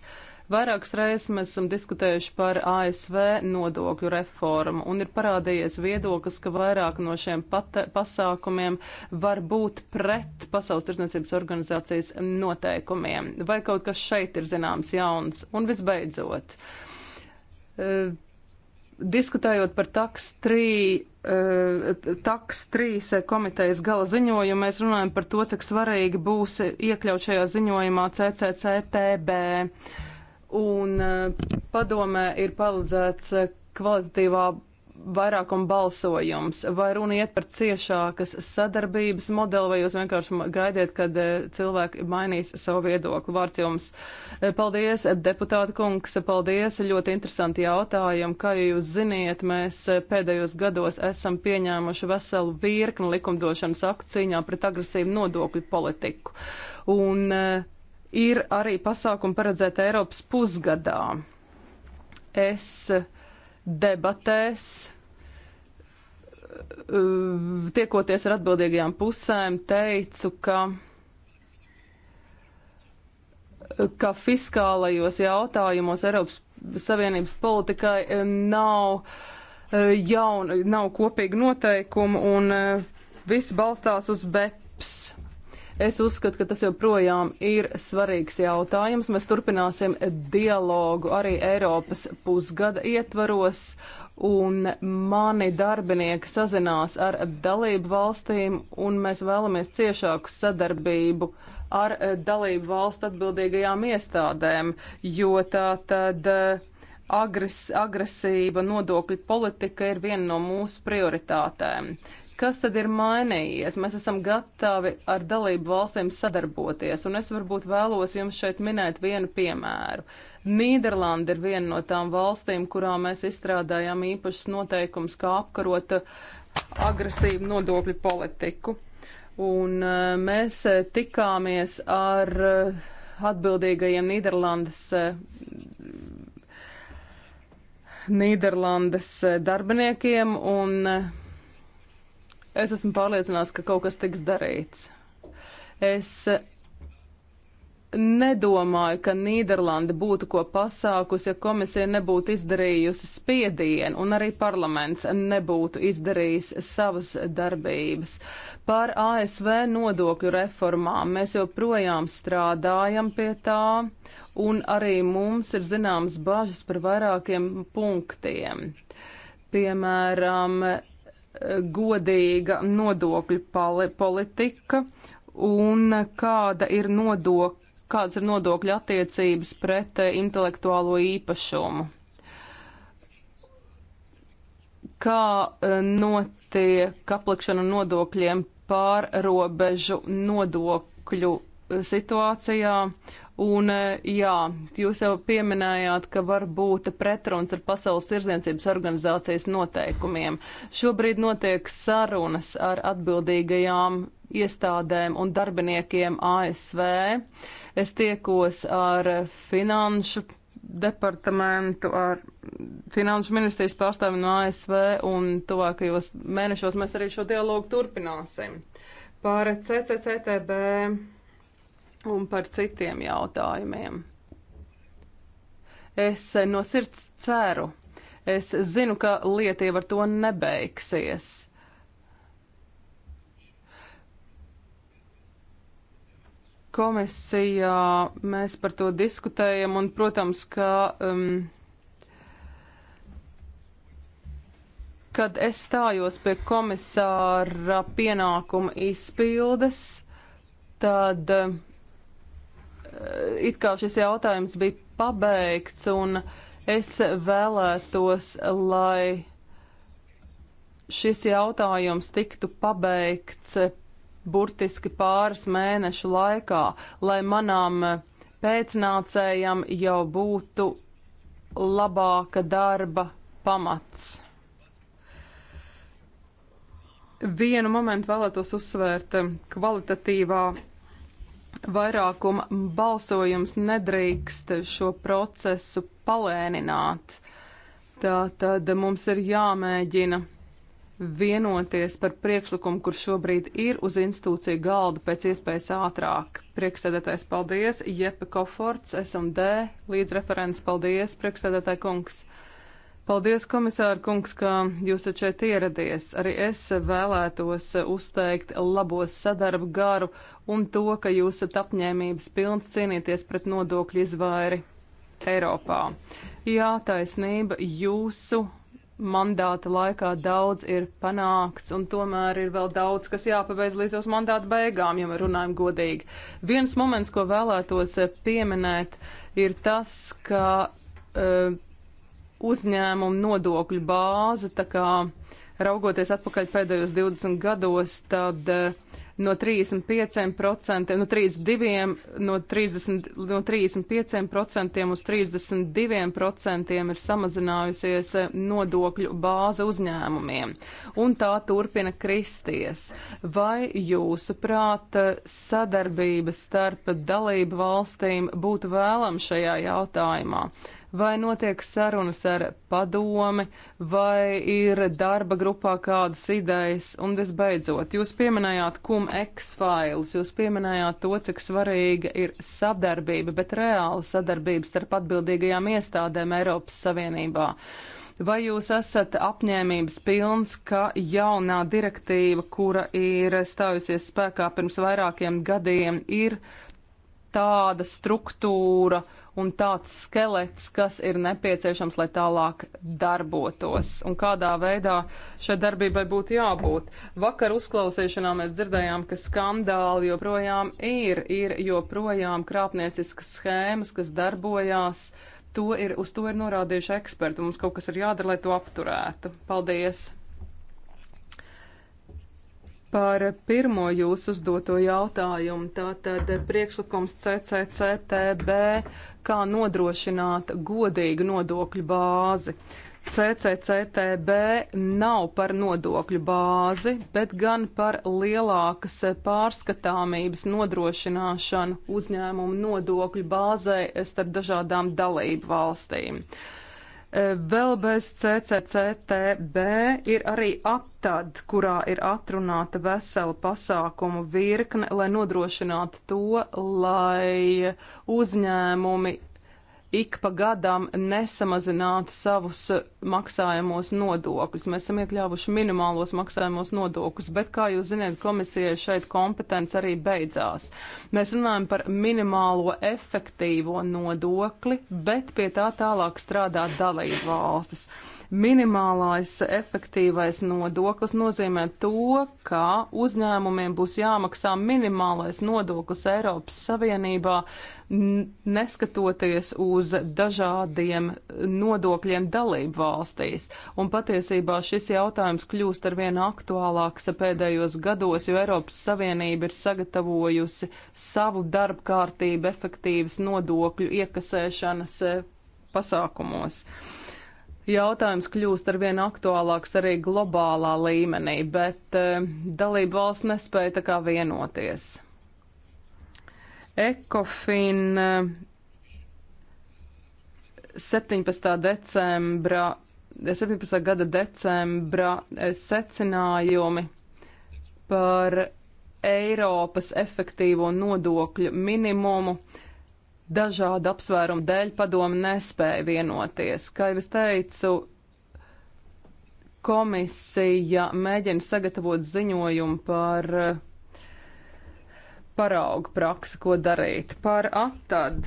Vairākas reizes mēs esam diskutējuši par ASV nodokļu reformu, un ir parādījies viedoklis, ka vairāk no šiem pasākumiem var būt pret Pasaules tirsniecības organizācijas noteikumiem. Vai kaut kas šeit ir zināms jauns? Un visbeidzot. Uh, Eh, diskutējot par taks 3, eh, taks 3 eh, komitejas gala ziņojumu, mēs runājam par to, cik svarīgi būs iekļaut šajā ziņojumā CCCTB. Un padomē ir paredzēts kvalitatīvā vairākuma balsojums, vai runa iet par ciešākas sadarbības modeli, vai jūs vienkārši gaidiet, kad e, cilvēki mainīs savu viedokli. Vārds jums. E, paldies, deputāta kungs, paldies, ļoti interesanti jautājumi. Kā jūs ziniet, mēs e, pēdējos gados esam pieņēmuši veselu virkni likumdošanas aktu cīņā pret agresīvu nodokļu politiku. Un ir arī pasākumi paredzēti Eiropas pusgadā. Es uh, debatēs, eh, tiekoties ar atbildīgajām pusēm, teicu, ka ka fiskālajos jautājumos Eiropas Savienības politikai eh, nav eh, jauna, nav kopīga noteikuma un viss balstās uz BEPS. Es uzskatu, ka tas joprojām ir svarīgs jautājums. Mēs turpināsim dialogu arī Eiropas pusgada ietvaros, un mani darbinieki sazinās ar dalību valstīm, un mēs vēlamies ciešāku sadarbību ar eh, dalību valstu atbildīgajām iestādēm, jo tā tad eh, agres, agresīva nodokļu politika ir viena no mūsu prioritātēm. Kas tad ir mainījies? Mēs esam gatavi ar dalību valstīm sadarboties, un es varbūt vēlos jums šeit minēt vienu piemēru. Nīderlanda ir viena no tām valstīm, kurā mēs izstrādājām īpašas noteikums, kā apkarot eh, agresīvu nodokļu politiku. Un eh, mēs eh, tikāmies ar atbildīgajiem Nīderlandes Nīderlandes darbiniekiem, un Es esmu pārliecināts, ka kaut kas tiks darīts. Es eh, nedomāju, ka Nīderlanda būtu ko pasākusi, ja komisija nebūtu izdarījusi spiedienu un arī parlaments nebūtu izdarījis savas darbības. Par ASV nodokļu reformām mēs joprojām strādājam pie tā, un arī mums ir zināmas bažas par vairākiem punktiem. Piemēram, godīga nodokļu politika un kāda ir nodokļa kādas ir nodokļu attiecības pret eh, intelektuālo īpašumu. Kā eh, notiek aplikšana nodokļiem pārrobežu nodokļu eh, situācijā Un, eh, jā, jūs jau pieminējāt, ka var būt pretruns ar Pasaules tirdzniecības organizācijas noteikumiem. Šobrīd notiek sarunas ar atbildīgajām iestādēm un darbiniekiem ASV. Es tiekos ar finanšu departamentu, ar finanšu ministrijas pārstāvi no ASV, un tuvākajos mēnešos mēs arī šo dialogu turpināsim. Par CCCTB un par citiem jautājumiem. Es no sirds ceru. Es zinu, ka lieta jau ar to nebeigsies. Komisijā mēs par to diskutējam, un, protams, ka, um, kad es stājos pie komisāra pienākuma izpildes, tad. Um, Eh, it kā šis jautājums bija pabeigts, un es vēlētos, lai šis jautājums tiktu pabeigts burtiski pāris mēnešu laikā, lai manām pēcnācējam jau būtu labāka darba pamats. Vienu momentu vēlētos uzsvērt kvalitatīvā vairākuma balsojums nedrīkst šo procesu palēnināt. Tā tad mums ir jāmēģina vienoties par priekšlikumu, kur šobrīd ir uz institūciju galda pēc iespējas ātrāk. Priekšsēdētājs paldies, Jepe Koforts, S&D, līdzreferents paldies, priekšsēdētāja kungs. Paldies, komisāra kungs, ka jūs šeit ieradies. Arī es vēlētos uzteikt labos sadarbu garu un to, ka jūs esat apņēmības pilns cīnīties pret nodokļu izvairi Eiropā. Jā, taisnība, jūsu mandāta laikā daudz ir panākts, un tomēr ir vēl daudz, kas jāpabeidz līdz jūsu mandāta beigām, ja runājam godīgi. Viens moments, ko vēlētos pieminēt, ir tas, ka uh, uzņēmumu nodokļu bāze, tā kā raugoties atpakaļ pēdējos 20 gados, tad eh, no 35%, no 32, no 30, no 35% uz 32% ir samazinājusies eh, nodokļu bāze uzņēmumiem, un tā turpina kristies. Vai jūsuprāt eh, sadarbība starp dalību valstīm būtu vēlam šajā jautājumā? vai notiek sarunas ar padomi, vai ir darba grupā kādas idejas, un visbeidzot, jūs pieminējāt kum X-files, jūs pieminējāt to, cik svarīga ir sadarbība, bet reāla sadarbība starp atbildīgajām iestādēm Eiropas Savienībā. Vai jūs esat apņēmības pilns, ka jaunā direktīva, kura ir stājusies spēkā pirms vairākiem gadiem, ir tāda struktūra, uh, un tāds skelets, kas ir nepieciešams, lai tālāk darbotos un kādā veidā šai darbībai būtu jābūt. Vakar uzklausīšanā mēs dzirdējām, ka skandāli joprojām ir, ir joprojām krāpnieciskas schēmas, kas darbojās. To ir, uz to ir norādījuši eksperti. Mums kaut kas ir jādara, lai to apturētu. Paldies! Par pirmo jūsu uzdoto jautājumu, tātad priekšlikums CCCTB, kā nodrošināt godīgu nodokļu bāzi. CCCTB nav par nodokļu bāzi, bet gan par lielākas pārskatāmības nodrošināšanu uzņēmumu nodokļu bāzē starp dažādām dalību valstīm. Uh, Vēl bez CCCTB ir arī aptad, kurā ir atrunāta vesela pasākumu virkne, lai nodrošinātu to, lai uzņēmumi ik pa gadam nesamazinātu savus maksājamos nodokļus. Mēs esam iekļāvuši minimālos maksājamos nodokļus, bet, kā jūs ziniet, komisijai šeit kompetence arī beidzās. Mēs runājam par minimālo efektīvo nodokli, bet pie tā tālāk strādā dalību valstis. Minimālais efektīvais nodoklis nozīmē to, ka uzņēmumiem būs jāmaksā minimālais nodoklis Eiropas Savienībā, neskatoties uz dažādiem nodokļiem dalību valstīs. Un patiesībā šis jautājums kļūst ar vien aktuālāks pēdējos gados, jo Eiropas Savienība ir sagatavojusi savu darbu kārtību efektīvas nodokļu iekasēšanas eh, pasākumos. Uh, jautājums kļūst ar vien aktuālāks arī globālā līmenī, bet eh, dalība valsts nespēja tā kā vienoties. Ekofin 17. Eh, decembra 17. gada decembra eh, secinājumi par Eiropas efektīvo nodokļu minimumu dažādu apsvērumu dēļ padomu nespēja vienoties. Kā jau es teicu, komisija mēģina sagatavot ziņojumu par paraugu praksi, ko darīt. Par atad.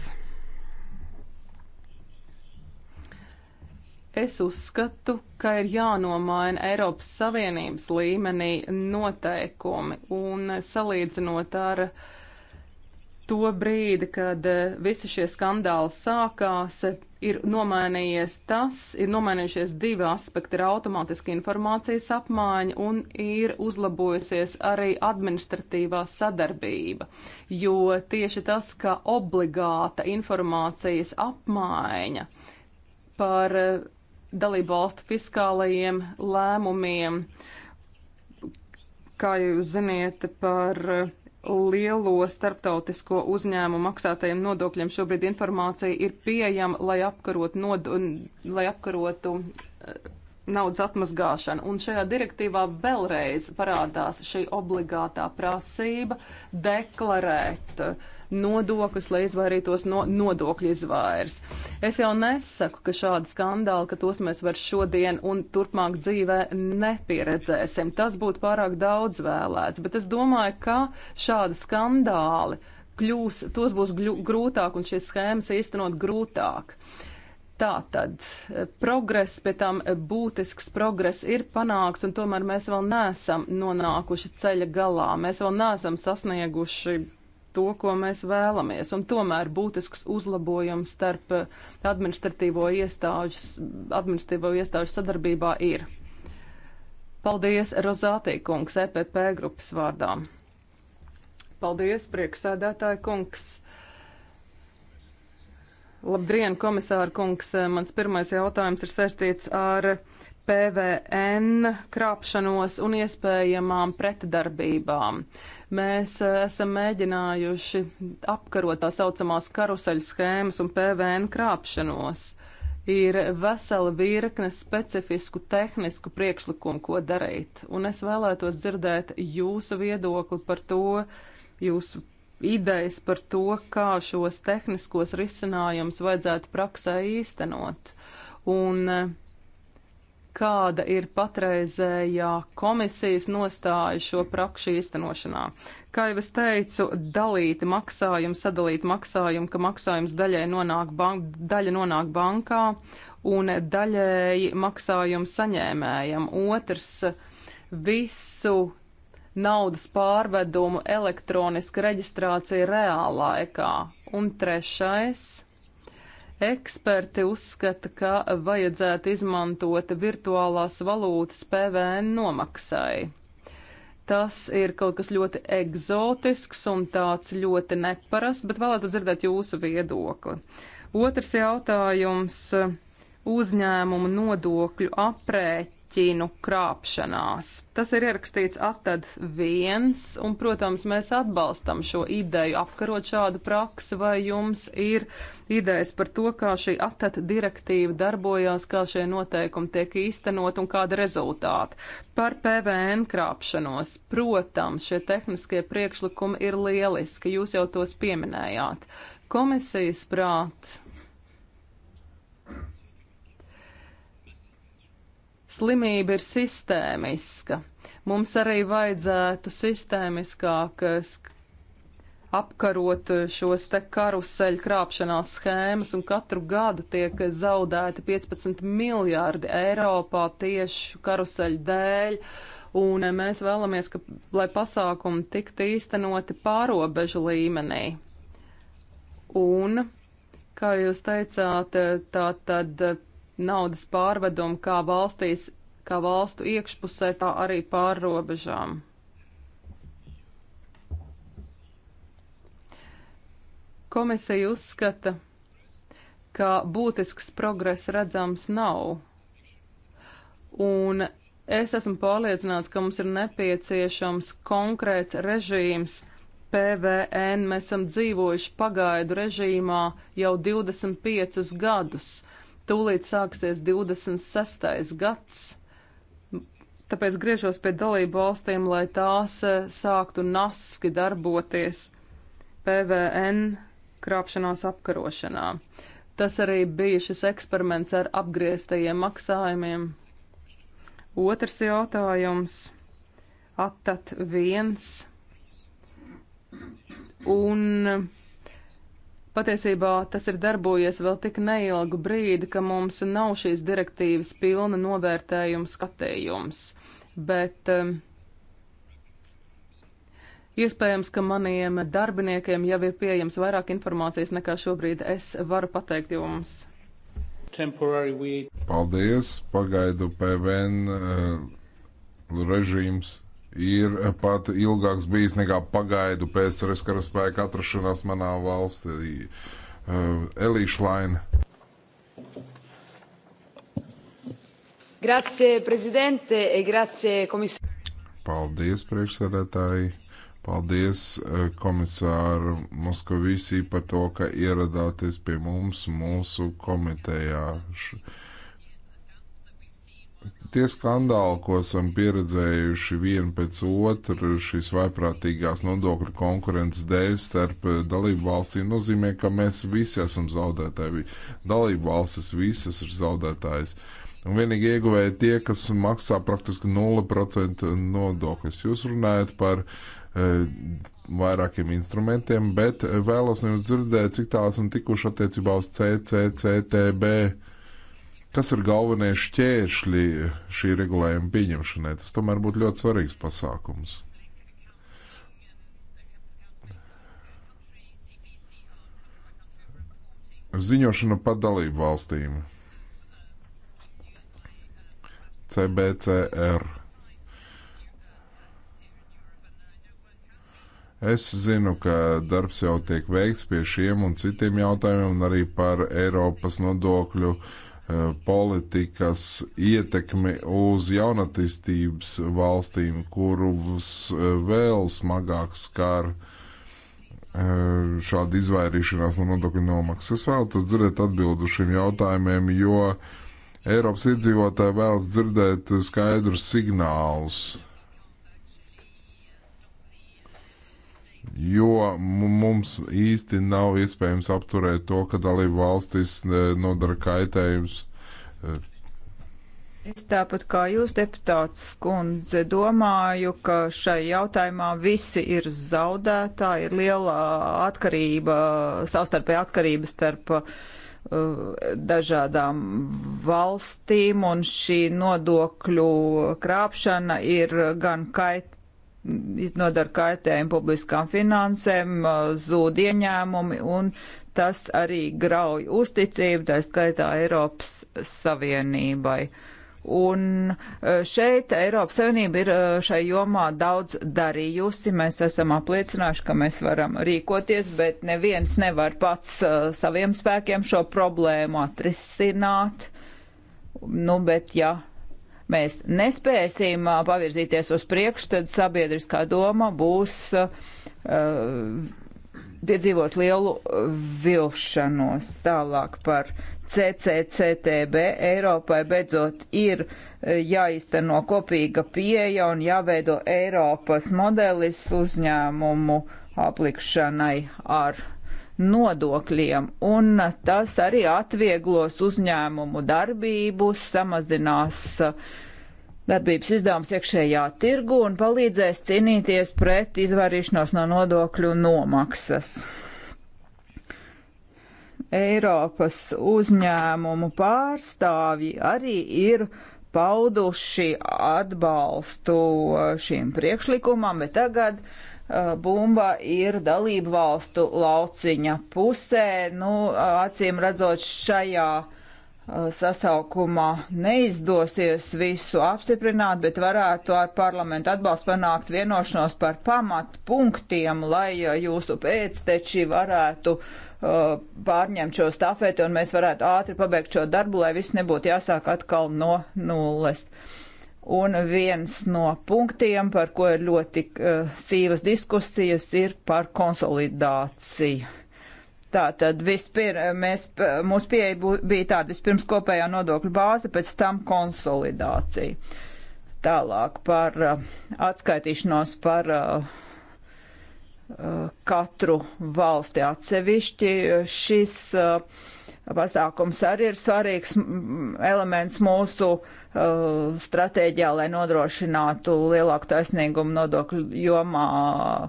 Es uzskatu, ka ir jānomaina Eiropas Savienības līmenī noteikumi un salīdzinot ar uh, to brīdi, kad eh, visi šie skandāli sākās, ir nomainījies tas, ir nomainījušies divi aspekti - ir automātiska informācijas apmaiņa un ir uzlabojusies arī administratīvā sadarbība. Jo tieši tas, ka obligāta informācijas apmaiņa par eh, dalību valstu fiskālajiem lēmumiem, kā jūs ziniet, par eh, lielo starptautisko uzņēmumu maksātajiem nodokļiem šobrīd informācija ir pieejama, lai, apkarot nod, lai apkarotu eh, naudas atmazgāšanu. Un šajā direktīvā vēlreiz parādās šī obligātā prasība deklarēt uh, nodokļus, lai izvairītos no nodokļu izvairs. Es jau nesaku, ka šādi skandāli, ka tos mēs vairs šodien un turpmāk dzīvē nepieredzēsim. Tas būtu pārāk daudz vēlēts, bet es domāju, ka šādi skandāli kļūs, tos būs grūtāk un šīs schēmas īstenot grūtāk. Tā tad progress, pie tam būtisks progress ir panāks, un tomēr mēs vēl neesam nonākuši ceļa galā. Mēs vēl neesam sasnieguši to, ko mēs vēlamies. Un tomēr būtisks uzlabojums starp eh, administratīvo iestāžu, administratīvo iestāžu sadarbībā ir. Paldies Rozātī kungs EPP grupas vārdā. Paldies, prieksēdētāja kungs. Labdien, komisāra kungs. Mans pirmais jautājums ir saistīts ar PVN krāpšanos un iespējamām pretdarbībām. Mēs eh, esam mēģinājuši apkarot tā saucamās karuseļu schēmas un PVN krāpšanos. Ir vesela virkne specifisku tehnisku priekšlikumu, ko darīt, un es vēlētos dzirdēt jūsu viedokli par to, jūsu idejas par to, kā šos tehniskos risinājumus vajadzētu praksē īstenot. Un uh, kāda ir patreizējā komisijas nostāja šo prakšu īstenošanā. Kā jau es teicu, dalīti maksājumi, sadalīti maksājumi, ka maksājums daļai nonāk, bank, daļa nonāk bankā un daļēji maksājumu saņēmējam. Otrs visu naudas pārvedumu elektroniska reģistrācija reālā laikā. Un trešais Eksperti uzskata, ka vajadzētu izmantot virtuālās valūtas PVN nomaksai. Tas ir kaut kas ļoti eksotisks un tāds ļoti neparasts, bet vēlētu dzirdēt jūsu viedokli. Otrs jautājums - uzņēmumu nodokļu aprēķi rēķinu krāpšanās. Tas ir ierakstīts atad viens, un, protams, mēs atbalstam šo ideju apkarot šādu praksi, vai jums ir idejas par to, kā šī atad direktīva darbojās, kā šie noteikumi tiek īstenot un kāda rezultāta. Par PVN krāpšanos, protams, šie tehniskie priekšlikumi ir lieliski, jūs jau tos pieminējāt. Komisijas prāt Slimība ir sistēmiska. Mums arī vajadzētu sistēmiskāk eh, apkarot eh, šos te karuseļu krāpšanās schēmas, un katru gadu tiek zaudēti 15 miljārdi Eiropā tieši karuseļu dēļ. Un eh, mēs vēlamies, ka, lai pasākumi tiktu īstenoti pārobežu līmenī. Un, kā jūs teicāt, tā tad naudas pārvedumu kā valstīs, kā valstu iekšpusē, tā arī pār robežām. Komisija uzskata, ka būtisks progress redzams nav. Un es esmu pārliecināts, ka mums ir nepieciešams konkrēts režīms PVN. Mēs esam dzīvojuši pagaidu režīmā jau 25 gadus. Tūlīt sāksies 26. gads, tāpēc griežos pie dalību valstīm, lai tās eh, sāktu naski darboties PVN krāpšanās apkarošanā. Tas arī bija šis eksperiments ar apgrieztajiem maksājumiem. Otrs jautājums - atat viens un Patiesībā tas ir darbojies vēl tik neilgu brīdi, ka mums nav šīs direktīvas pilna novērtējuma skatījums, bet um, iespējams, ka maniem darbiniekiem jau ir pieejams vairāk informācijas nekā šobrīd es varu pateikt jums. Paldies, pagaidu PVN uh, eh, režīms ir pat ilgāks bijis nekā pagaidu pēc karaspēka atrašanās manā valstī. Uh, Elīša Laina. Grazie, prezidente, e grazie, komisār. Paldies, priekšsēdētāji. Paldies, eh, komisāra Moskavisī, par to, ka ieradāties pie mums mūsu komitejā. Š Tie skandāli, ko esam pieredzējuši vienu pēc otru, šīs vaiprātīgās nodokļu konkurences dēļ starp dalību valstīm, nozīmē, ka mēs visi esam zaudētāji. Dalību valstis visas ir zaudētājas. Un vienīgi ieguvēja tie, kas maksā praktiski 0% nodokļus. Jūs runājat par e, vairākiem instrumentiem, bet vēlos no jums dzirdēt, cik tālu esam tikuši attiecībā uz CCCTB kas ir galvenie šķēršļi šī regulējuma pieņemšanai. Tas tomēr būtu ļoti svarīgs pasākums. Ziņošana par dalību valstīm. CBCR. Es zinu, ka darbs jau tiek veikts pie šiem un citiem jautājumiem, un arī par Eiropas nodokļu uh, Eh, politikas ietekmi uz jaunatīstības valstīm, kurus eh, vēl smagāk skar eh, šāda izvairīšanās no nodokļu nomaksas. Es vēlos dzirdēt atbildu šiem jautājumiem, jo Eiropas iedzīvotāji vēlas dzirdēt skaidrus signālus jo mums īsti nav iespējams apturēt to, ka dalību valstis e, nodara kaitējums. E, es tāpat kā jūs, deputāts kundze, domāju, ka šai jautājumā visi ir zaudētāji, ir liela atkarība, savstarpēja atkarība starp uh, dažādām valstīm, un šī nodokļu krāpšana ir gan kait nodara kaitējumu publiskām finansēm, zūd ieņēmumi, un tas arī grauj uzticību, tā skaitā Eiropas Savienībai. Un šeit Eiropas Savienība ir šai jomā daudz darījusi. Mēs esam apliecinājuši, ka mēs varam rīkoties, bet neviens nevar pats saviem spēkiem šo problēmu atrisināt. Nu, bet ja mēs nespēsim pavirzīties uz priekšu, tad sabiedriskā doma būs piedzīvos lielu vilšanos tālāk par CCCTB. Eiropai beidzot ir jāizteno kopīga pieeja un jāveido Eiropas modelis uzņēmumu aplikšanai ar nodokļiem, un tas arī atvieglos uzņēmumu darbību, samazinās uh, darbības izdevums iekšējā tirgu un palīdzēs cīnīties pret izvairīšanos no nodokļu nomaksas. Eiropas uzņēmumu pārstāvji arī ir pauduši atbalstu uh, šīm priekšlikumam, bet tagad uh, Uh, bumba ir dalību valstu lauciņa pusē. Nu, acīm redzot, šajā uh, sasaukumā neizdosies visu apstiprināt, bet varētu ar parlamentu atbalstu panākt vienošanos par pamatpunktiem, lai uh, jūsu pēcteči varētu uh, pārņemt šo stafeti un mēs varētu ātri pabeigt šo darbu, lai viss nebūtu jāsāk atkal no nulles. Uh, Un viens no punktiem, par ko ir ļoti uh, sīvas diskusijas, ir par konsolidāciju. Tātad vispirms mūsu pieeja bija tāda vispirms kopējā nodokļu bāze, pēc tam konsolidācija. Tālāk par uh, atskaitīšanos par uh, katru valsti atsevišķi. Šis uh, pasākums arī ir svarīgs elements mūsu uh, stratēģijā, lai nodrošinātu lielāku taisnīgumu nodokļu jomā uh,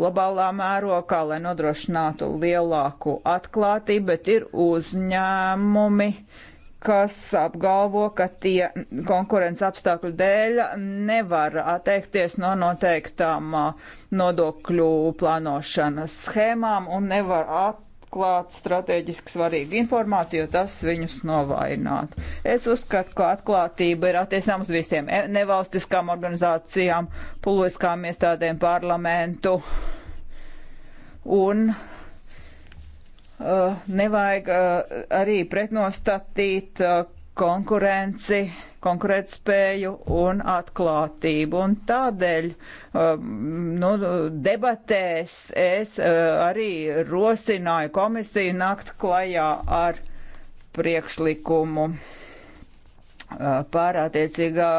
globālā mērokā, lai nodrošinātu lielāku atklātību, bet ir uzņēmumi, kas apgalvo, ka tie konkurences apstākļu dēļ nevar atteikties no noteiktām uh, nodokļu plānošanas schēmām un nevar at atklāt strateģiski svarīgu informāciju, jo tas viņus novainātu. Es uzskatu, ka atklātība ir attiecām uz visiem e, nevalstiskām organizācijām, publiskām iestādēm, parlamentu un uh, nevajag uh, arī pretnostatīt uh, konkurenci, konkurētspēju un atklātību. Un tādēļ um, nu, debatēs es uh, arī rosināju komisiju nakt klajā ar priekšlikumu uh, par attiecīgā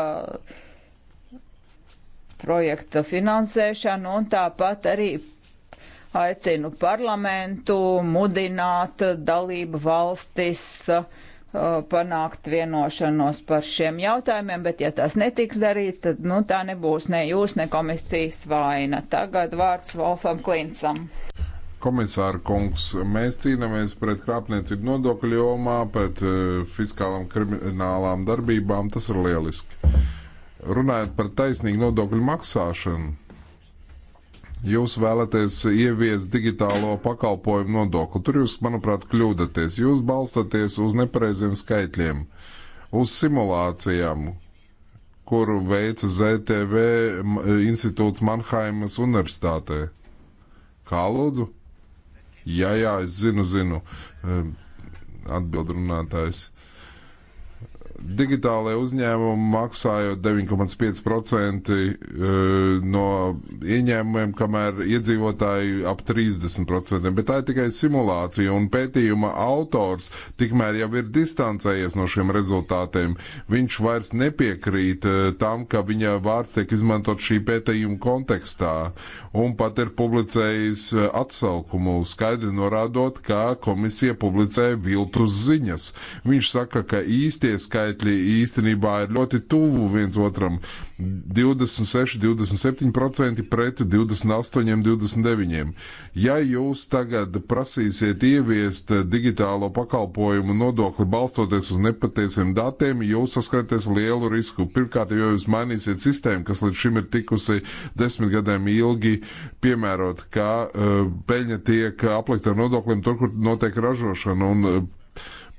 projekta finansēšanu un tāpat arī aicinu parlamentu mudināt dalību valstis uh, Uh, panākt vienošanos par šiem jautājumiem, bet ja tas netiks darīts, tad nu, tā nebūs ne jūs, ne komisijas vaina. Tagad vārds Wolfam Klinsam. Komisāra kungs, mēs cīnāmies pret krāpniecību nodokļu jomā, pret uh, fiskālām kriminālām darbībām. Tas ir lieliski. Runājot par taisnīgu nodokļu maksāšanu, jūs vēlaties ieviest digitālo pakalpojumu nodokli. Tur jūs, manuprāt, kļūdaties. Jūs balstaties uz nepareiziem skaitļiem, uz simulācijām, kuru veica ZTV institūts Manhaimas universitātē. Kā lūdzu? Jā, jā, es zinu, zinu, ehm, atbild runātājs digitālajie uzņēmumi maksājot 9,5% eh, no ieņēmumiem, kamēr iedzīvotāji ap 30%. Bet tā ir tikai simulācija, un pētījuma autors tikmēr jau ir distancējies no šiem rezultātiem. Viņš vairs nepiekrīt eh, tam, ka viņa vārds tiek izmantot šī pētījuma kontekstā, un pat ir publicējis eh, atsaukumu, skaidri norādot, ka komisija publicē viltus ziņas. Viņš saka, ka īstie skaitļi skaitļi īstenībā ir ļoti tuvu viens otram - 26, 27% pret 28, 29. Ja jūs tagad prasīsiet ieviest digitālo pakalpojumu nodokli balstoties uz nepatiesiem datiem, jūs saskaties lielu risku. Pirmkārt, jo jūs mainīsiet sistēmu, kas līdz šim ir tikusi desmit gadiem ilgi piemērot, ka uh, peļņa tiek aplikta ar nodokļiem tur, kur notiek ražošana un eh,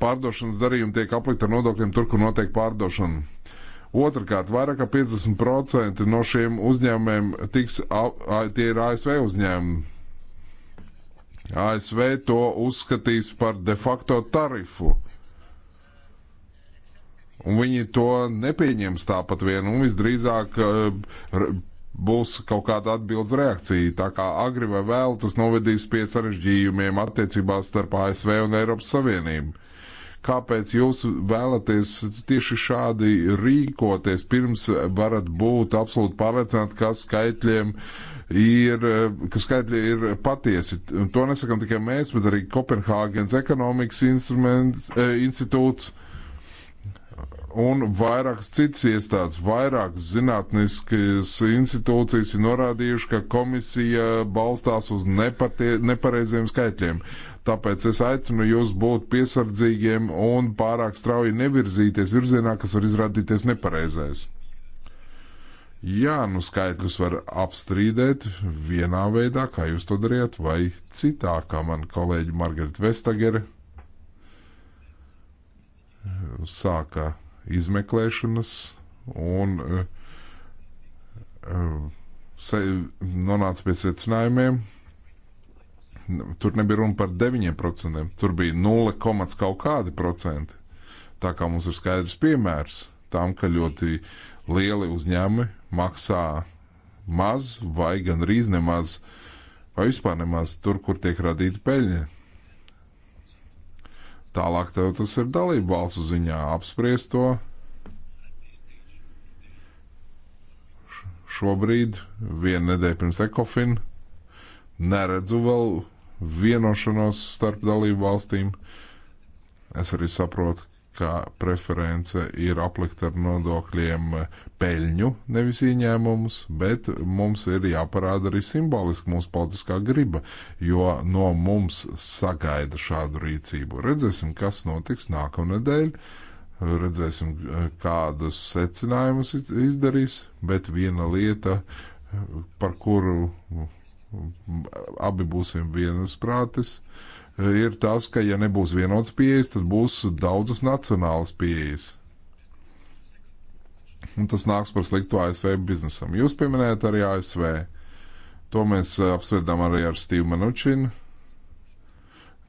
pārdošanas darījumi tiek aplikti ar nodokļiem tur, kur notiek pārdošana. Otrakārt, vairāk kā 50% no šiem uzņēmumiem tiks, tie ir ASV uzņēmumi. ASV to uzskatīs par de facto tarifu. Un viņi to nepieņems tāpat vien, un visdrīzāk būs kaut kāda atbildes reakcija. Tā kā agri vai vēl tas novedīs pie sarežģījumiem attiecībās starp ASV un Eiropas Savienību kāpēc jūs vēlaties tieši šādi rīkoties, pirms varat būt absolūti pārliecināti, ka skaitļiem ir, ka skaitļi ir patiesi. Un to nesakam tikai mēs, bet arī Kopenhāgens ekonomikas e, institūts un vairākas citas iestādes, vairākas zinātniskas institūcijas ir norādījuši, ka komisija balstās uz nepatie, nepareiziem skaitļiem. Tāpēc es aicinu jūs būt piesardzīgiem un pārāk strauji nevirzīties virzienā, kas var izrādīties nepareizais. Jā, nu skaitļus var apstrīdēt vienā veidā, kā jūs to darījat, vai citā, kā man kolēģi Margarita Vestagere sāka izmeklēšanas un uh, uh, nonāca pie secinājumiem, Tur nebija runa par 9%, tur bija 0, kaut kādi procenti. Tā kā mums ir skaidrs piemērs tam, ka ļoti lieli uzņēmumi maksā maz vai gandrīz nemaz, vai vispār nemaz tur, kur tiek radīta peļņa. Tālāk tev tas ir dalību valstu ziņā apspriest to. Šobrīd, viena nedēļa pirms ekofina, neredzu vēl vienošanos starp dalību valstīm. Es arī saprotu, ka preference ir aplikt ar nodokļiem peļņu, nevis ieņēmumus, bet mums ir jāparāda arī simboliski mūsu politiskā griba, jo no mums sagaida šādu rīcību. Redzēsim, kas notiks nākamnedēļ, redzēsim, kādus secinājumus izdarīs, bet viena lieta, par kuru abi būsim vienasprātis, ir tas, ka ja nebūs vienots pieejas, tad būs daudzas nacionālas pieejas. Un tas nāks par sliktu ASV biznesam. Jūs pieminējat arī ASV. To mēs eh, apsvedām arī ar Steve Manučinu,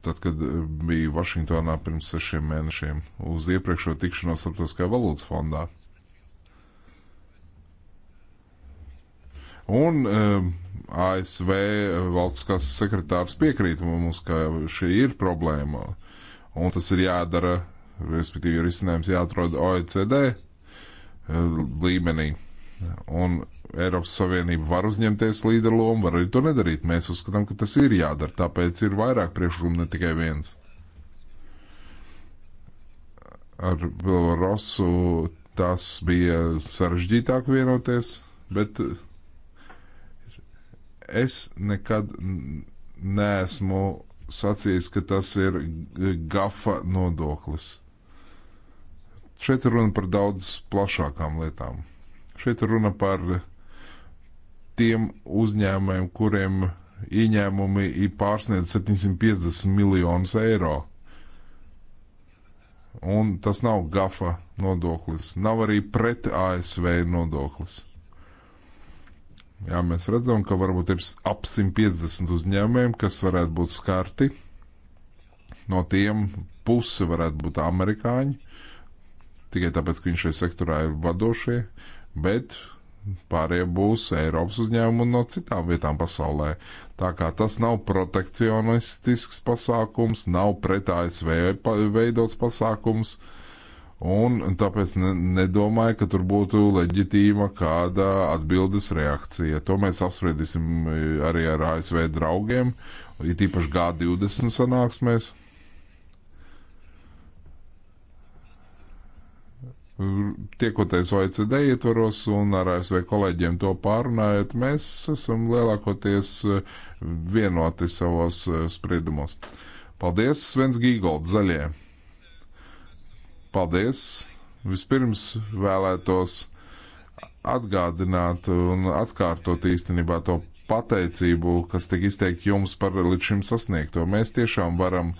tad, kad eh, bija Vašingtonā pirms sešiem mēnešiem uz iepriekšējo tikšanos starptautiskajā valūtas fondā. Un um, ASV uh, valsts sekretārs piekrīt mums, ka šī ir problēma. Un tas ir jādara, respektīvi, risinājums jāatrod OECD uh, līmenī. Un Eiropas Savienība var uzņemties līderu lomu, var arī to nedarīt. Mēs uzskatām, ka tas ir jādara, tāpēc ir vairāk priekšlikumu, ne tikai viens. Ar Bilorusu tas bija sarežģītāk vienoties, bet uh, Es nekad neesmu sacījis, ka tas ir gafa nodoklis. Šeit ir runa par daudz plašākām lietām. Šeit ir runa par tiem uzņēmumiem, kuriem ieņēmumi ir pārsniedz 750 miljonus eiro. Un tas nav gafa nodoklis, nav arī pret ASV nodoklis. Jā, mēs redzam, ka varbūt ir ap 150 uzņēmējiem, kas varētu būt skarti. No tiem puse varētu būt amerikāņi, tikai tāpēc, ka viņš šajā sektorā ir vadošie, bet pārējie būs Eiropas uzņēmumi un no citām vietām pasaulē. Tā kā tas nav protekcionistisks pasākums, nav pret ASV veidots pasākums. Uh, un tāpēc ne, nedomāju, ka tur būtu leģitīma kāda atbildes reakcija. To mēs apspriedīsim e, arī ar ASV draugiem, it īpaši G20 sanāksmēs. Tiekoties OECD ietvaros un ar ASV kolēģiem to pārunājot, mēs esam lielākoties e, vienoti savos e, spriedumos. Paldies, Svens Gīgolds, zaļie! Paldies! Vispirms vēlētos atgādināt un atkārtot īstenībā to pateicību, kas tika izteikta jums par līdz šim sasniegto. Mēs tiešām varam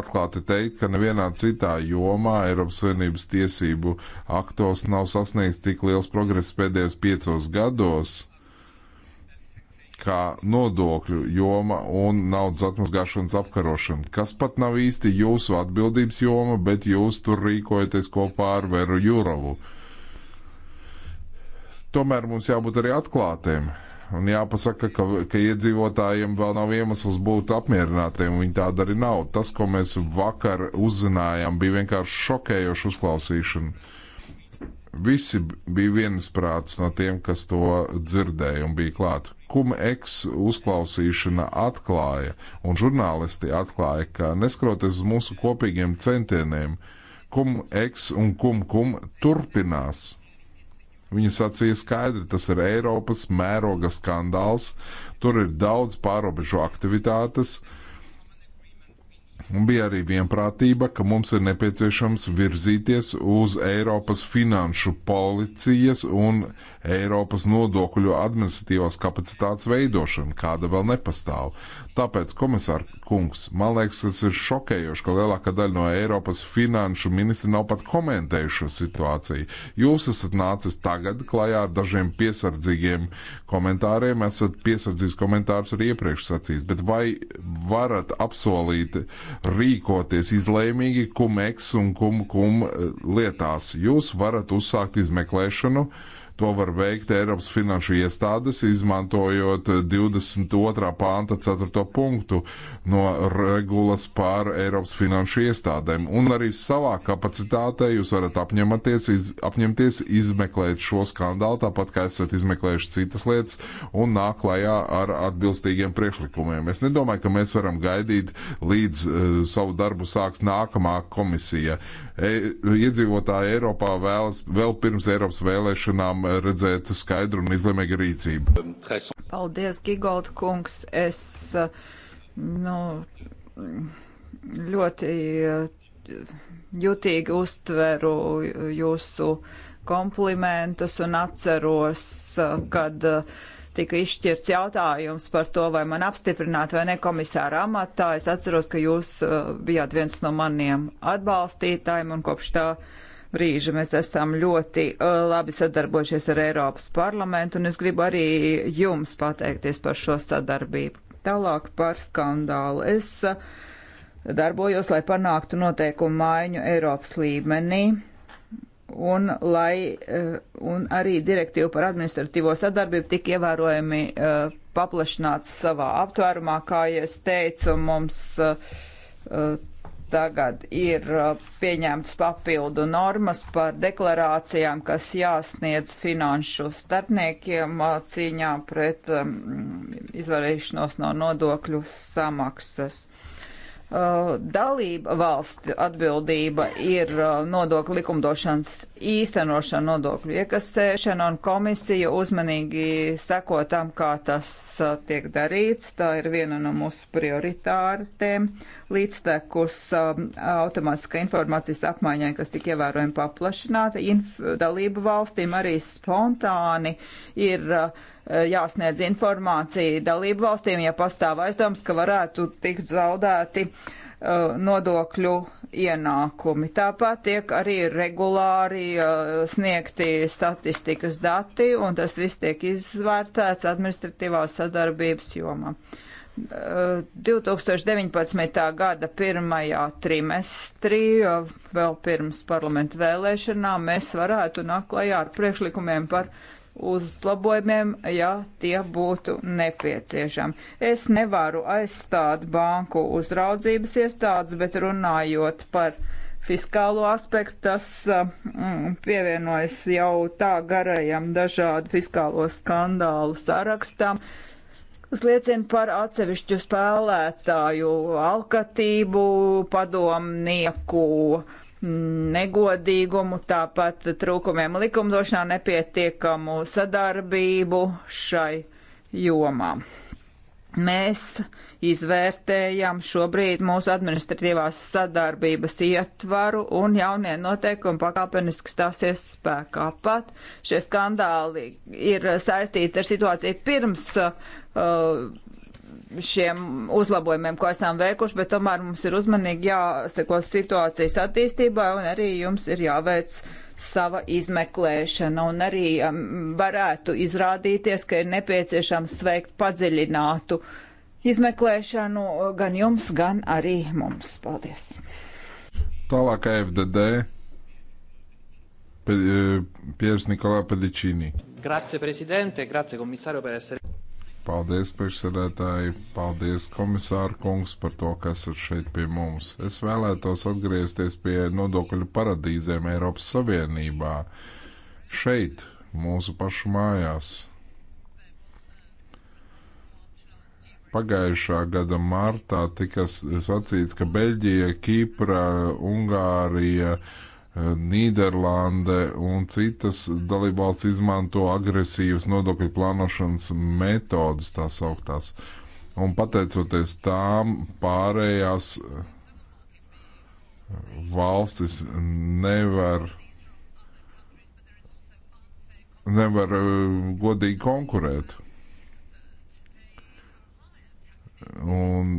atklāti teikt, ka nevienā citā jomā Eiropas Savienības tiesību aktos nav sasniegts tik liels progress pēdējos piecos gados, kā nodokļu joma un naudas atmazgāšanas apkarošana, kas pat nav īsti jūsu atbildības joma, bet jūs tur rīkojaties kopā ar Veru Jurovu. Tomēr mums jābūt arī atklātiem un jāpasaka, ka, ka iedzīvotājiem vēl nav iemesls būt apmierinātiem, un viņi tāda arī nav. Tas, ko mēs vakar uzzinājām, bija vienkārši šokējoša uzklausīšana Visi bija viensprāts no tiem, kas to dzirdēja un bija klāt. Kuma eks uzklausīšana atklāja, un žurnālisti atklāja, ka neskroties uz mūsu kopīgiem centieniem, kuma eks un kuma kuma turpinās. Viņa sacīja skaidri, tas ir Eiropas mēroga skandāls, tur ir daudz pārobežu aktivitātes, uh, Un bija arī vienprātība, ka mums ir nepieciešams virzīties uz Eiropas finanšu policijas un Eiropas nodokļu administratīvās kapacitātes veidošanu, kāda vēl nepastāv. Tāpēc, komisār kungs, man liekas, tas ir šokējoši, ka lielākā daļa no Eiropas finanšu ministri nav pat komentējuši šo situāciju. Jūs esat nācis tagad klajā ar dažiem piesardzīgiem komentāriem, esat piesardzīgs komentārus arī iepriekš sacījis, bet vai varat apsolīt rīkoties izlēmīgi kum eks un kum kum eh, lietās? Jūs varat uzsākt izmeklēšanu. Uh, To var veikt Eiropas finanšu iestādes, izmantojot 22. panta 4. punktu no regulas pār Eiropas finanšu iestādēm. Un arī savā kapacitātē jūs varat apņematies, iz, apņemties izmeklēt šo skandālu, tāpat kā esat izmeklējuši citas lietas, un nāk klajā ar atbilstīgiem priekšlikumiem. Es nedomāju, ka mēs varam gaidīt līdz uh, savu darbu sāks nākamā komisija. E, iedzīvotāji Eiropā vēlas vēl pirms Eiropas vēlēšanām redzēt skaidru un izlēmīgu rīcību. Paldies, Gigold kungs. Es uh, nu, ļoti uh, jutīgi uztveru jūsu komplimentus un atceros, uh, kad tika izšķirts jautājums par to, vai man apstiprināt vai ne komisāra amatā. Es atceros, ka jūs bijāt viens no maniem atbalstītājiem un kopš tā brīža. Mēs esam ļoti uh, labi sadarbojušies ar Eiropas parlamentu, un es gribu arī jums pateikties par šo sadarbību. Tālāk par skandālu. Es uh, darbojos, lai panāktu noteikumu maiņu Eiropas līmenī. Un, lai, uh, un arī direktīva par administratīvo sadarbību tik ievērojami uh, paplašināts savā aptvērumā, kā es teicu, mums uh, Tagad ir uh, pieņemts papildu normas par deklarācijām, kas jāsniedz finanšu starpniekiem uh, cīņā pret um, izvarīšanos no nodokļu samaksas. Uh, dalība valsts atbildība ir uh, nodokļu likumdošanas īstenošana, nodokļu iekasēšana, un komisija uzmanīgi seko tam, kā tas uh, tiek darīts. Tā ir viena no mūsu prioritātēm līdztekus um, automātiskai informācijas apmaiņai, kas tik ievērojami paplašināta. Inf dalību valstīm arī spontāni ir uh, jāsniedz informācija dalību valstīm, ja pastāv aizdoms, ka varētu tikt zaudēti uh, nodokļu ienākumi. Tāpat tiek arī regulāri uh, sniegti statistikas dati, un tas viss tiek izvērtēts administratīvās sadarbības jomā. Uh, 2019. gada pirmajā trimestrī, vēl pirms parlamentu vēlēšanām, mēs varētu nākt klajā ar priekšlikumiem par uzlabojumiem, ja tie būtu nepieciešami. Es nevaru aizstāt banku uzraudzības iestādes, bet runājot par fiskālo aspektu, tas mm, pievienojas jau tā garajam dažādu fiskālo skandālu sarakstam. Uh, kas liecina par atsevišķu spēlētāju alkatību, padomnieku negodīgumu, tāpat trūkumiem likumdošanā nepietiekamu sadarbību šai jomā. Mēs izvērtējam šobrīd mūsu administratīvās sadarbības ietvaru un jaunie noteikumi pakāpeniski stāsies spēkā. Pat šie skandāli ir saistīti ar situāciju pirms uh, šiem uzlabojumiem, ko esam veikuši, bet tomēr mums ir uzmanīgi jāseko situācijas attīstībai un arī jums ir jāveic uh, sava izmeklēšana un arī um, varētu izrādīties, ka ir nepieciešams veikt padziļinātu izmeklēšanu gan jums, gan arī mums. Paldies! Tālāk FDD. Eh, Piers Nicolà Pedicini. Grazie Presidente, grazie Commissario per essere. Paldies, priekšsēdētāji, paldies, komisāra kungs, par to, kas ir šeit pie mums. Es vēlētos atgriezties pie nodokļu paradīzēm Eiropas Savienībā, šeit, mūsu pašu mājās. Pagājušā gada martā tika sacīts, ka Beļģija, Kipra, Ungārija, uh, Eh, Nīderlande un citas dalībvalsts izmanto agresīvas nodokļu plānošanas metodas, tā sauktās. Un pateicoties tām pārējās eh, valstis nevar, nevar eh, godīgi konkurēt. Un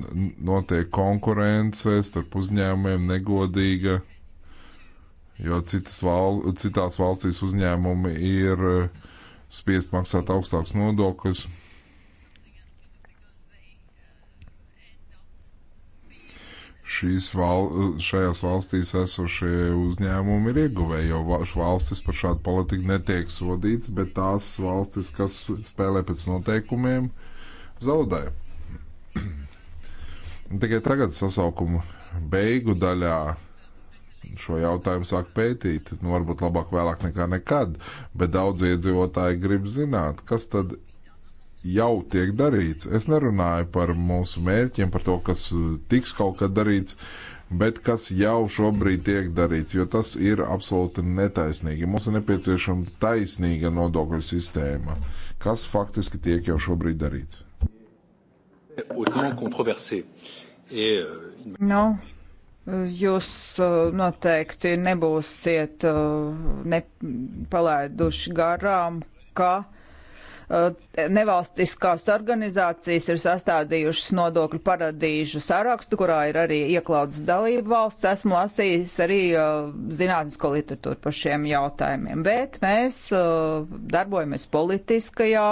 notiek konkurence starp uzņēmumiem negodīga jo val, citās valstīs uzņēmumi ir eh, spiest maksāt augstākus nodokļus. Šīs val, šajās valstīs esošie uzņēmumi ir ieguvēji, jo valstis par šādu politiku netiek sodīts, bet tās valstis, kas spēlē pēc noteikumiem, zaudē. Tikai tagad sasaukuma beigu daļā šo jautājumu sāk pētīt. Nu, varbūt labāk vēlāk nekā nekad, bet daudz iedzīvotāji grib zināt, kas tad jau tiek darīts. Es nerunāju par mūsu mērķiem, par to, kas uh, tiks kaut kad darīts, bet kas jau šobrīd tiek darīts, jo tas ir absolūti netaisnīgi. Mums ir nepieciešama taisnīga nodokļu sistēma, kas faktiski tiek jau šobrīd darīts. Nav euh, no nu, Jūs uh, noteikti nebūsiet uh, nepalaiduši garām, ka uh, nevalstiskās organizācijas ir sastādījušas nodokļu paradīžu sarakstu, kurā ir arī ieklauts dalību valsts. Esmu lasījis arī zinātnisko literatūru par šiem jautājumiem, bet mēs darbojamies politiskajā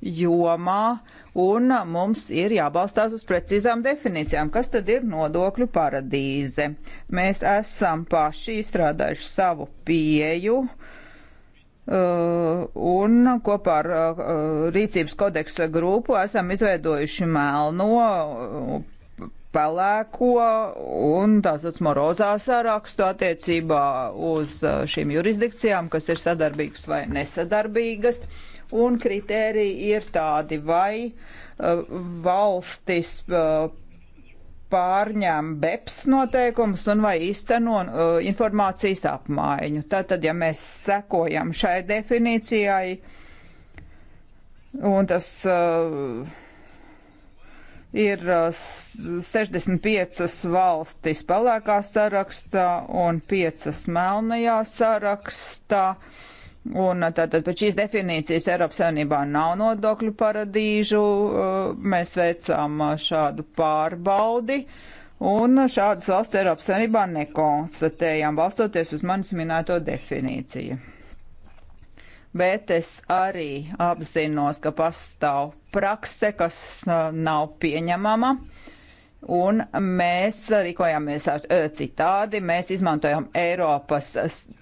jomā, un mums ir jābalstās uz precīzām definīcijām, kas tad ir nodokļu paradīze. Mēs esam paši izstrādājuši savu pieju, uh, un kopā ar uh, Rīcības kodeksa grupu esam izveidojuši melno uh, pelēko un tā saucamo rozā sārakstu attiecībā uz šīm jurisdikcijām, kas ir sadarbīgas vai nesadarbīgas. Uh, un kritēriji ir tādi, vai uh, valstis uh, pārņem BEPS noteikumus un vai īsteno uh, informācijas apmaiņu. Tātad, ja mēs sekojam šai definīcijai, un tas uh, ir 65 uh, valstis palēkā sarakstā un 5 melnajā sarakstā, uh, Un uh, tātad pēc šīs definīcijas Eiropas Savienībā nav nodokļu paradīžu. Uh, mēs veicām uh, šādu pārbaudi. Un šādas valsts Eiropas Savienībā nekonstatējām, balstoties uz manis minēto definīciju. Bet es arī apzinos, ka pastāv prakse, kas nav pieņemama. Uh, Un mēs rīkojāmies e, citādi, mēs izmantojam Eiropas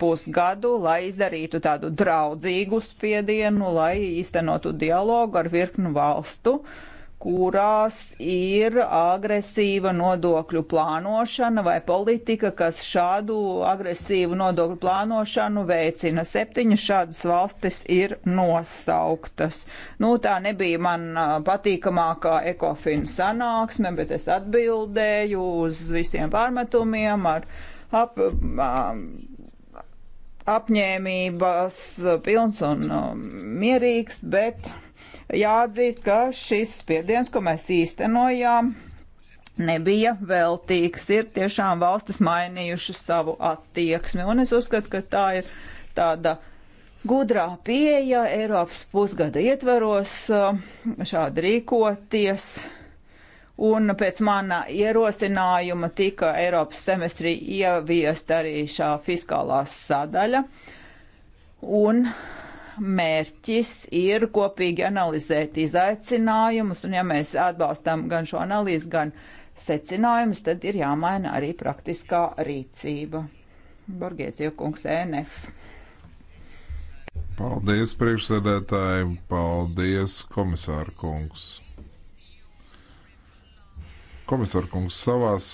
pusgadu, lai izdarītu tādu draudzīgu spiedienu, lai īstenotu dialogu ar virknu valstu. Uh, kurās ir agresīva nodokļu plānošana vai politika, kas šādu agresīvu nodokļu plānošanu veicina. Septiņas šādas valstis ir nosauktas. Nu, tā nebija man patīkamākā ekofina sanāksme, bet es atbildēju uz visiem pārmetumiem ar ap, apņēmības pilns un mierīgs, bet Jāatzīst, ka šis spiediens, ko mēs īstenojām, nebija veltīgs. Ir tiešām valstis mainījušas savu attieksmi, un es uzskatu, ka tā ir tāda gudrā pieeja Eiropas pusgada ietveros šādi rīkoties. Un pēc mana ierosinājuma tika Eiropas semestrī ieviest arī šā fiskālā sadaļa. Un mērķis ir kopīgi analizēt izaicinājumus, un ja mēs atbalstām gan šo analīzi, gan secinājumus, tad ir jāmaina arī praktiskā rīcība. Borgēzija kungs, ENF. Paldies, priekšsēdētāji, paldies, komisāra kungs. Komisāra kungs, savās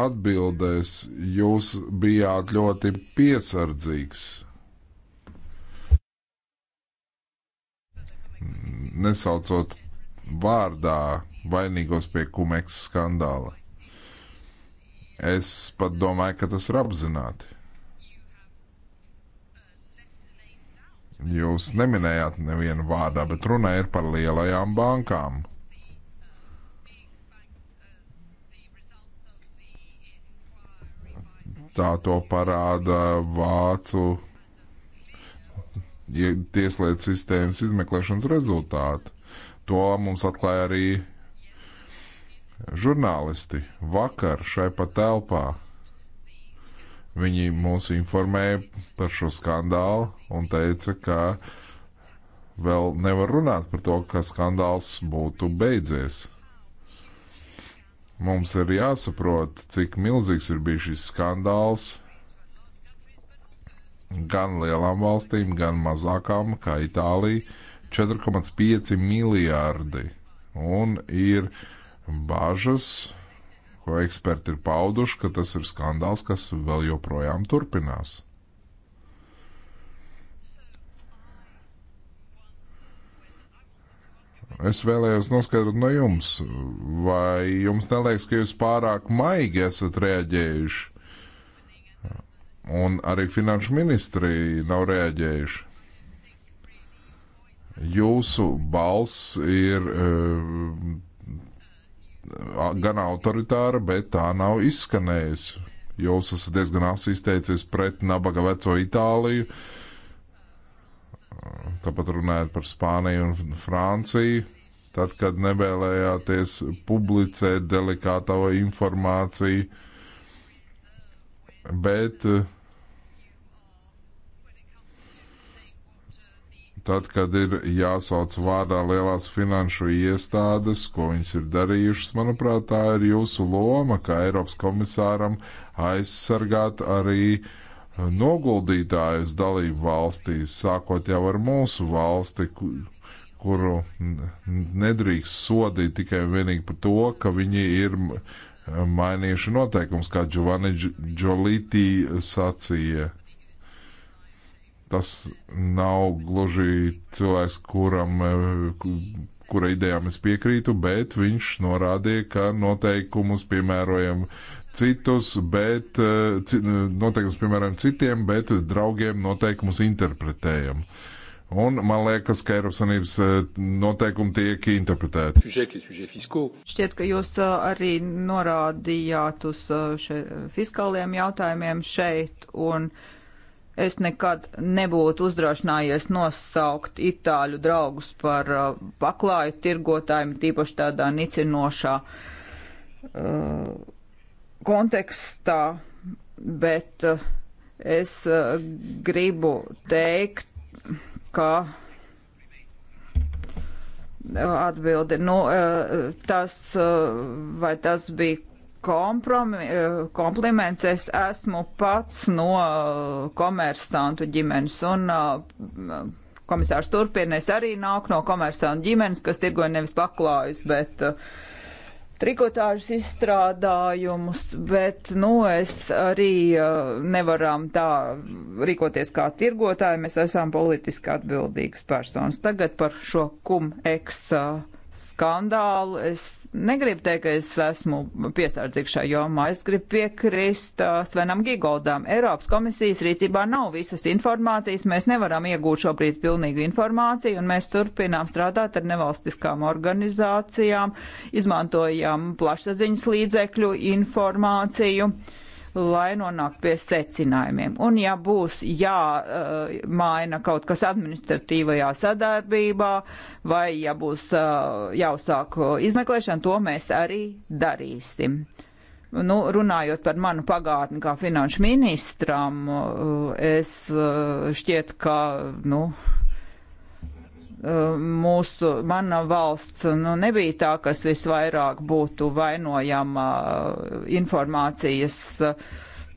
atbildēs jūs bijāt ļoti piesardzīgs nesaucot vārdā vainīgos pie kumeks skandāla. Es pat domāju, ka tas ir apzināti. Jūs neminējāt nevienu vārdā, bet runa ir par lielajām bankām. Tā to parāda vācu tieslietu sistēmas izmeklēšanas rezultāti. To mums atklāja arī žurnālisti vakar šai pat telpā. Viņi mūs informēja par šo skandālu un teica, ka vēl nevar runāt par to, ka skandāls būtu beidzies. Mums ir jāsaprot, cik milzīgs ir bijis šis skandāls gan lielām valstīm, gan mazākām, kā Itālija, 4,5 miljardi. Un ir bažas, ko eksperti ir pauduši, ka tas ir skandāls, kas vēl joprojām turpinās. Es vēlējos noskaidrot no jums, vai jums neliekas, ka jūs pārāk maigi esat reaģējuši Un arī finanšu ministri nav reaģējuši. Jūsu balss ir eh, gan autoritāra, bet tā nav izskanējusi. Jūs esat diezgan asi izteicies pret nabaga veco Itāliju, tāpat runājot par Spāniju un Franciju. Tad, kad nevēlējāties publicēt delikāto informāciju, uh, Bet eh, tad, kad ir jāsauc vārdā lielās finanšu iestādes, ko viņas ir darījušas, manuprāt, tā ir jūsu loma, kā Eiropas komisāram, aizsargāt arī eh, noguldītājus dalību valstīs, sākot jau ar mūsu valsti, kuru nedrīkst sodīt tikai un vienīgi par to, ka viņi ir mainījuši noteikums, kā Giovanni Giolitti sacīja. Tas nav gluži cilvēks, kuram, e, kura idejām es piekrītu, bet viņš norādīja, ka noteikumus piemērojam citus, bet e, e, noteikumus piemērojam citiem, bet draugiem noteikumus interpretējam. Uh, Un man liekas, ka Eiropas Savienības eh, noteikumi tiek interpretēti. Šķiet, ka jūs eh, arī norādījāt uz eh, še, fiskāliem jautājumiem šeit, un es nekad nebūtu uzdrošinājies nosaukt itāļu draugus par paklāju tirgotājiem, tīpaši tādā nicinošā uh, kontekstā, bet uh, es uh, gribu teikt, ka uh, atbildi, nu, uh, tas uh, vai tas bija kompromi, kompliments. Es esmu pats no komersantu ģimenes un komisārs turpina. Es arī nāku no komersantu ģimenes, kas tirgoja nevis paklājus, bet uh, trikotāžas izstrādājumus, bet, nu, es arī uh, nevaram tā rīkoties kā tirgotāji, mēs esam politiski atbildīgas personas. Tagad par šo kum eks uh, skandālu. Es negribu teikt, ka es esmu piesardzīgs šajā jomā. Es gribu piekrist uh, Svenam Gigoldam. Eiropas komisijas rīcībā nav visas informācijas. Mēs nevaram iegūt šobrīd pilnīgu informāciju, un mēs turpinām strādāt ar nevalstiskām organizācijām, izmantojam plašsaziņas līdzekļu informāciju. Uh, lai nonāktu pie secinājumiem. Un ja būs jāmaina eh, kaut kas administratīvajā sadarbībā vai ja būs eh, jāuzsāk eh, izmeklēšana, to mēs arī darīsim. Nu, runājot par manu pagātni kā finanšu ministram, es šķiet, ka, nu, Eh, mūsu, mana valsts nu, nebija tā, kas visvairāk būtu vainojama eh, informācijas eh,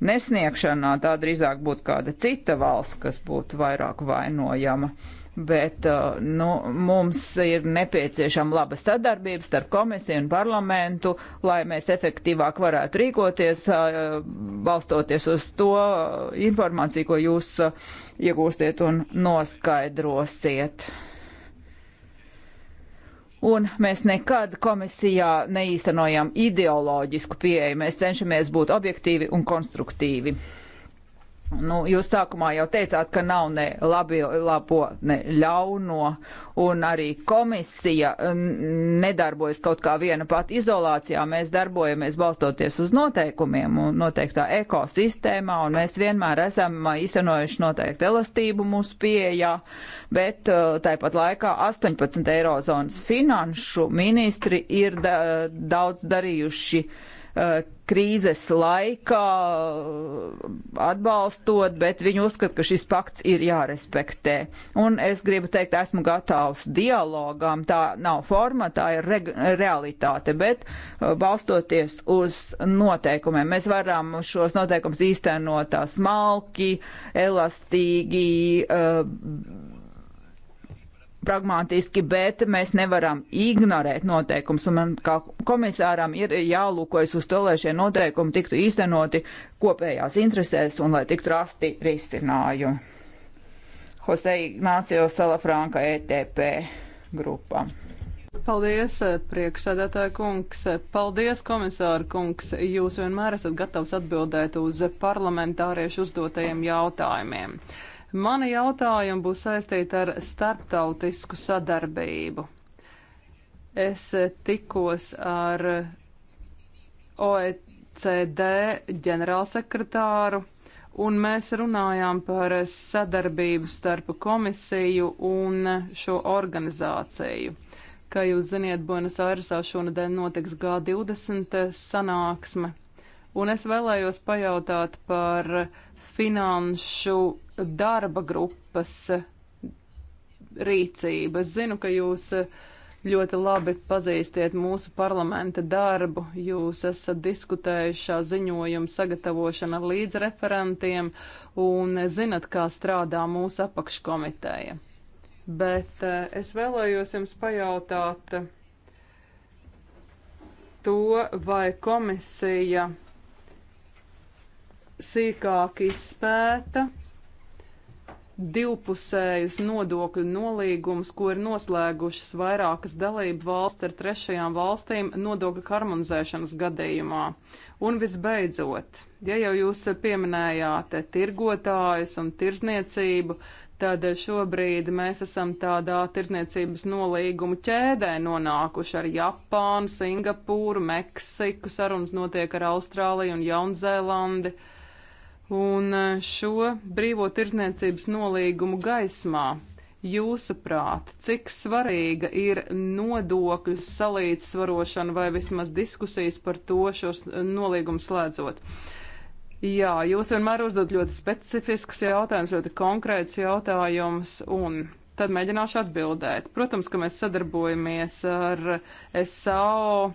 nesniegšanā. Tā drīzāk būtu kāda cita valsts, kas būtu vairāk vainojama. Bet nu, mums ir nepieciešama laba sadarbība starp komisiju un parlamentu, lai mēs efektīvāk varētu rīkoties, balstoties uz to informāciju, ko jūs iegūstiet un noskaidrosiet. Un mēs nekad komisijā neīstenojam ideoloģisku pieeju. Mēs cenšamies būt objektīvi un konstruktīvi. Nu, jūs sākumā jau teicāt, ka nav ne labi, labo, ne ļauno, un arī komisija nedarbojas kaut kā viena pat izolācijā. Mēs darbojamies balstoties uz noteikumiem un noteiktā ekosistēmā, un mēs vienmēr esam īstenojuši noteiktu elastību mūsu pieejā, bet uh, tāpat laikā 18 eirozonas finanšu ministri ir da daudz darījuši Eh, krīzes laikā eh, atbalstot, bet viņi uzskata, ka šis pakts ir jārespektē. Un es gribu teikt, esmu gatavs dialogām, tā nav forma, tā ir re realitāte, bet eh, balstoties uz noteikumiem. Mēs varam šos noteikumus īstenot smalki, elastīgi, pragmātiski, bet mēs nevaram ignorēt noteikumus. Un man kā komisāram ir jālūkojas uz to, lai šie noteikumi tiktu īstenoti kopējās interesēs un lai tiktu rasti risinājumi. Jose Ignācio Salafranka ETP grupā. Paldies, eh, priekšsēdētāja kungs. Paldies, komisāra kungs. Jūs vienmēr esat gatavs atbildēt uz parlamentāriešu uzdotajiem jautājumiem. Mani jautājumi būs saistīti ar starptautisku sadarbību. Es tikos ar OECD ģenerālsekretāru un mēs runājām par sadarbību starp komisiju un šo organizāciju. Kā jūs ziniet, Buenos Airesā šonadēļ notiks G20 sanāksme, un es vēlējos pajautāt par uh, finanšu darba grupas rīcība. Es zinu, ka jūs ļoti labi pazīstiet mūsu parlamenta darbu. Jūs esat diskutējuši šā ziņojuma sagatavošana ar līdzreferentiem un zinat, kā strādā mūsu apakškomiteja. Bet eh, es vēlējos jums pajautāt to, vai komisija sīkāk izpēta divpusējus nodokļu nolīgumus, ko ir noslēgušas vairākas dalību valsts ar trešajām valstīm nodokļu harmonizēšanas gadījumā. Un visbeidzot, ja jau jūs pieminējāt tirgotājus un tirzniecību, tad šobrīd mēs esam tādā tirzniecības nolīgumu ķēdē nonākuši ar Japānu, Singapūru, Meksiku, sarunas notiek ar Austrāliju un Jaunzēlandi. Un eh, šo brīvo tirzniecības nolīgumu gaismā jūsuprāt, cik svarīga ir nodokļu salīdzsvarošana vai vismaz diskusijas par to šos nolīgumus slēdzot? Jā, jūs vienmēr uzdod ļoti specifiskus jautājumus, ļoti konkrētus jautājumus, un tad mēģināšu atbildēt. Protams, ka mēs sadarbojamies ar SAO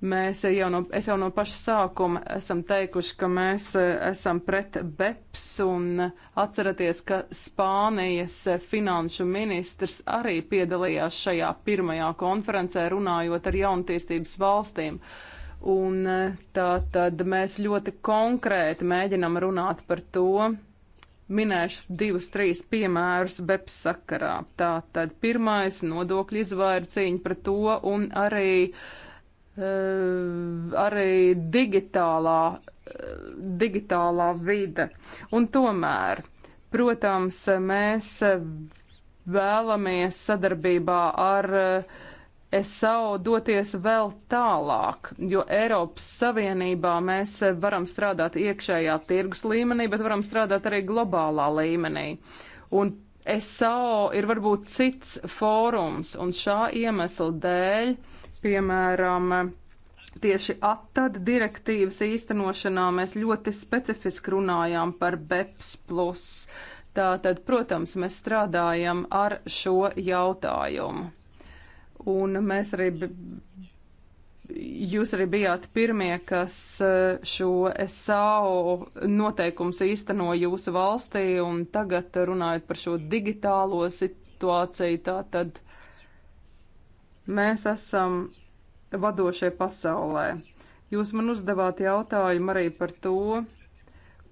Mēs jau no, es jau no paša sākuma esam teikuši, ka mēs e, esam pret BEPS un atceraties, ka Spānijas finanšu ministrs arī piedalījās šajā pirmajā konferencē runājot ar jauntīstības valstīm. Un e, tā tad mēs ļoti konkrēti mēģinam runāt par to, minēšu divus, trīs piemērus BEPS sakarā. Tā tad pirmais - nodokļu izvairība, cīņa pret to un arī Eh, arī digitālā, eh, digitālā vide. Un tomēr, protams, mēs vēlamies sadarbībā ar eh, SAO doties vēl tālāk, jo Eiropas Savienībā mēs varam strādāt iekšējā tirgus līmenī, bet varam strādāt arī globālā līmenī. Un SAO ir varbūt cits fórums, un šā iemesla dēļ uh, Piemēram, tieši attad direktīvas īstenošanā mēs ļoti specifiski runājām par BEPS. Plus. Tātad, protams, mēs strādājam ar šo jautājumu. Un mēs arī, jūs arī bijāt pirmie, kas eh, šo SAO noteikums īsteno jūsu valstī, un tagad runājot par šo digitālo situāciju, tātad Mēs esam vadošie pasaulē. Jūs man uzdevāt jautājumu arī par to,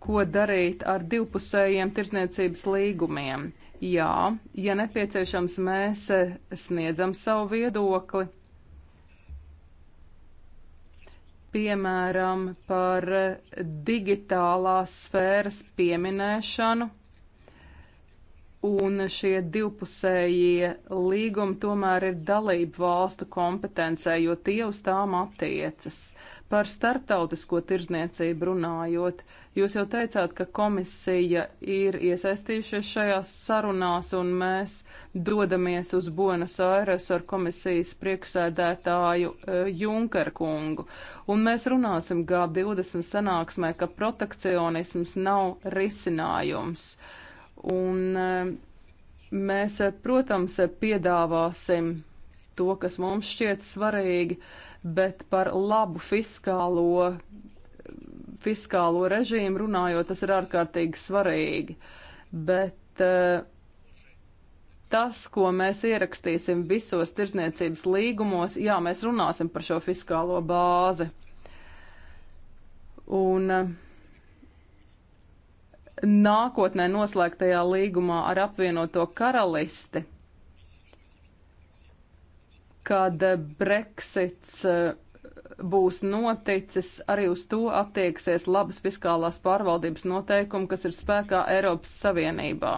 ko darīt ar divpusējiem tirsniecības līgumiem. Jā, ja nepieciešams, mēs sniedzam savu viedokli. Piemēram, par digitālās sfēras pieminēšanu un šie divpusējie līgumi tomēr ir dalību valstu kompetencē, jo tie uz tām attiecas. Par starptautisko tirdzniecību runājot, jūs jau teicāt, ka komisija ir iesaistījušies šajās sarunās, un mēs dodamies uz Buenos Aires ar komisijas priekšsēdētāju eh, Junker kungu. Un mēs runāsim G20 sanāksmē, ka protekcionisms nav risinājums. Uh, Un eh, mēs, eh, protams, eh, piedāvāsim to, kas mums šķiet svarīgi, bet par labu fiskālo, fiskālo režīmu runājot, tas ir ārkārtīgi svarīgi. Bet tas, ko mēs ierakstīsim visos tirzniecības līgumos, jā, mēs runāsim par šo fiskālo bāzi. Un uh, nākotnē noslēgtajā līgumā ar apvienoto karalisti, kad Brexits eh, būs noticis, arī uz to attieksies labas fiskālās pārvaldības noteikumi, kas ir spēkā Eiropas Savienībā.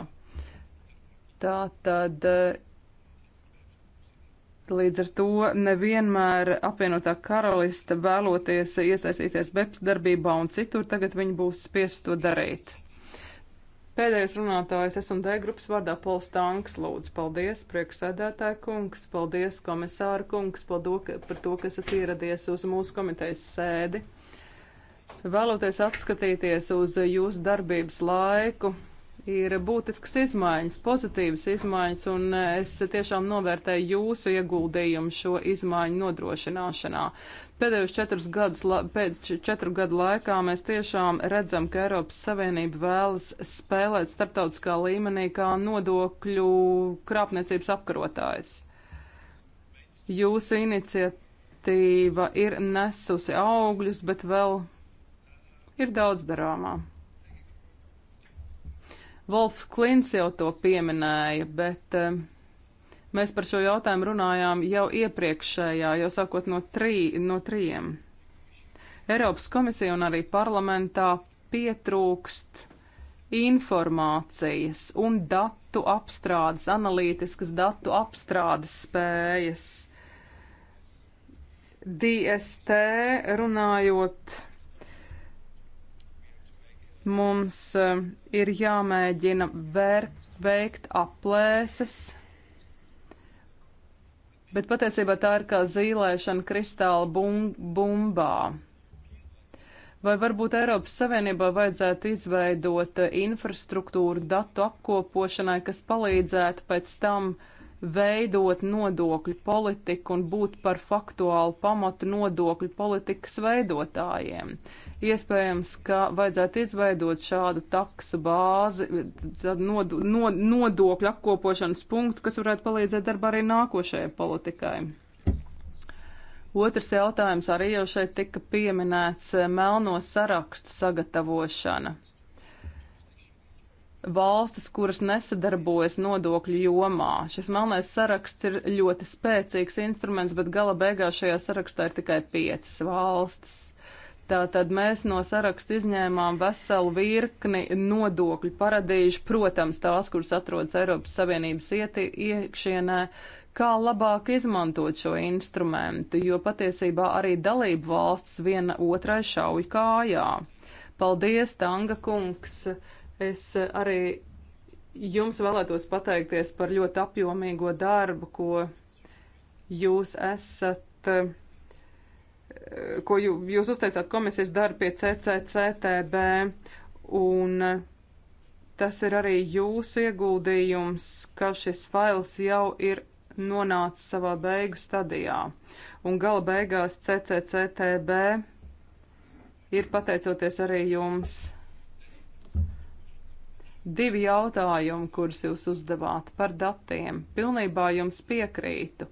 Tā tad eh, līdz ar to nevienmēr apvienotā karaliste vēloties iesaistīties BEPS darbībā un citur, tagad viņi būs spiest to darīt. Pēdējais runātājs SMD grupas vārdā Pols Tanks lūdzu. Paldies, priekšsēdētāja kungs, paldies, komisāra kungs, par to, ka esat ieradies uz mūsu komitejas sēdi. Vēloties atskatīties uz jūsu darbības laiku, ir būtisks izmaiņas, pozitīvas izmaiņas, un eh, es tiešām novērtēju jūsu ieguldījumu šo izmaiņu nodrošināšanā. Pēdējos četrus gadus, pēc četru gadu laikā mēs tiešām redzam, ka Eiropas Savienība vēlas spēlēt starptautiskā līmenī kā nodokļu krāpniecības apkarotājs. Jūsu iniciatīva ir nesusi augļus, bet vēl ir daudz darāmā. Volfs Klints jau to pieminēja, bet eh, Mēs par šo jautājumu runājām jau iepriekšējā, jau sākot no, trī, no trījiem. Eiropas komisija un arī parlamentā pietrūkst informācijas un datu apstrādes, analītiskas datu apstrādes spējas. DST runājot, mums eh, ir jāmēģina vērt, veikt aplēses Bet patiesībā tā ir kā zīlēšana kristāla bumbā. Vai varbūt Eiropas Savienībā vajadzētu izveidot eh, infrastruktūru datu apkopošanai, kas palīdzētu pēc tam uh, veidot nodokļu politiku un būt par faktuālu pamatu nodokļu politikas veidotājiem. Iespējams, ka vajadzētu izveidot šādu taksu bāzi, nod, nod, nodokļu apkopošanas punktu, kas varētu palīdzēt darbā arī nākošajai politikai. Otrs jautājums arī jau šeit tika pieminēts eh, - melno sarakstu sagatavošana valstis, kuras nesadarbojas nodokļu jomā. Šis melnais saraksts ir ļoti spēcīgs instruments, bet gala beigās šajā sarakstā ir tikai piecas valstis. Tātad mēs no saraksta izņēmām veselu virkni nodokļu paradīžu, protams, tās, kuras atrodas Eiropas Savienības ieti, iekšienē, kā labāk izmantot šo instrumentu, jo patiesībā arī dalību valsts viena otrai šauj kājā. Paldies, Tanga kungs! Es eh, arī jums vēlētos pateikties par ļoti apjomīgo darbu, ko jūs esat, eh, ko jūs uzteicāt komisijas darbu pie CCCTB, un eh, tas ir arī jūsu ieguldījums, ka šis fails jau ir nonāca savā beigu stadijā. Un gala beigās CCCTB ir pateicoties arī jums. Divi jautājumi, kurus jūs uzdevāt par datiem. Pilnībā jums piekrītu.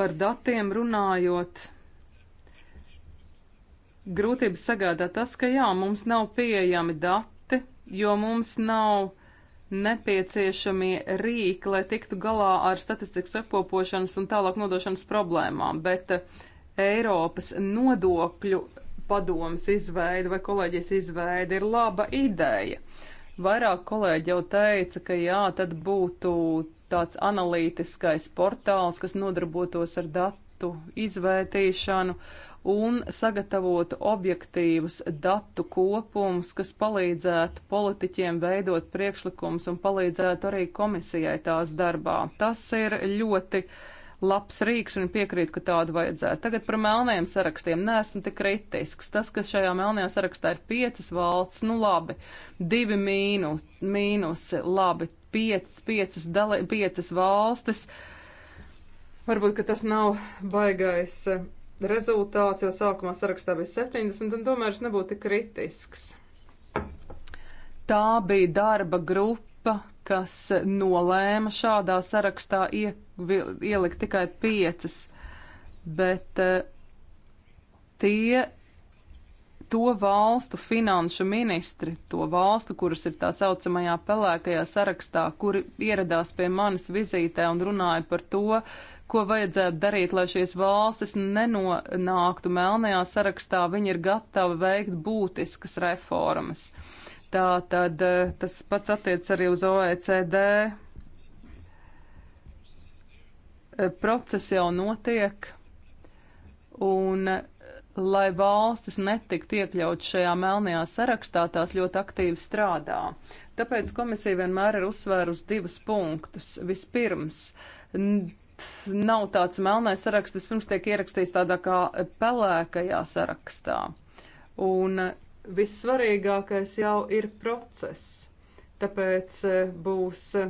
Par datiem runājot, grūtības sagādā tas, ka jā, mums nav pieejami dati, jo mums nav nepieciešamie rīki, lai tiktu galā ar statistikas apkopošanas un tālāk nodošanas problēmām, bet Eiropas nodokļu padomas izveida vai kolēģis izveida ir laba ideja. Vairāk kolēģi jau teica, ka jā, tad būtu tāds analītiskais portāls, kas nodarbotos ar datu izvērtīšanu un sagatavotu objektīvus datu kopumus, kas palīdzētu politiķiem veidot priekšlikumus un palīdzētu arī komisijai tās darbā. Tas ir ļoti uh, labs rīks un piekrītu, ka tādu vajadzētu. Tagad par melniem sarakstiem. Nē, esmu tik kritisks. Tas, kas šajā melnajā sarakstā ir piecas valsts, nu labi, divi mīnus, mīnusi, labi, piec, piecas, dali, piecas valstis. Varbūt, ka tas nav baigais eh, rezultāts, jo sākumā sarakstā bija 70, un tomēr es nebūtu tik kritisks. Tā bija darba grupa grupa, kas nolēma šādā sarakstā ie, ielikt tikai piecas, bet eh, tie to valstu finanšu ministri, to valstu, kuras ir tā saucamajā pelēkajā sarakstā, kuri ieradās pie manis vizītē un runāja par to, ko vajadzētu darīt, lai šīs valstis nenonāktu melnajā sarakstā, viņi ir gatavi veikt būtiskas reformas. Uh, Tā tad eh, tas pats attiec arī uz OECD. Eh, process jau notiek, un eh, lai valstis netiktu iekļaut šajā melnajā sarakstā, tās ļoti aktīvi strādā. Tāpēc komisija vienmēr ir uzsvērusi divus punktus. Vispirms, nav tāds melnais saraksts, vispirms tiek ierakstīts tādā kā pelēkajā sarakstā. Un Vissvarīgākais jau ir process, tāpēc e, būs e,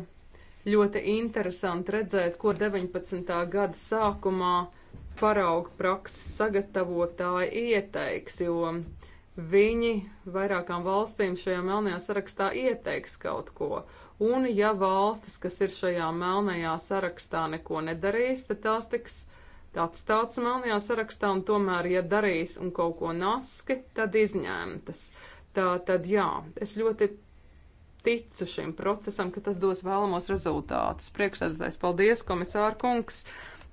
ļoti interesanti redzēt, ko 19. gada sākumā parauga prakses sagatavotāji ieteiks, jo viņi vairākām valstīm šajā melnajā sarakstā ieteiks kaut ko. Un ja valstis, kas ir šajā melnajā sarakstā, neko nedarīs, tad tās tiks uh, atstāts melnajā sarakstā, un tomēr, ja darīs un kaut ko naski, tad izņemtas. Tā tad jā, es ļoti ticu šim procesam, ka tas dos vēlamos rezultātus. Priekšsēdētājs, paldies, komisāra kungs,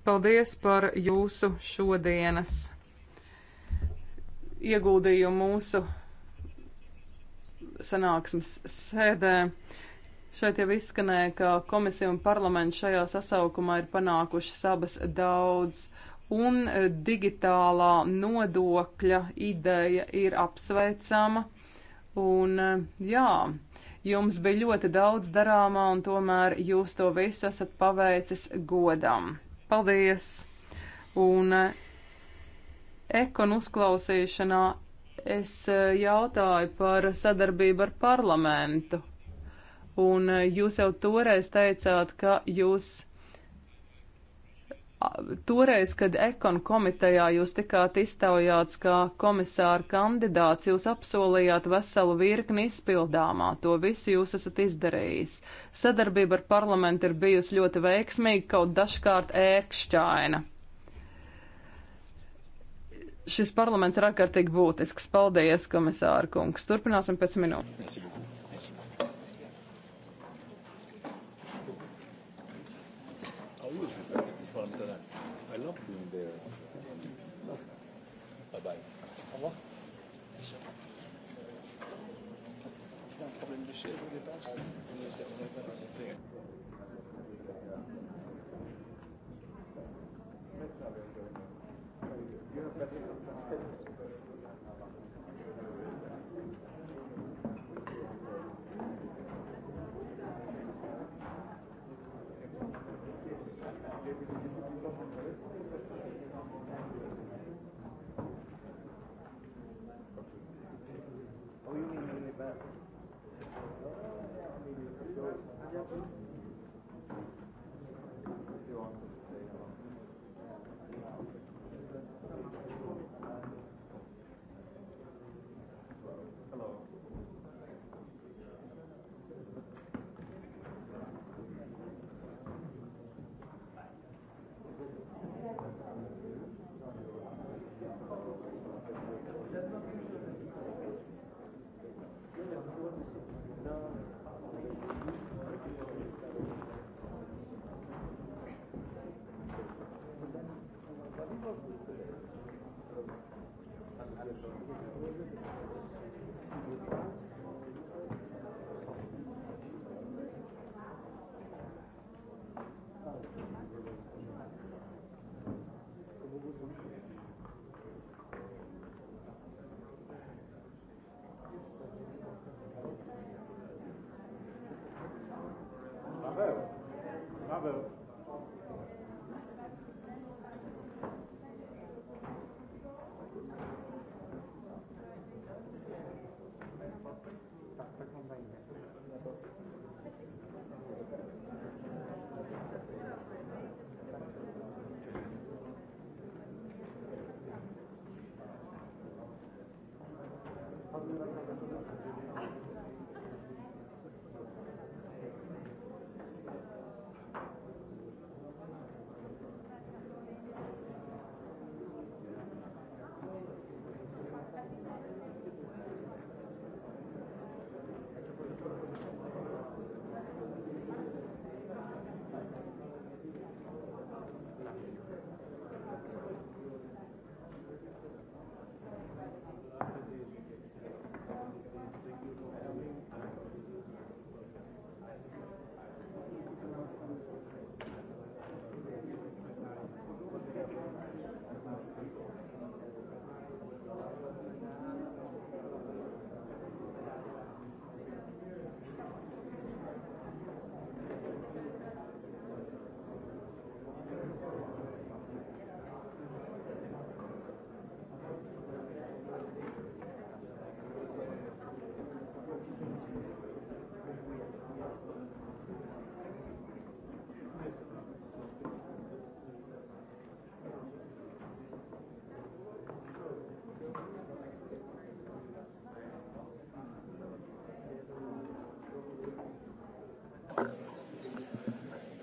paldies par jūsu šodienas ieguldījumu mūsu sanāksmes sēdē. Šeit jau izskanēja, ka komisija un parlaments šajā sasaukumā ir panākušas abas daudz, un e, digitālā nodokļa ideja ir apsveicama. Un e, jā, jums bija ļoti daudz darāmā, un tomēr jūs to visu esat paveicis godam. Paldies! Un e, ekon uzklausīšanā es jautāju par sadarbību ar parlamentu. Un eh, jūs jau toreiz teicāt, ka jūs toreiz, kad ekonu komitejā jūs tikāt iztaujāts kā komisāra kandidāts, jūs apsolījāt veselu virkni izpildāmā. To visu jūs esat izdarījis. Sadarbība ar parlamentu ir bijusi ļoti veiksmīga, kaut dažkārt ērkšķaina. Šis parlaments ir ārkārtīgi būtisks. Paldies, komisāra kungs. Turpināsim pēc minūtes.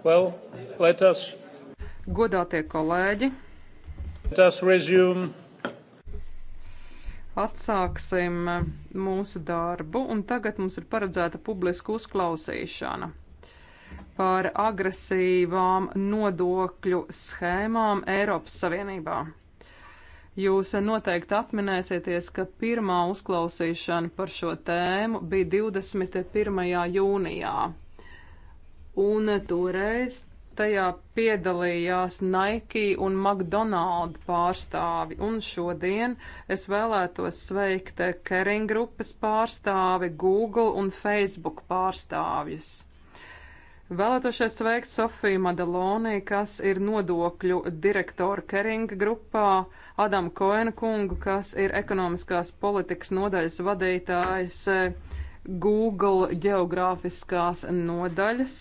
Well, let us... Godātie kolēģi, let us resume. Atsāksim mūsu darbu, un tagad mums ir paredzēta publiska uzklausīšana par agresīvām nodokļu schēmām Eiropas Savienībā. Jūs noteikti atminēsieties, ka pirmā uzklausīšana par šo tēmu bija 21. jūnijā un toreiz tajā piedalījās Nike un McDonald pārstāvi, un šodien es vēlētos sveikt Kering grupas pārstāvi, Google un Facebook pārstāvjus. Vēlētos šeit sveikt Sofiju Madaloni, kas ir nodokļu direktora Kering grupā, Adam Koena kungu, kas ir ekonomiskās politikas nodaļas vadītājs Google geogrāfiskās nodaļas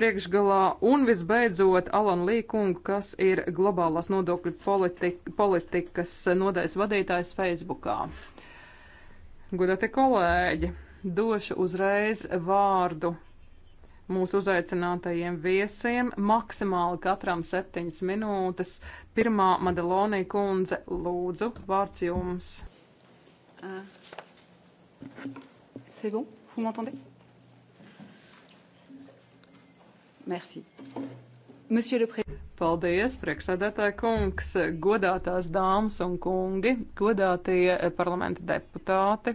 priekšgalā un visbeidzot Alan Līkungu, kas ir globālās nodokļu politika, politikas nodaļas vadītājs Facebookā. Godātie kolēģi, došu uzreiz vārdu mūsu uzaicinātajiem viesiem, maksimāli katram septiņas minūtes. Pirmā Madalonija kundze, lūdzu, vārds jums. Uh. C'est bon Vous m'entendez Merci. Monsieur le Président. Paldies, priekšsēdētāja kungs, godātās dāmas un kungi, godātie eh, parlamenta deputāti.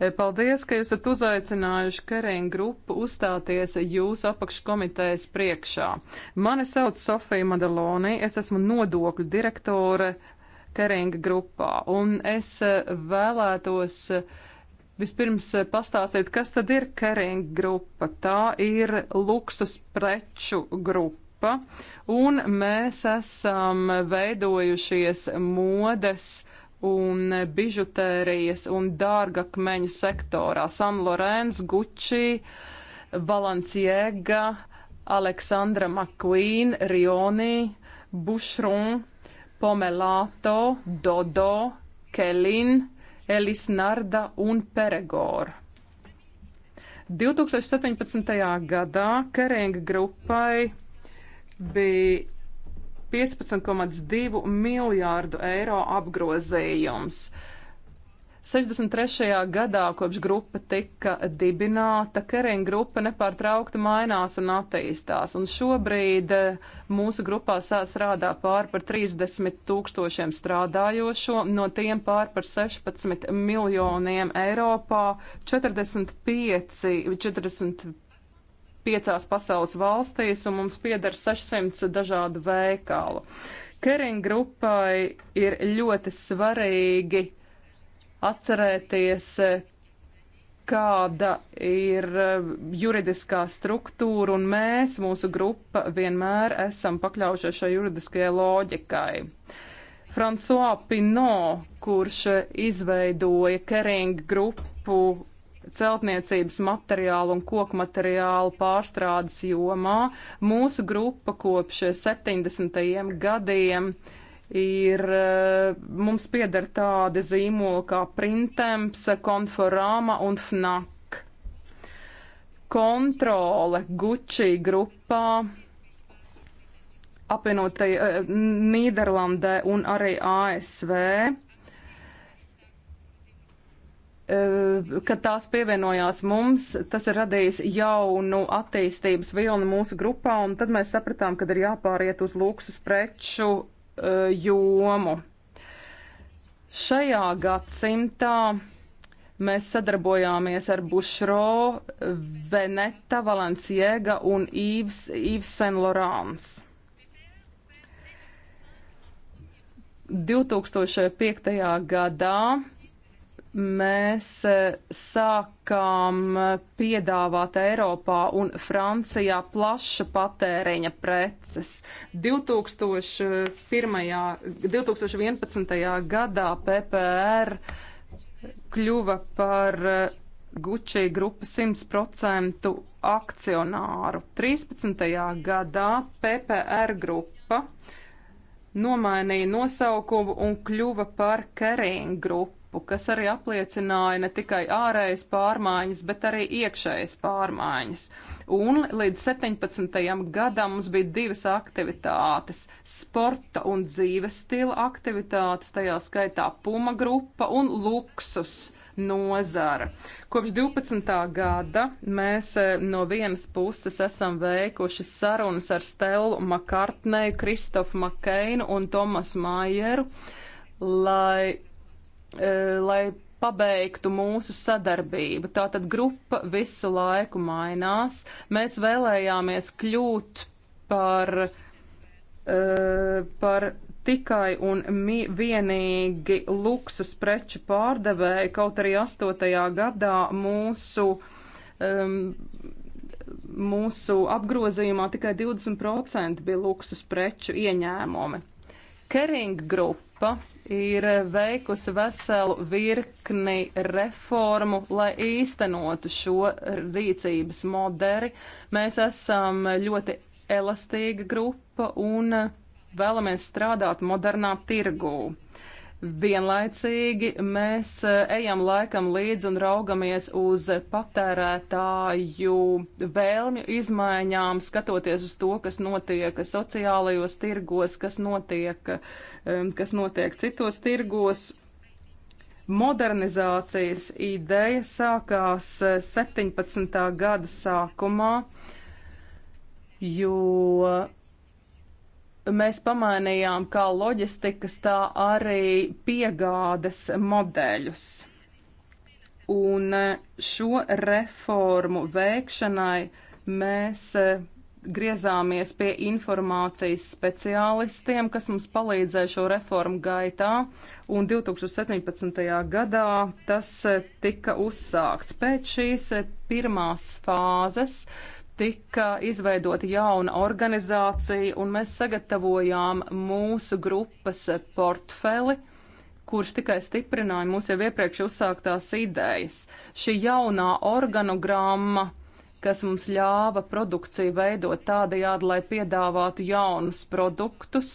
Eh, paldies, ka jūs esat uzaicinājuši Kerēna grupu uzstāties jūsu apakškomitejas priekšā. Mani sauc Sofija Madaloni, es esmu nodokļu direktore Kerēna grupā, un es eh, vēlētos uh, Vispirms eh, pastāstiet, kas tad ir Kering grupa. Tā ir luksus preču grupa, un mēs esam veidojušies modes un bižutērijas un dārgakmeņu sektorā. San Lorenz, Gucci, Valenciega, Aleksandra McQueen, Rioni, Bušrun, Pomelato, Dodo, Kelin, Elisnarda un Peregora. 2017. gadā Keringa grupai bija 15,2 miljārdu eiro apgrozījums. Uh, 63. gadā, kopš grupa tika dibināta, Kering grupa nepārtraukti mainās un attīstās, un šobrīd eh, mūsu grupā strādā pār par 30 tūkstošiem strādājošo, no tiem pār par 16 miljoniem Eiropā, 45, 45 piecās pasaules valstīs, un mums pieder 600 dažādu veikalu. Kering grupai ir ļoti svarīgi atcerēties, kāda ir eh, juridiskā struktūra, un mēs, mūsu grupa, vienmēr esam pakļaujušies šai juridiskajai loģikai. François Pinot, kurš izveidoja Keringa grupu celtniecības materiālu un koku materiālu pārstrādes jomā, mūsu grupa kopš 70. gadiem uh, ir eh, mums pieder tādi zīmoli kā Printemps, Konforama un Fnak. Kontrole Gucci grupā apvienotai eh, Nīderlandē un arī ASV eh, kad tās pievienojās mums, tas ir radījis jaunu attīstības vilni mūsu grupā, un tad mēs sapratām, ka ir jāpāriet uz luksus preču Eh, jomu. Šajā gadsimtā mēs sadarbojāmies ar Bušro, Veneta, Valenciega un Īvs, Īvs Senlorāns. 2005. gadā mēs eh, sākām eh, piedāvāt Eiropā un Francijā plaša patēriņa preces. 2001, 2011. gadā PPR kļuva par eh, Gucci grupa 100% akcionāru. 13. gadā PPR grupa nomainīja nosaukumu un kļuva par Kering grupu grupu, kas arī apliecināja ne tikai ārējas pārmaiņas, bet arī iekšējas pārmaiņas. Un līdz 17. gadam mums bija divas aktivitātes - sporta un dzīves stila aktivitātes, tajā skaitā Puma grupa un luksus nozara. Kopš 12. gada mēs eh, no vienas puses esam veikuši sarunas ar Stelu Makartneju, Kristofu Makeinu un Tomasu Mājeru, lai E, lai pabeigtu mūsu sadarbību. Tātad grupa visu laiku mainās. Mēs vēlējāmies kļūt par, e, par tikai un vienīgi luksus preču pārdevēju, kaut arī 8. gadā mūsu, um, mūsu apgrozījumā tikai 20% bija luksus preču ieņēmumi. Kering grupa ir veikusi veselu virkni reformu, lai īstenotu šo rīcības modeli. Mēs esam ļoti elastīga grupa un vēlamies strādāt modernā tirgū. Vienlaicīgi mēs e, ejam laikam līdzi un raugamies uz patērētāju vēlmju izmaiņām, skatoties uz to, kas notiek sociālajos tirgos, kas notiek, e, kas notiek citos tirgos. Modernizācijas ideja sākās 17. E, gada sākumā, jo mēs pamainījām kā loģistikas, tā arī piegādes modeļus. Un e, šo reformu veikšanai mēs e, griezāmies pie informācijas speciālistiem, kas mums palīdzēja šo reformu gaitā, un 2017. gadā tas e, tika uzsākts. Pēc šīs pirmās fāzes tika izveidota jauna organizācija, un mēs sagatavojām mūsu grupas portfeli, kurš tikai stiprināja mūsu jau iepriekš uzsāktās idejas. Šī jaunā organogramma kas mums ļāva produkciju veidot tādajādi, lai piedāvātu jaunus produktus,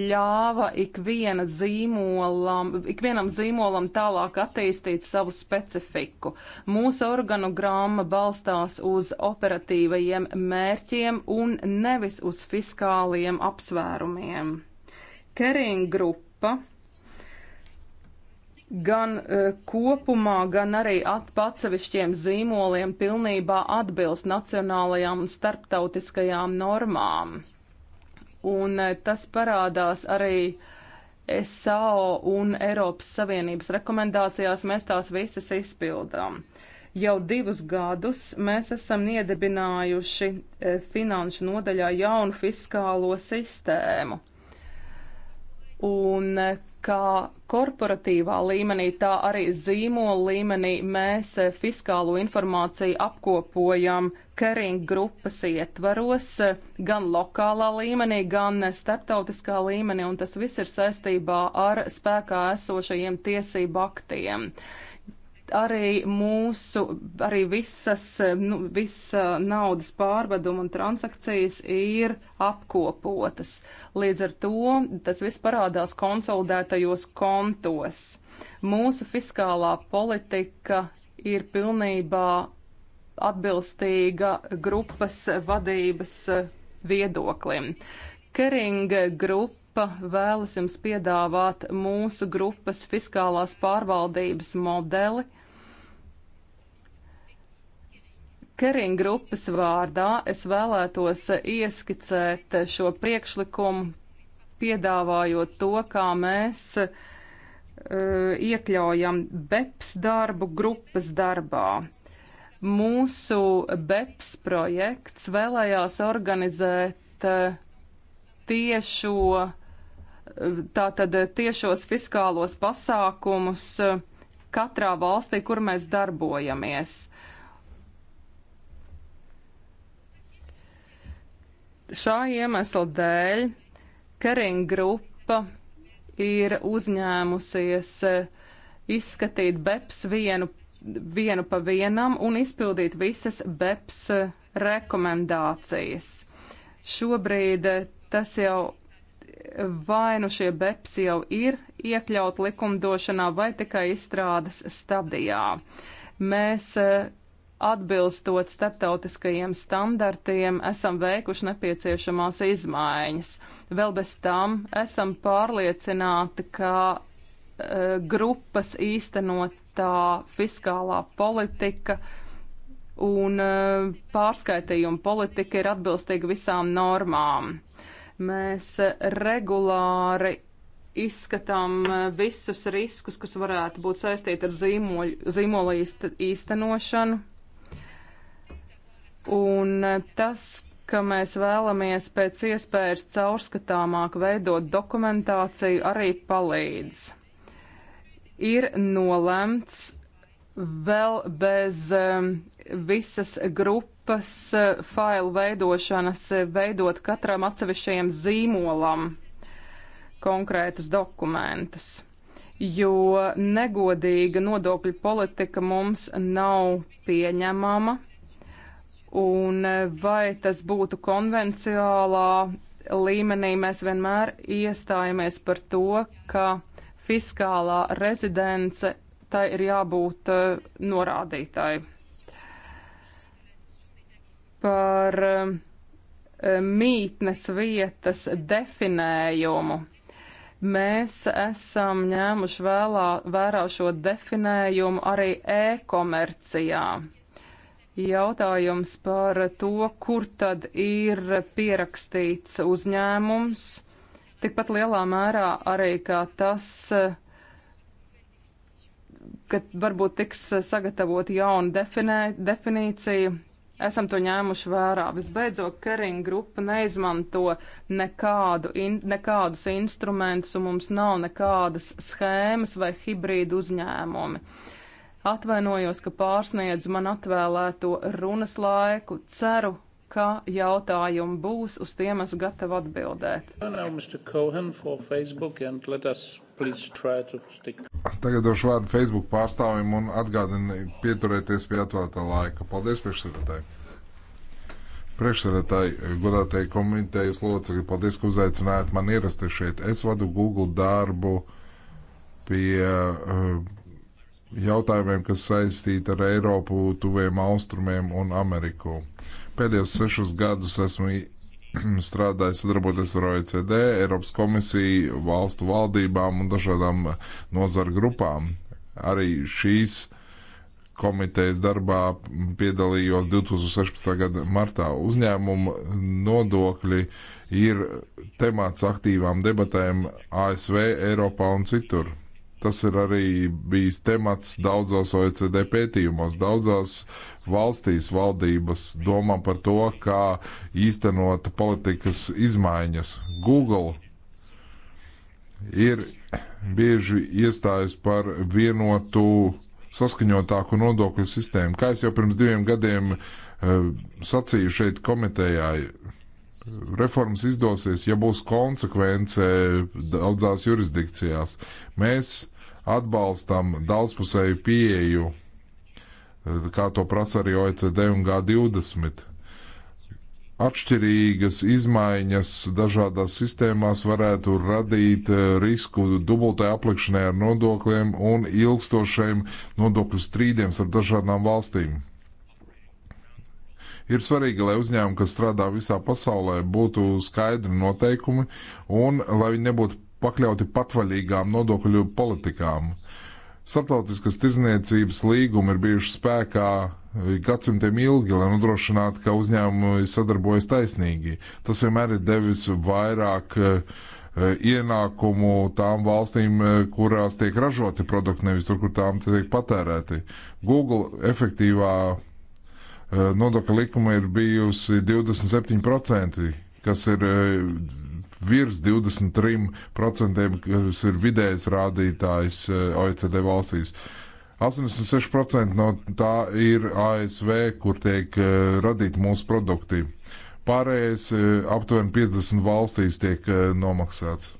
ļāva ikviena zīmolam, ikvienam zīmolam tālāk attīstīt savu specifiku. Mūsu organogramma balstās uz operatīvajiem mērķiem un nevis uz fiskāliem apsvērumiem. Kering grupa gan uh, kopumā, gan arī atsevišķiem zīmoliem pilnībā atbilst nacionālajām un starptautiskajām normām. Un uh, tas parādās arī SAO un Eiropas Savienības rekomendācijās, mēs tās visas izpildām. Jau divus gadus mēs esam iedibinājuši e, finanšu nodaļā jaunu fiskālo sistēmu. Un e, kā korporatīvā līmenī, tā arī zīmola līmenī mēs fiskālo informāciju apkopojam Kering grupas ietvaros gan lokālā līmenī, gan starptautiskā līmenī, un tas viss ir saistībā ar spēkā esošajiem tiesību aktiem. Uh, arī mūsu, arī visas, nu, visa naudas pārveduma un transakcijas ir apkopotas. Līdz ar to tas viss parādās konsolidētajos kontos. Mūsu fiskālā politika ir pilnībā atbilstīga grupas vadības viedoklim. Keringa grupa grupa vēlas jums piedāvāt mūsu grupas fiskālās pārvaldības modeli Kering grupas vārdā es vēlētos ieskicēt šo priekšlikumu, piedāvājot to, kā mēs uh, iekļaujam BEPS darbu grupas darbā. Mūsu BEPS projekts vēlējās organizēt uh, tiešo, uh, tātad uh, tiešos fiskālos pasākumus uh, katrā valstī, kur mēs darbojamies. Uh, Šā iemesla dēļ Kering grupa ir uzņēmusies eh, izskatīt BEPS vienu, vienu pa vienam un izpildīt visas BEPS eh, rekomendācijas. Šobrīd eh, tas jau vai nu šie BEPS jau ir iekļaut likumdošanā vai tikai izstrādes stadijā. Mēs atbilstot starptautiskajiem standartiem, esam veikuši nepieciešamās izmaiņas. Vēl bez tam esam pārliecināti, ka e, grupas īstenotā fiskālā politika un e, pārskaitījuma politika ir atbilstīga visām normām. Mēs regulāri izskatām e, visus riskus, kas varētu būt saistīti ar zīmoļu, zīmola īstenošanu, Un tas, ka mēs vēlamies pēc iespējas caurskatāmāk veidot dokumentāciju, arī palīdz. Ir nolemts vēl bez um, visas grupas uh, failu veidošanas uh, veidot katram atsevišķajam zīmolam konkrētus dokumentus, jo negodīga nodokļu politika mums nav pieņemama un e, vai tas būtu konvencionālā līmenī, mēs vienmēr iestājamies par to, ka fiskālā rezidence tai ir jābūt uh, norādītāji. Par uh, mītnes vietas definējumu. Mēs esam ņēmuši vēlā, vērā šo definējumu arī e-komercijā jautājums par to, kur tad ir pierakstīts uzņēmums, tikpat lielā mērā arī kā tas, ka varbūt tiks sagatavot jauna definē, definīcija. Esam to ņēmuši vērā. Visbeidzot, Kering grupa neizmanto nekādu in, nekādus instrumentus, un mums nav nekādas schēmas vai hibrīdu uzņēmumi. Uh, Atvainojos, ka pārsniedzu man atvēlēto runas laiku. Ceru, ka jautājumi būs, uz tiem es gatavu atbildēt. Tagad došu vārdu Facebook pārstāvim un atgādinu pieturēties pie atvēlētā laika. Paldies priekšsēdētāji! Priekšsēdētāji, godātāji komitejas locekļi, paldies, ka uzaicinājāt man ierasties šeit. Es vadu Google darbu pie uh, jautājumiem, kas saistīti ar Eiropu, Tuviem Austrumiem un Ameriku. Pēdējos sešus gadus esmu strādāju sadarboties ar OECD, Eiropas komisiju, valstu valdībām un dažādām eh, nozaru grupām. Arī šīs komitejas darbā piedalījos 2016. gada martā. Uzņēmuma nodokļi ir temats aktīvām debatēm ASV, Eiropā un citur. Tas ir arī bijis temats daudzos OECD pētījumos. Daudzās valstīs valdības domā par to, kā īstenot politikas izmaiņas. Google ir bieži iestājas par vienotu saskaņotāku nodokļu sistēmu. Kā es jau pirms diviem gadiem eh, sacīju šeit komitejā, reformas izdosies, ja būs konsekvence daudzās jurisdikcijās. Mēs atbalstam daudzpusēju pieeju, eh, kā to prasa arī OECD un G20. Atšķirīgas izmaiņas dažādās sistēmās varētu radīt eh, risku dubultai aplikšanai ar nodokļiem un ilgstošiem nodokļu strīdiem ar dažādām valstīm. Ir svarīgi, lai uzņēmumi, kas strādā visā pasaulē, būtu skaidri noteikumi un lai viņi nebūtu pakļauti patvaļīgām nodokļu politikām. Starptautiskas tirzniecības līgumi ir bijuši spēkā gadsimtiem ilgi, lai nodrošinātu, ka uzņēmumi sadarbojas taisnīgi. Tas vienmēr ir devis vairāk eh, ienākumu tām valstīm, eh, kurās tiek ražoti produkti, nevis tur, kur tām tiek patērēti. Google efektīvā eh, nodokļa likuma ir bijusi 27%, kas ir virs 23%, kas ir vidējais rādītājs eh, OECD valstīs. 86% no tā ir ASV, kur tiek eh, radīti mūsu produkti. Pārējais eh, aptuveni 50 valstīs tiek nomaksāts.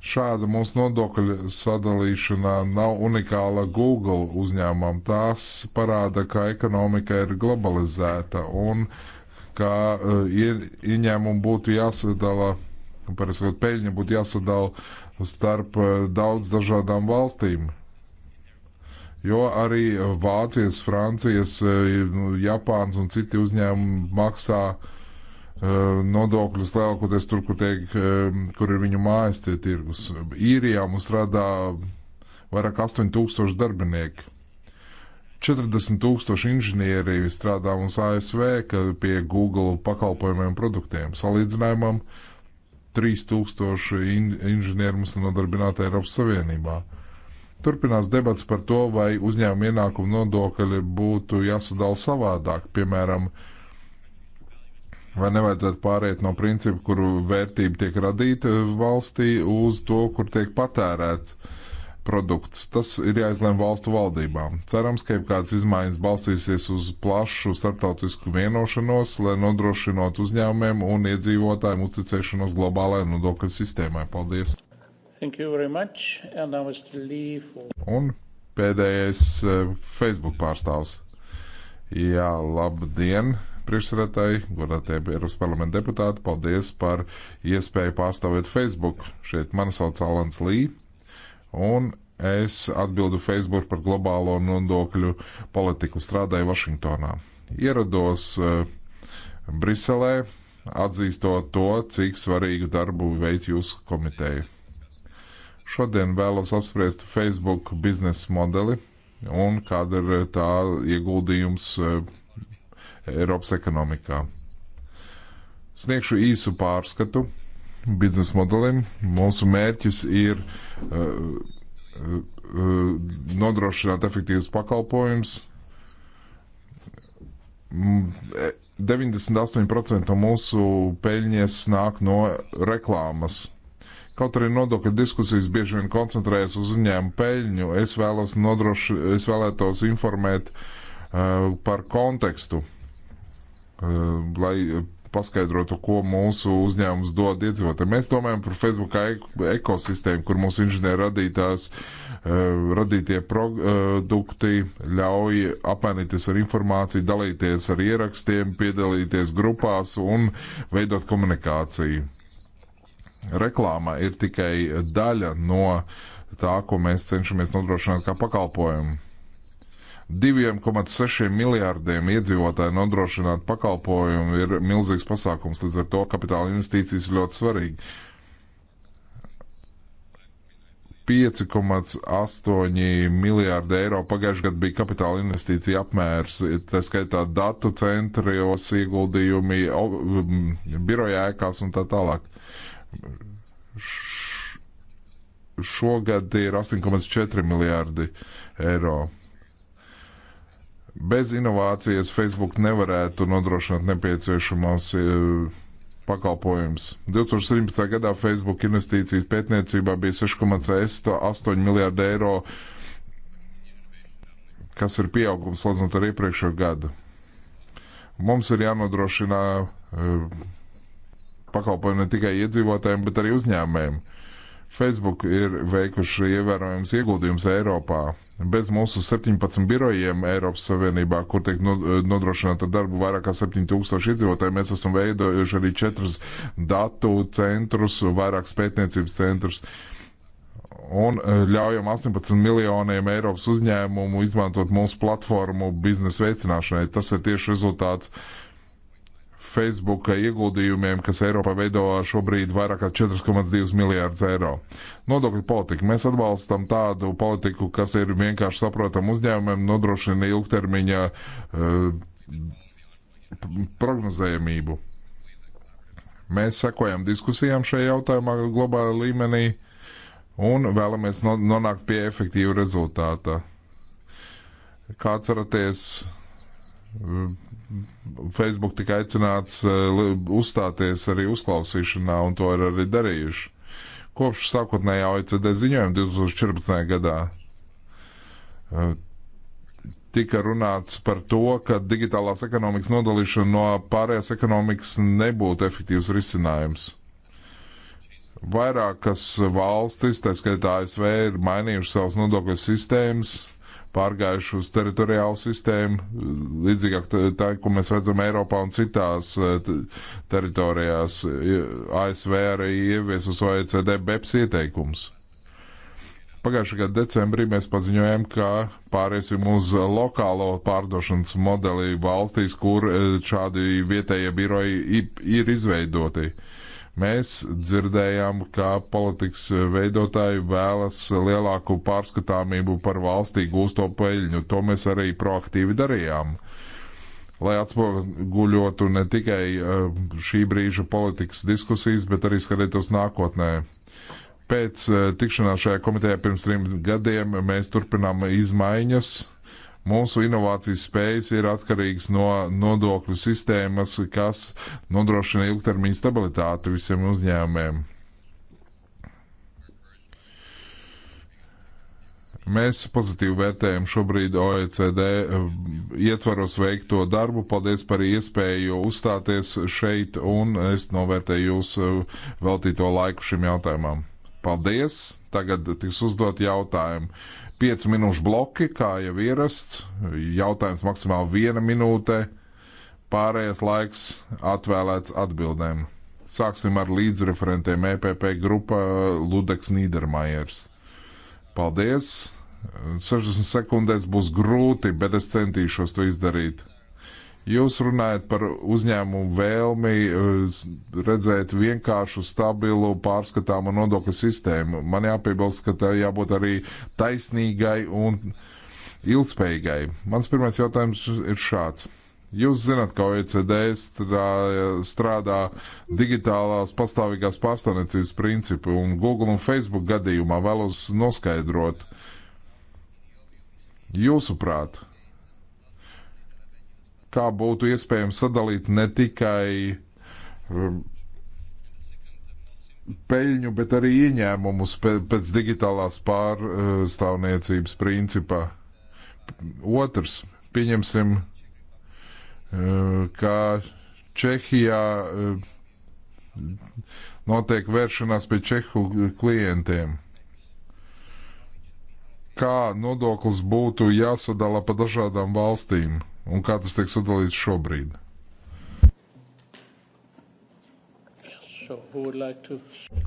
Šāda mūsu nodokļu sadalīšana nav unikāla Google uzņēmumam. Tās parāda, ka ekonomika ir globalizēta un uh, ka eh, ieņēmumu būtu jāsadala, parasot peļņa būtu jāsadala starp eh, daudz dažādām valstīm. Jo arī Vācijas, Francijas, eh, nu, Japāns un citi uzņēmumi maksā nodokļus lielākoties tur, kur, tiek, kur ir viņu mājas tie tirgus. Īrijā mums strādā vairāk 8000 darbinieku 40 tūkstoši inženieri strādā mums ASV pie Google pakalpojumiem un produktiem. Salīdzinājumam 3 tūkstoši in inženieri mums ir nodarbināti Eiropas Savienībā. Turpinās debats par to, vai uzņēmuma ienākuma nodokļi būtu jāsadala savādāk. Piemēram, vai nevajadzētu pāriet no principa, kur vērtība tiek radīta valstī, uz to, kur tiek patērēts. Uh, produkts. Tas ir jāizlem valstu valdībām. Cerams, ka jebkādas izmaiņas balstīsies uz plašu starptautisku vienošanos, lai nodrošinot uzņēmumiem un iedzīvotājiem uzticēšanos globālajai nodokļu sistēmai. Paldies! Un pēdējais eh, Facebook pārstāvs. Jā, labdien! priekšsēdētāji, godātie Eiropas parlamenta deputāti, paldies par iespēju pārstāvēt Facebook. Šeit mani sauc Alans Lī, un es atbildu Facebook par globālo nodokļu politiku, strādāju Vašingtonā. Ierados uh, Briselē, atzīstot to, cik svarīgu darbu veic jūsu komiteja. Šodien vēlos apspriest Facebook biznesa modeli un kāda ir tā ieguldījums uh, Eiropas ekonomikā. Sniegšu īsu pārskatu biznesa modelim. Mūsu mērķis ir uh, nodrošināt efektīvas pakalpojums. 98% mm, e, mūsu peļņas nāk no reklāmas. Kaut arī nodokļu diskusijas bieži vien koncentrējas uz uzņēmumu peļņu, es, nodroši, es vēlētos informēt uh, par kontekstu, uh, lai paskaidrotu, ko mūsu uzņēmums dod iedzīvotājiem. Mēs domājam par Facebook ekosistēmu, kur mūsu inženieru radītās, eh, radītie produkti ļauj apmainīties ar informāciju, dalīties ar ierakstiem, piedalīties grupās un veidot komunikāciju. Reklāma ir tikai daļa no tā, ko mēs cenšamies nodrošināt kā pakalpojumu 2,6 miljārdiem iedzīvotāju nodrošināt pakalpojumu ir milzīgs pasākums, līdz ar to kapitāla investīcijas ir ļoti svarīgi. 5,8 miljārdi eiro pagājušajā gadā bija kapitāla investīcija apmērs, tā skaitā datu centros ieguldījumi, mm, biroja ēkās un tā tālāk. Šogad ir 8,4 miljārdi eiro Bez inovācijas Facebook nevarētu nodrošināt nepieciešamos e, pakalpojumus. 2017. gadā Facebook investīcijas pētniecībā bija 6,8 miljārdi eiro, kas ir pieaugums salīdzinot ar iepriekšējo gadu. Mums ir jānodrošina e, pakalpojumi ne tikai iedzīvotājiem, bet arī uzņēmējiem. Uh, Facebook ir veikuši ievērojams ieguldījums Eiropā. Bez mūsu 17 birojiem Eiropas Savienībā, kur tiek nodrošināta darbu vairāk kā 7000 iedzīvotāji, mēs esam veidojuši arī četrus datu centrus, vairākus pētniecības centrus. Un e, ļaujam 18 miljoniem Eiropas uzņēmumu izmantot mūsu platformu biznesa veicināšanai. Tas ir tieši rezultāts uh, Facebooka ieguldījumiem, kas Eiropā veido šobrīd vairāk kā 4,2 miljārdus eiro. Nodokļu politika. Mēs atbalstam tādu politiku, kas ir vienkārši saprotam uzņēmumiem, nodrošina ilgtermiņa uh, prognozējamību. Mēs sekojam diskusijām šajā jautājumā globāla līmenī un vēlamies nonākt pie efektīva rezultāta. Kā atceraties, Facebook tika aicināts eh, uzstāties arī uzklausīšanā, un to ir arī darījuši. Kopš sākotnējā OECD ziņojuma 2014. gadā eh, tika runāts par to, ka digitālās ekonomikas nodalīšana no pārējās ekonomikas nebūtu efektīvs risinājums. Vairākas valstis, tā skaitā ASV, ir mainījušas savas nodokļu sistēmas, pārgājuši uz teritoriālu sistēmu, līdzīgāk tā, ko mēs redzam Eiropā un citās e, teritorijās. ASV arī ieviesus OECD BEPS ieteikums. Pagājušā gada decembrī mēs paziņojām, ka pāriesim uz lokālo pārdošanas modeli valstīs, kur e, šādi vietējie biroji ir izveidoti. Uh, Mēs dzirdējām, ka politikas veidotāji vēlas lielāku pārskatāmību par valstī gūsto peļņu. To mēs arī proaktīvi darījām. Lai atspoguļotu ne tikai eh, šī brīža politikas diskusijas, bet arī skatītos nākotnē pēc eh, tikšanās šajā komitejā pirms trim gadiem mēs turpinām izmaiņas Mūsu inovācijas spējas ir atkarīgas no nodokļu sistēmas, kas nodrošina ilgtermiņa stabilitāti visiem uzņēmumiem. Mēs pozitīvi vērtējam šobrīd OECD eh, ietvaros veikto darbu. Paldies par iespēju uzstāties šeit, un es novērtēju jūs eh, veltīto laiku šim jautājumam. Paldies! Tagad tiks uzdot jautājumu. 5 minūšu bloki, kā jau ierasts. Jautājums maksimāli 1 minūte. Pārējais laiks atvēlēts atbildēm. Sāksim ar līdzreferentiem EPP grupa Ludeks Nīdermajers. Paldies! 60 sekundēs būs grūti, bet es centīšos to izdarīt. Jūs runājat par uzņēmumu vēlmi eh, redzēt vienkāršu, stabilu, pārskatāmu nodokļu sistēmu. Man jāpiebilst, ka tā jābūt arī taisnīgai un ilgspējīgai. Mans pirmais jautājums ir šāds. Jūs zināt, ka OECD strādā digitālās pastāvīgās pārstāvniecības principu, un Google un Facebook gadījumā vēlos noskaidrot, jūsuprāt, kā būtu iespējams sadalīt ne tikai um, peļņu, bet arī ieņēmumus pēc digitālās pārstāvniecības principā. Otrs, pieņemsim, uh, ka Čehijā uh, notiek vēršanās pie čehu klientiem. Kā nodoklis būtu jāsadala pa dažādām valstīm? un kā tas tiek sadalīts šobrīd?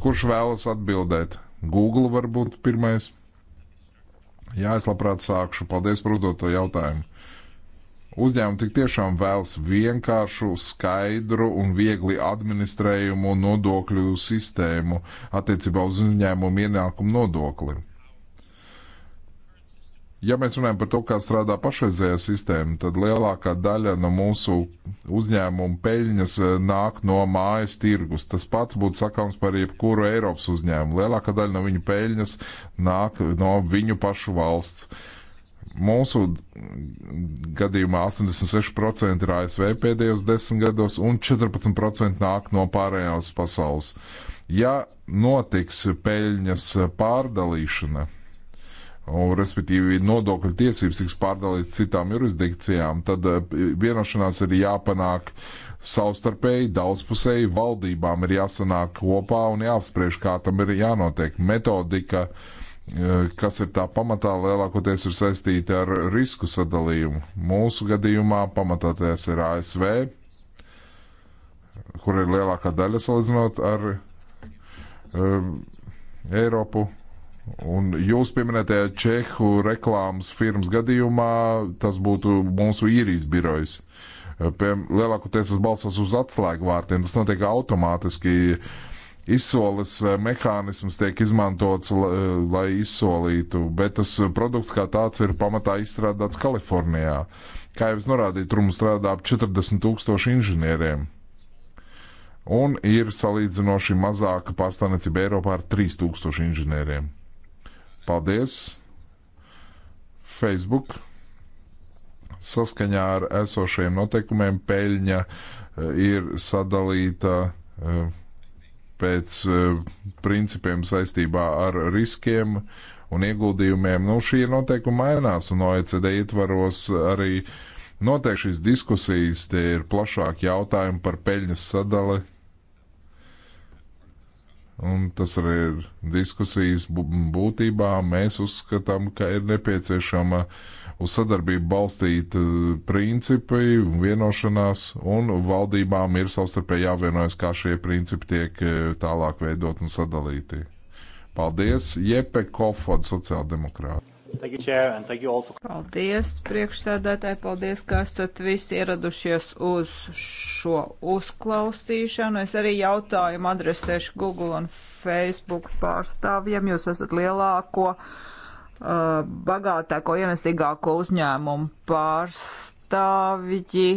Kurš vēlas atbildēt? Google varbūt pirmais. Jā, es labprāt sākšu. Paldies par uzdoto jautājumu. Uzņēmumi tik tiešām vēlas vienkāršu, skaidru un viegli administrējumu nodokļu sistēmu attiecībā uz uzņēmumu ienākumu nodokli. Ja mēs runājam par to, kā strādā pašreizējā sistēma, tad lielākā daļa no mūsu uzņēmumu peļņas eh, nāk no mājas tirgus. Tas pats būtu sakāms par jebkuru Eiropas uzņēmumu. Lielākā daļa no viņu peļņas nāk no viņu pašu valsts. Mūsu gadījumā 86% ir ASV pēdējos desmit gados un 14% nāk no pārējās pasaules. Ja notiks peļņas pārdalīšana, un, respektīvi, nodokļu tiesības tiks pārdalīts citām jurisdikcijām, tad eh, vienošanās ir jāpanāk savstarpēji, daudzpusēji, valdībām ir jāsanāk kopā un jāapspriež, kā tam ir jānotiek. Metodika, eh, kas ir tā pamatā, lielākoties ir saistīta ar risku sadalījumu. Mūsu gadījumā pamatā tas ir ASV, kur ir lielākā daļa salīdzinot ar um, Eiropu Un jūs pieminētajā Čehu reklāmas firmas gadījumā tas būtu mūsu īrijas birojs. Piemēram, lielākoties tas balsās uz atslēgvārtiem, tas notiek automātiski. Izsoles mehānisms tiek izmantots, lai izsolītu, bet tas produkts kā tāds ir pamatā izstrādāts Kalifornijā. Kā jau es norādīju, tur mums strādā ap 40 tūkstoši inženieriem. Un ir salīdzinoši mazāka pārstāvniecība Eiropā ar 3000 inženieriem. Paldies! Facebook saskaņā ar esošiem noteikumiem peļņa eh, ir sadalīta eh, pēc eh, principiem saistībā ar riskiem un ieguldījumiem. Nu, šie noteikumi mainās, un OECD ietvaros arī notiek šīs diskusijas, tie ir plašāki jautājumi par peļņas sadali Un tas arī ir diskusijas būtībā. Mēs uzskatām, ka ir nepieciešama uz sadarbību balstīta eh, principi un vienošanās, un valdībām ir savstarpēji jāvienojas, kā šie principi tiek eh, tālāk veidot un sadalīti. Paldies, Jepe Kofod, sociāldemokrāti. Thank you, Chair, and thank you all for... Paldies, priekšsēdētāji, paldies, ka esat visi ieradušies uz šo uzklausīšanu. Es arī jautājumu adresēšu Google un Facebook pārstāvjiem. Jūs esat lielāko, uh, bagātāko, ienesīgāko uzņēmumu pārstāvji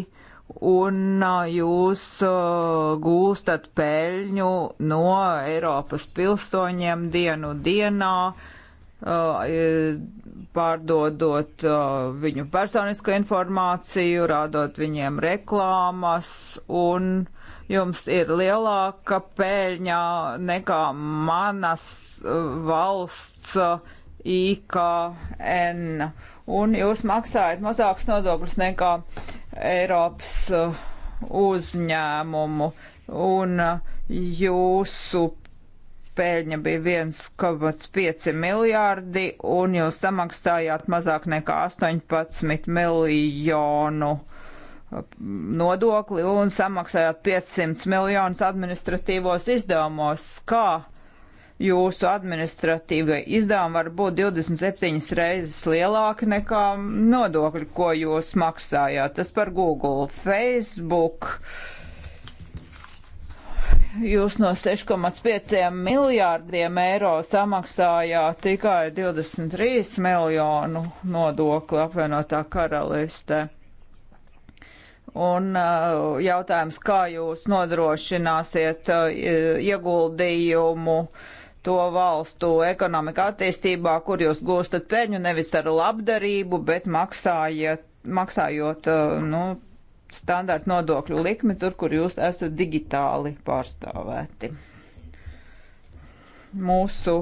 un uh, jūs uh, gūstat peļņu no Eiropas pilsoņiem dienu dienā. Uh, pārdodot uh, viņu personisko informāciju, rādot viņiem reklāmas, un jums ir lielāka pēļņa nekā manas uh, valsts uh, IKN, un jūs maksājat mazāks nodokļus nekā Eiropas uh, uzņēmumu, un uh, jūsu pēļņa bija 1,5 miljārdi, un jūs samaksājāt mazāk nekā 18 miljonu uh, nodokli un samaksājāt 500 miljonus administratīvos izdevumos. Kā jūsu administratīvie izdevumi var būt 27 reizes lielāki nekā nodokļi, ko jūs maksājāt? Tas par Google, Facebook. Uh, jūs no 6,5 miljārdiem eiro samaksājāt tikai 23 miljonu nodokli apvienotā karalistē. Un uh, jautājums, kā jūs nodrošināsiet uh, ieguldījumu to valstu ekonomika attīstībā, kur jūs gūstat peļņu nevis ar labdarību, bet maksājat maksājot uh, nu, standarta nodokļu likmi tur, kur jūs esat digitāli pārstāvēti. Mūsu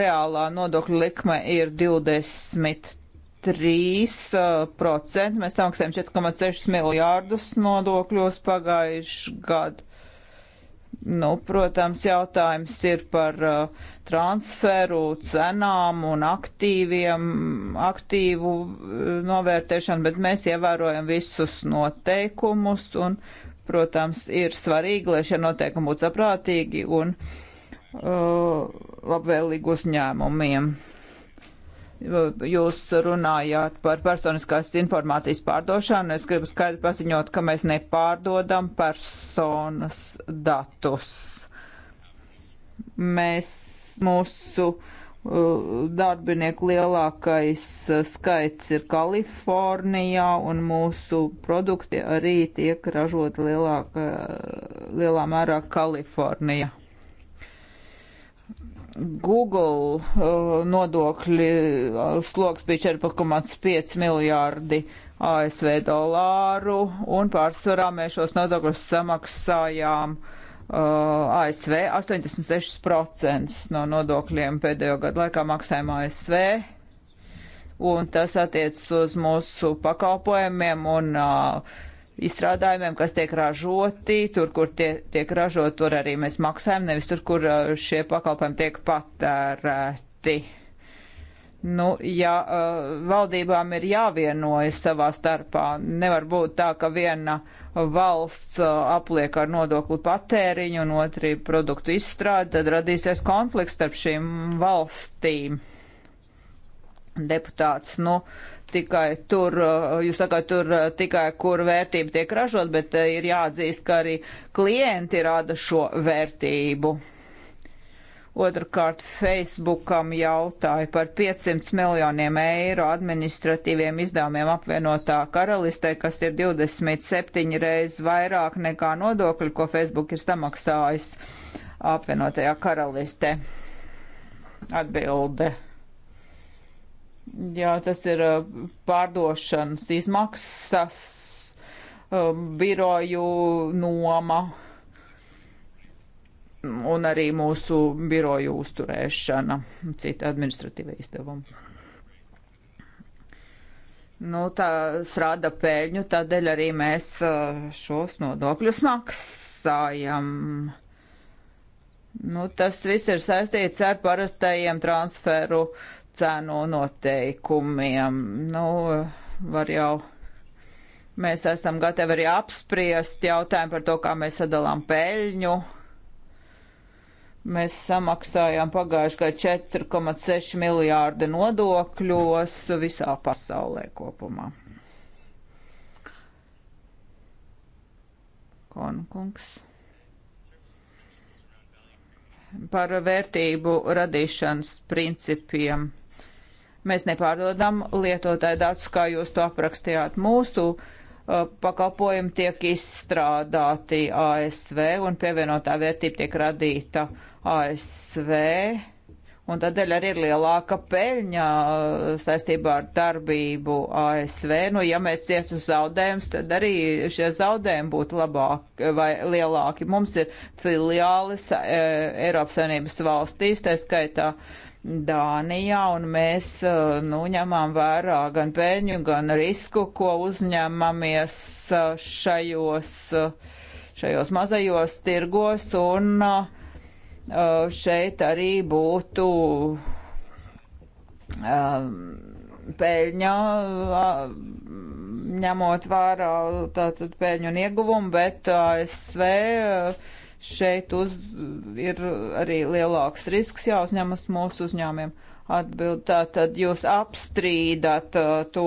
reālā nodokļu likme ir 23%. Uh, Mēs samaksājam 4,6 miljārdus nodokļos pagājušajā gadā. Nu, protams, jautājums ir par uh, transferu cenām un aktīviem, aktīvu uh, novērtēšanu, bet mēs ievērojam visus noteikumus un, protams, ir svarīgi, lai šie noteikumi būtu saprātīgi un uh, labvēlīgi uzņēmumiem. Jūs runājāt par personiskās informācijas pārdošanu. Es gribu skaidri paziņot, ka mēs nepārdodam personas datus. Mēs mūsu uh, darbinieku lielākais uh, skaits ir Kalifornijā, un mūsu produkti arī tiek ražoti lielākā, lielā mērā Kalifornijā. Google uh, nodokļi uh, sloks bija 4,5 miljārdi ASV dolāru, un pārsvarā mēs šos nodokļus samaksājām uh, ASV 86% no nodokļiem pēdējo gadu laikā maksājām ASV. Un tas attiecas uz mūsu pakalpojumiem un uh, izstrādājumiem, kas tiek ražoti. Tur, kur tie tiek ražot, tur arī mēs maksājam, nevis tur, kur uh, šie pakalpojumi tiek patērēti. Nu, ja uh, valdībām ir jāvienojas savā starpā, nevar būt tā, ka viena valsts uh, apliek ar nodokli patēriņu un otri produktu izstrādi, tad radīsies konflikts starp šīm valstīm. Deputāts, nu, uh, tikai tur, eh, jūs sakāt, tur eh, tikai, kur vērtība tiek ražot, bet eh, ir jāatzīst, ka arī klienti rada šo vērtību. Otrakārt, Facebookam jautāja par 500 miljoniem eiro administratīviem izdevumiem apvienotā karalistē, kas ir 27 reizes vairāk nekā nodokļi, ko Facebook ir samaksājis apvienotajā karalistē. Atbilde. Jā, tas ir uh, pārdošanas izmaksas, um, biroju noma un arī mūsu biroju uzturēšana, cita administratīva izdevuma. Nu, tā rada pēļņu, tādēļ arī mēs uh, šos nodokļus maksājam. Nu, tas viss ir saistīts ar parastajiem transferu uh, cenu noteikumiem. Nu, var jau mēs esam gatavi arī apspriest jautājumu par to, kā mēs sadalām peļņu. Mēs samaksājām pagājuši gadu 4,6 miljārdi nodokļos visā pasaulē kopumā. Konkungs. Par vērtību radīšanas principiem Mēs nepārdodam lietotāju datus, kā jūs to aprakstījāt. Mūsu uh, pakalpojumi tiek izstrādāti ASV un pievienotā vērtība tiek radīta ASV. Un tādēļ arī ir lielāka peļņa uh, saistībā ar darbību ASV. Nu, ja mēs cietu zaudējumus, tad arī šie zaudējumi būtu labāki vai lielāki. Mums ir filiālis e, Eiropas Savienības valstīs, tā skaitā e, Dānijā, un mēs nu, ņemam vērā gan peļņu, gan risku, ko uzņemamies šajos, šajos mazajos tirgos, un šeit arī būtu peļņa, ņemot vērā tātad peļņu un ieguvumu, bet ASV šeit uz, ir arī lielāks risks jāuzņemas mūsu uzņēmiem. Atbild tā, tad jūs apstrīdat uh, to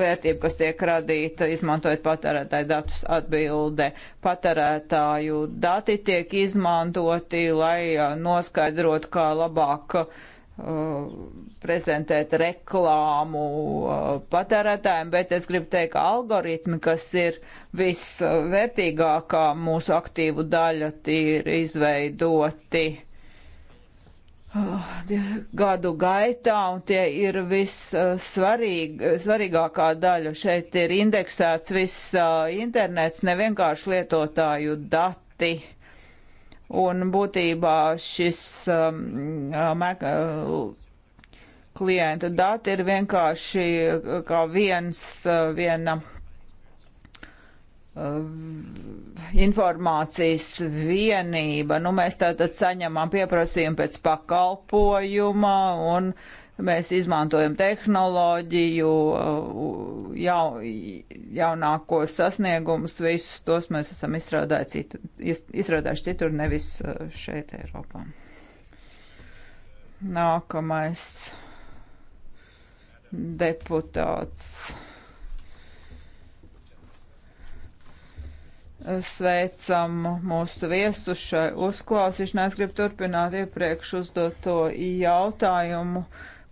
vērtību, kas tiek radīta, izmantojot patērētāju datus atbilde. Patērētāju dati tiek izmantoti, lai uh, noskaidrotu, kā labāk uh, prezentēt reklāmu uh, patērētājiem, bet es gribu teikt, ka algoritmi, kas ir visvērtīgākā mūsu aktīvu daļa, ir izveidoti uh, gadu gaitā, un tie ir vissvarīgākā daļa. Šeit ir indeksēts viss uh, internets, ne vienkārši lietotāju dati. Un būtībā šis um, klientu dati ir vienkārši uh, kā viens, uh, viena uh, informācijas vienība. Nu, mēs tātad saņemam pieprasījumu pēc pakalpojuma un mēs izmantojam tehnoloģiju, jau, jaunākos sasniegumus, visus tos mēs esam izstrādājuši citur, izstrādājuši citur nevis šeit Eiropā. Nākamais deputāts. Sveicam mūsu viesu šai uzklausīšanai. Es gribu turpināt iepriekš uzdoto jautājumu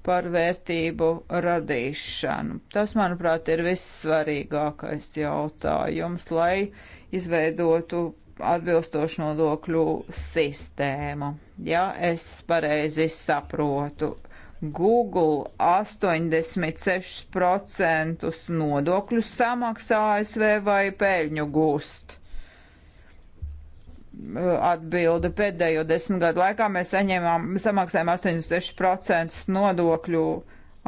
par vērtību radīšanu. Tas, manuprāt, ir vissvarīgākais jautājums, lai izveidotu atbilstošu nodokļu sistēmu. Ja es pareizi saprotu Google 86% nodokļu samaksā ASV vai peļņu gūst? Atbilde pēdējo desmit gadu laikā mēs saņēmām, samaksājām 86% nodokļu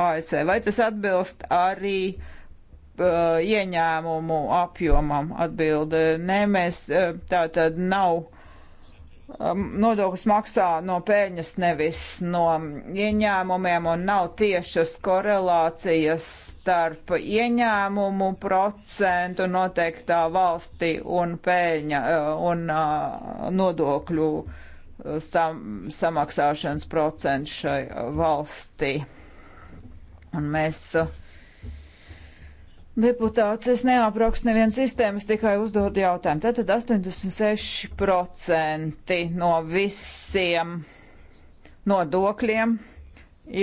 ASV. Vai tas atbilst arī uh, ieņēmumu apjomam? Atbilde, nē, mēs uh, tā tad nav Um, nodokļus maksā no peļņas, nevis no ieņēmumiem, un nav tiešas korelācijas starp ieņēmumu procentu noteiktā valstī un peļņa uh, un uh, nodokļu uh, sam, samaksāšanas procentu šai valstī. Un mēs uh, deputāts, es neaprakstu nevienu sistēmu, es tikai uzdodu jautājumu. Tātad 86% no visiem nodokļiem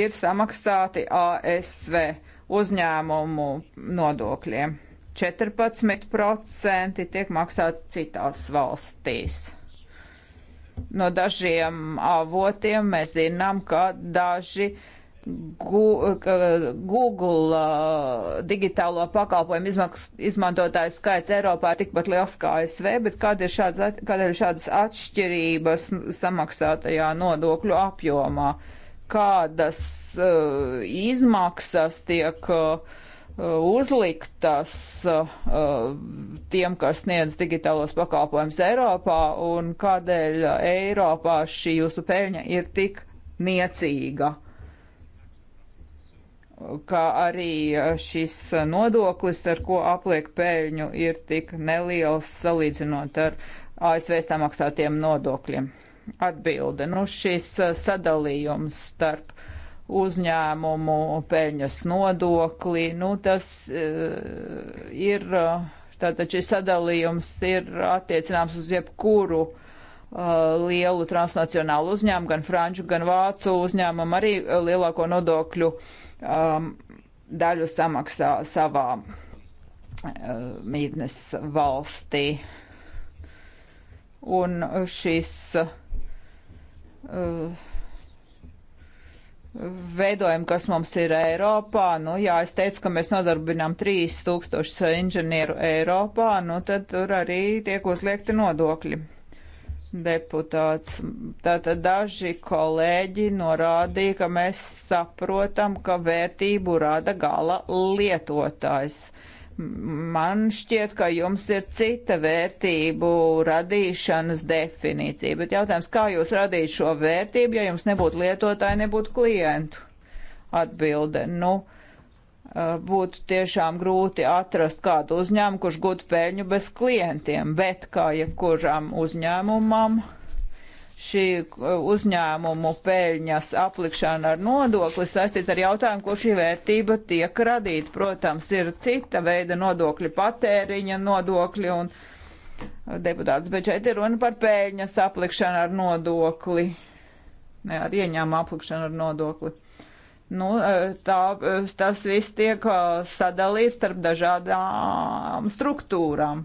ir samaksāti ASV uzņēmumu nodokļiem. 14% tiek maksāti citās valstīs. No dažiem avotiem mēs zinām, ka daži uh, Google digitālo pakalpojumu izmantotāju skaits Eiropā ir tikpat liels kā ASV, bet kāda ir šādas, kāda ir šādas atšķirības samaksātajā nodokļu apjomā? Kādas uh, izmaksas tiek uh, uzliktas uh, tiem, kas sniedz digitālos pakalpojumus Eiropā, un kādēļ Eiropā šī jūsu peļņa ir tik niecīga? Uh, ka arī eh, šis nodoklis, ar ko apliek pēļņu, ir tik neliels salīdzinot ar ASV samaksātiem nodokļiem. Atbilde. Nu, šis eh, sadalījums starp uzņēmumu peļņas nodokli, nu, tas uh, ir, tātad šis sadalījums ir attiecināms uz jebkuru uh, lielu transnacionālu uzņēmumu, gan franču, gan vācu uzņēmumu, arī lielāko nodokļu uh, um, daļu samaksā savā uh, mītnes valstī. Un šis uh, veidojumi, kas mums ir Eiropā. Nu, jā, es teicu, ka mēs nodarbinām 3000 inženieru Eiropā, nu tad tur arī tiek uzliekti nodokļi deputāts. Tātad daži kolēģi norādīja, ka mēs saprotam, ka vērtību rada gala lietotājs. Man šķiet, ka jums ir cita vērtību radīšanas definīcija, bet jautājums, kā jūs radītu šo vērtību, ja jums nebūtu lietotāji, nebūtu klientu? Atbilde. Nu, uh, Eh, būtu tiešām grūti atrast kādu uzņēmumu, kurš gūtu peļņu bez klientiem, bet kā jebkuram uzņēmumam šī eh, uzņēmumu peļņas aplikšana ar nodokli saistīta ar jautājumu, kur šī vērtība tiek radīta. Protams, ir cita veida nodokļi, patēriņa nodokļi un eh, deputāts, bet šeit ir runa par peļņas aplikšanu ar nodokli, ne ar ieņēmumu aplikšanu ar nodokli nu, e, tā, e, tas viss tiek e, sadalīts starp dažādām struktūrām.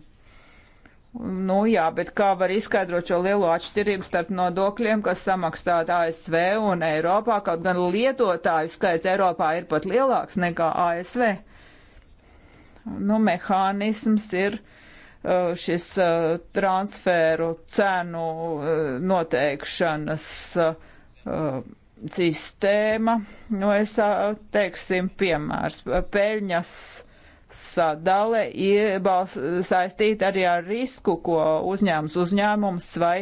Nu, jā, bet kā var izskaidrot šo lielo atšķirību starp nodokļiem, kas samaksāta ASV un Eiropā, kaut gan lietotāju skaits Eiropā ir pat lielāks nekā ASV. Nu, mehānisms ir šis transferu cenu noteikšanas sistēma, nu es teiksim piemērs, peļņas sadale ir saistīta arī ar risku, ko uzņēmums uzņēmums vai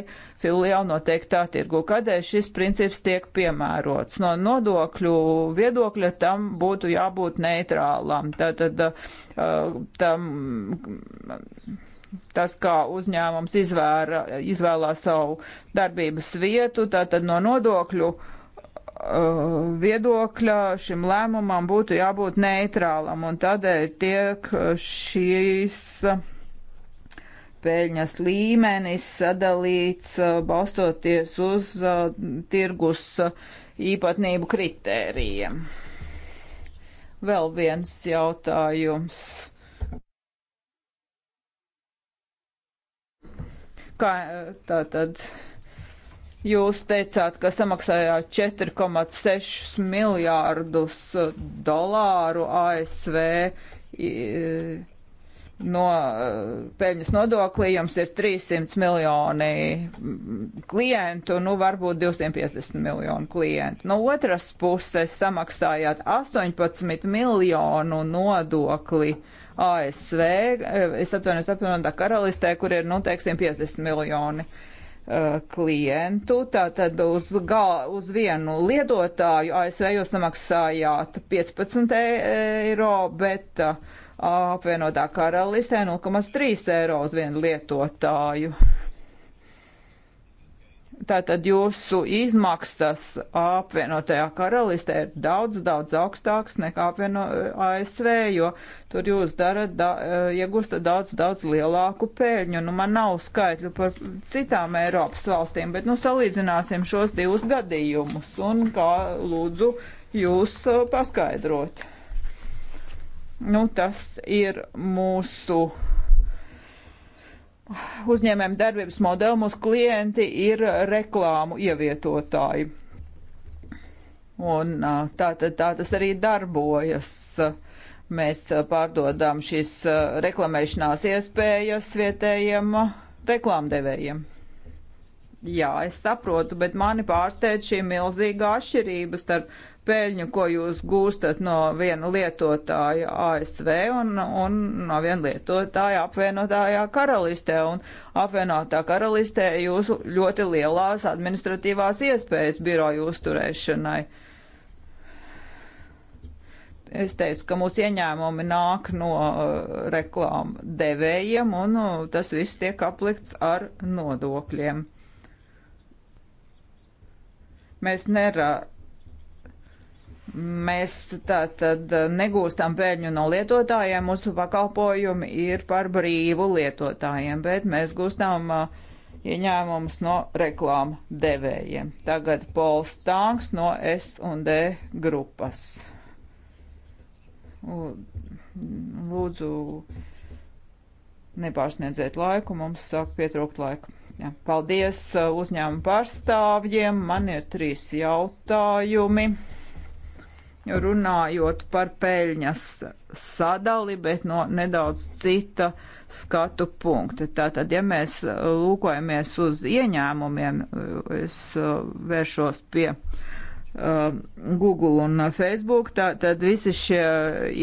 filiāli noteiktā tirgu. Kādēļ šis princips tiek piemērots? No nodokļu viedokļa tam būtu jābūt neitrālam. Tātad tam. Tas, kā uzņēmums izvēra, izvēlā savu darbības vietu, tātad no nodokļu uh, Uh, viedokļa šim lēmumam būtu jābūt neitrālam, un tādēļ tiek uh, šīs uh, peļņas līmenis sadalīts balstoties uz tirgus īpatnību kritērijiem. Vēl viens jautājums. Kā tā tad? Jūs teicāt, ka samaksājāt 4,6 miljārdus dolāru ASV no peļņas nodoklī, jums ir 300 miljoni klientu, nu varbūt 250 miljoni klientu. No otras puses samaksājāt 18 miljonu nodokli ASV, es atvainojos apvienotā karalistē, kur ir, nu, teiksim, 50 miljoni Uh, klientu. Tātad uz, gal, uz vienu lietotāju ASV jūs samaksājāt 15 e, eiro, bet uh, apvienotā karalistē 0,3 eiro uz vienu lietotāju. Tātad jūsu izmaksas apvienotajā karalistē ir daudz, daudz augstāks nekā apvieno eh, ASV, jo tur jūs darat, da, eh, iegūstat daudz, daudz lielāku pēļņu. Nu, man nav skaitļu par citām Eiropas valstīm, bet, nu, salīdzināsim šos divus gadījumus un kā lūdzu jūs eh, paskaidrot. Nu, tas ir mūsu uzņēmēm darbības modeli mūsu klienti ir reklāmu ievietotāji. Un tā, tā, tā tas arī darbojas. Mēs pārdodam šīs reklamēšanās iespējas vietējiem reklāmdevējiem. Jā, es saprotu, bet mani pārsteidz šī milzīgā atšķirība starp peļņu, ko jūs gūstat no viena lietotāja ASV un, un no viena lietotāja apvienotajā karalistē. Un apvienotā karalistē jūsu ļoti lielās administratīvās iespējas biroju uzturēšanai. Es teicu, ka mūsu ieņēmumi nāk no uh, reklāmu devējiem, un uh, tas viss tiek aplikts ar nodokļiem. Mēs nerā, Mēs tātad negūstam pēļņu no lietotājiem, mūsu pakalpojumi ir par brīvu lietotājiem, bet mēs gūstam uh, ieņēmumus no reklāmu devējiem. Tagad Pols Tanks no S&D grupas. Lūdzu, nepārsniedziet laiku, mums sāk pietrūkt laika. Jā. Paldies uh, uzņēmumu pārstāvjiem, man ir trīs jautājumi runājot par peļņas sadali, bet no nedaudz cita skatu punkta. Tātad, ja mēs lūkojamies uz ieņēmumiem, es uh, vēršos pie uh, Google un Facebook, tā, tad visi šie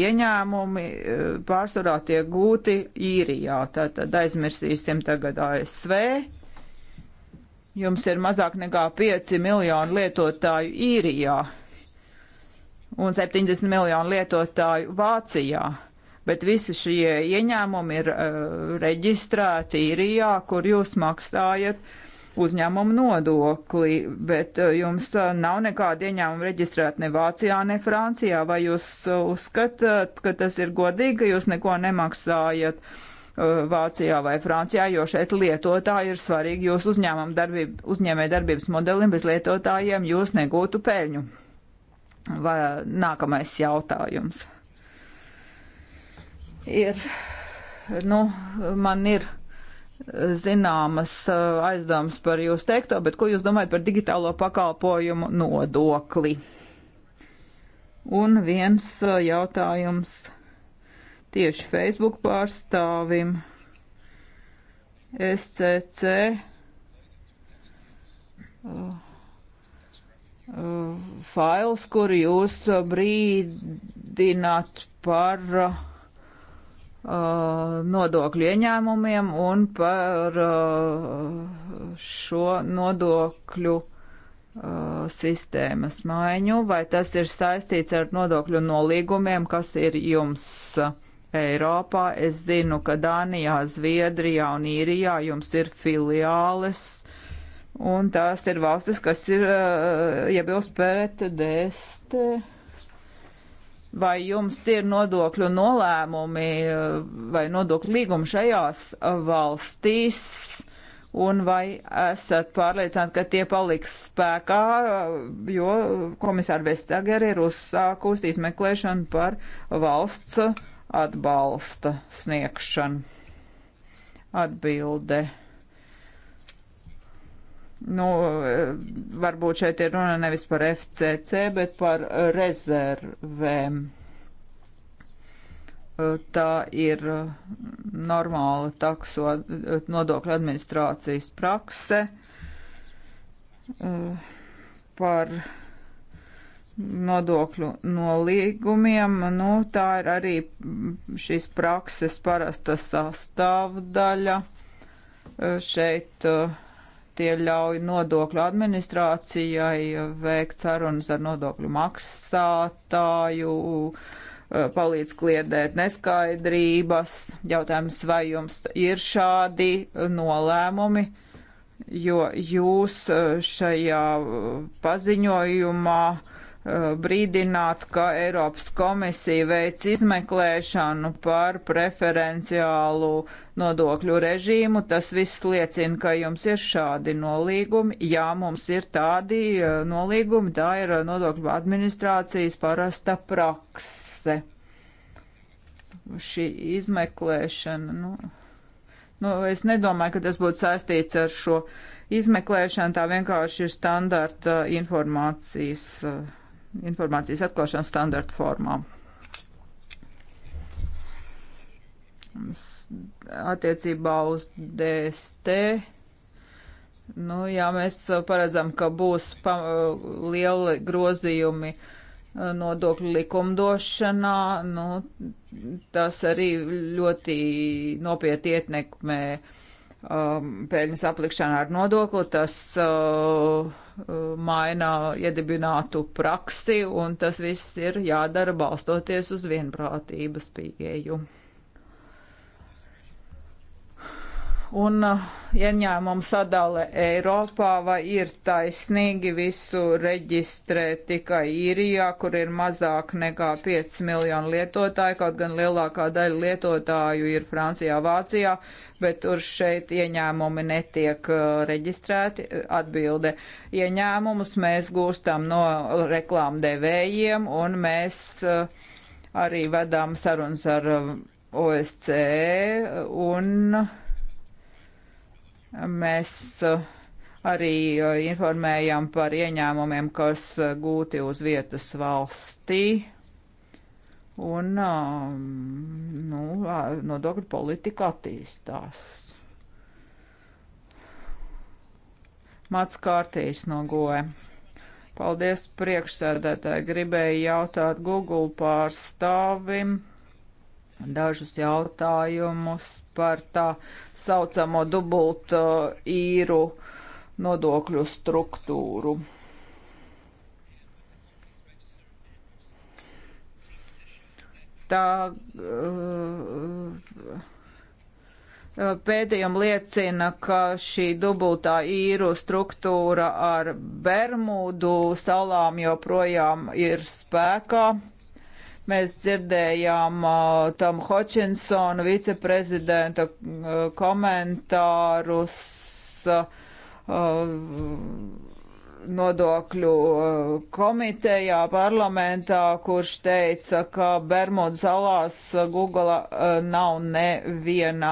ieņēmumi uh, pārsvarā tiek gūti īrijā. Tātad aizmirsīsim tagad ASV, jums ir mazāk nekā 5 miljoni lietotāju īrijā un 70 miljonu lietotāju Vācijā. Bet visi šie ieņēmumi ir uh, reģistrēti īrijā, kur jūs maksājat uzņēmumu nodokli, bet uh, jums uh, nav nekāda ieņēmuma reģistrēta ne Vācijā, ne Francijā. Vai jūs uh, uzskatāt, ka tas ir godīgi, ka jūs neko nemaksājat? Uh, Vācijā vai Francijā, jo šeit lietotāji ir svarīgi. Jūs uzņēmējdarbības modelim bez lietotājiem jūs negūtu peļņu. Vai nākamais jautājums ir, nu, man ir zināmas aizdomas par jūsu teikto, bet ko jūs domājat par digitālo pakalpojumu nodokli? Un viens jautājums tieši Facebook pārstāvim SCC. Oh fails, kur jūs brīdināt par uh, nodokļu ieņēmumiem un par uh, šo nodokļu uh, sistēmas maiņu, vai tas ir saistīts ar nodokļu nolīgumiem, kas ir jums uh, Eiropā. Es zinu, ka Dānijā, Zviedrijā un Īrijā jums ir filiāles Un tās ir valstis, kas ir eh, iebilst pret dēsti. Vai jums ir nodokļu nolēmumi eh, vai nodokļu līgumi šajās eh, valstīs? Un vai esat pārliecināti, ka tie paliks spēkā, jo komisāra Vestager ir uzsākusi izmeklēšanu par valsts atbalsta sniegšanu? Atbilde. Nu, e, varbūt šeit ir runa nevis par FCC, bet par rezervēm. E, tā ir normāla takso nodokļu administrācijas prakse e, par nodokļu nolīgumiem. Nu, tā ir arī šīs prakses parasta sastāvdaļa. Šeit uh, tie ļauj nodokļu administrācijai veikt sarunas ar nodokļu maksātāju, eh, palīdz kliedēt neskaidrības. Jautājums, vai jums ir šādi nolēmumi, jo jūs eh, šajā eh, paziņojumā uh, Uh, brīdināt, ka Eiropas komisija veic izmeklēšanu par preferenciālu nodokļu režīmu. Tas viss liecina, ka jums ir šādi nolīgumi. Jā, mums ir tādi uh, nolīgumi, tā ir uh, nodokļu administrācijas parasta prakse. Šī izmeklēšana, nu, nu, es nedomāju, ka tas būtu saistīts ar šo izmeklēšanu, tā vienkārši ir standarta informācijas. Uh, informācijas atklāšanas standarta formā. Attiecībā uz DST, nu, jā, mēs paredzam, ka būs pa, lieli grozījumi eh, nodokļu likumdošanā, nu, tas arī ļoti nopietni ietekmē uh, Um, peļņas aplikšana ar nodokli, tas uh, uh, maina iedibinātu praksi, un tas viss ir jādara balstoties uz vienprātības pieeju. un ieņēmumu eh, sadale Eiropā, vai ir taisnīgi visu reģistrēt tikai īrijā, kur ir mazāk nekā 5 miljonu lietotāju, kaut gan lielākā daļa lietotāju ir Francijā, Vācijā, bet tur šeit ieņēmumi netiek eh, reģistrēti. Atbilde - ieņēmumus mēs gūstam no reklāmdevējiem, un mēs eh, arī vedām sarunas ar OSCE, un Mēs eh, arī eh, informējam par ieņēmumiem, kas eh, gūti uz vietas valstī. Un nu, nodokļu politika attīstās. Mats Kārtīs no Goe. Paldies priekšsēdētāji. Gribēju jautāt Google pārstāvim dažus jautājumus par tā saucamo dubultu uh, īru nodokļu struktūru. Tā uh, pētījumi liecina, ka šī dubultā īru struktūra ar Bermudu salām joprojām ir spēkā. Mēs dzirdējām uh, Tom Hutchinsona viceprezidenta uh, komentārus. Uh, uh, nodokļu eh, komitejā parlamentā, kurš teica, ka Bermudu salās eh, Google eh, nav neviena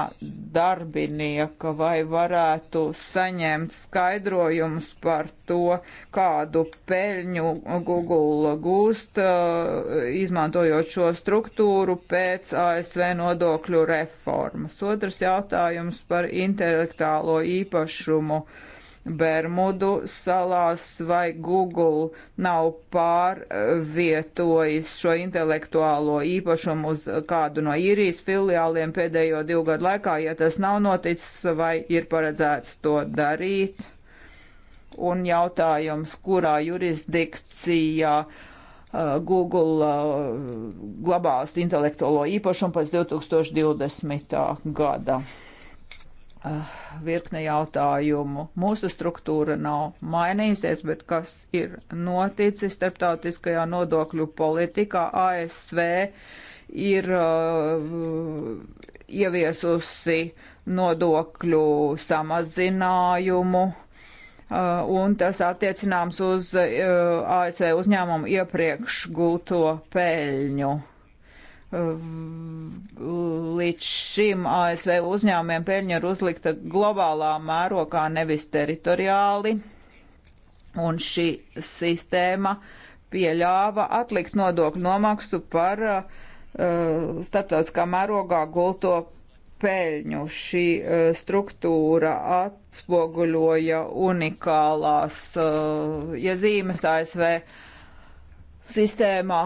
darbinieka, vai varētu saņemt skaidrojumus par to, kādu peļņu Google gūst, izmantojot šo struktūru pēc ASV nodokļu reformas. Otrs jautājums par intelektuālo īpašumu. Uh, Bermudu salās, vai Google nav pārvietojis šo intelektuālo īpašumu uz kādu no īrijas filiāliem pēdējo divu gadu laikā, ja tas nav noticis, vai ir paredzēts to darīt. Un jautājums, kurā jurisdikcijā uh, Google uh, glabās intelektuālo īpašumu pēc 2020. gada. Ah, virkne jautājumu. Mūsu struktūra nav mainījusies, bet kas ir noticis starptautiskajā nodokļu politikā ASV ir uh, ieviesusi nodokļu samazinājumu. Uh, un tas attiecināms uz uh, eh, ASV uzņēmumu iepriekš gūto peļņu. Līdz šim ASV uzņēmumiem peļņa ir uzlikta globālā mērokā, nevis teritoriāli, un šī sistēma pieļāva atlikt nodokļu nomaksu par uh, starptautiskā mērogā gulto peļņu. Šī uh, struktūra atspoguļoja unikālās uh, iezīmes ASV uh, sistēmā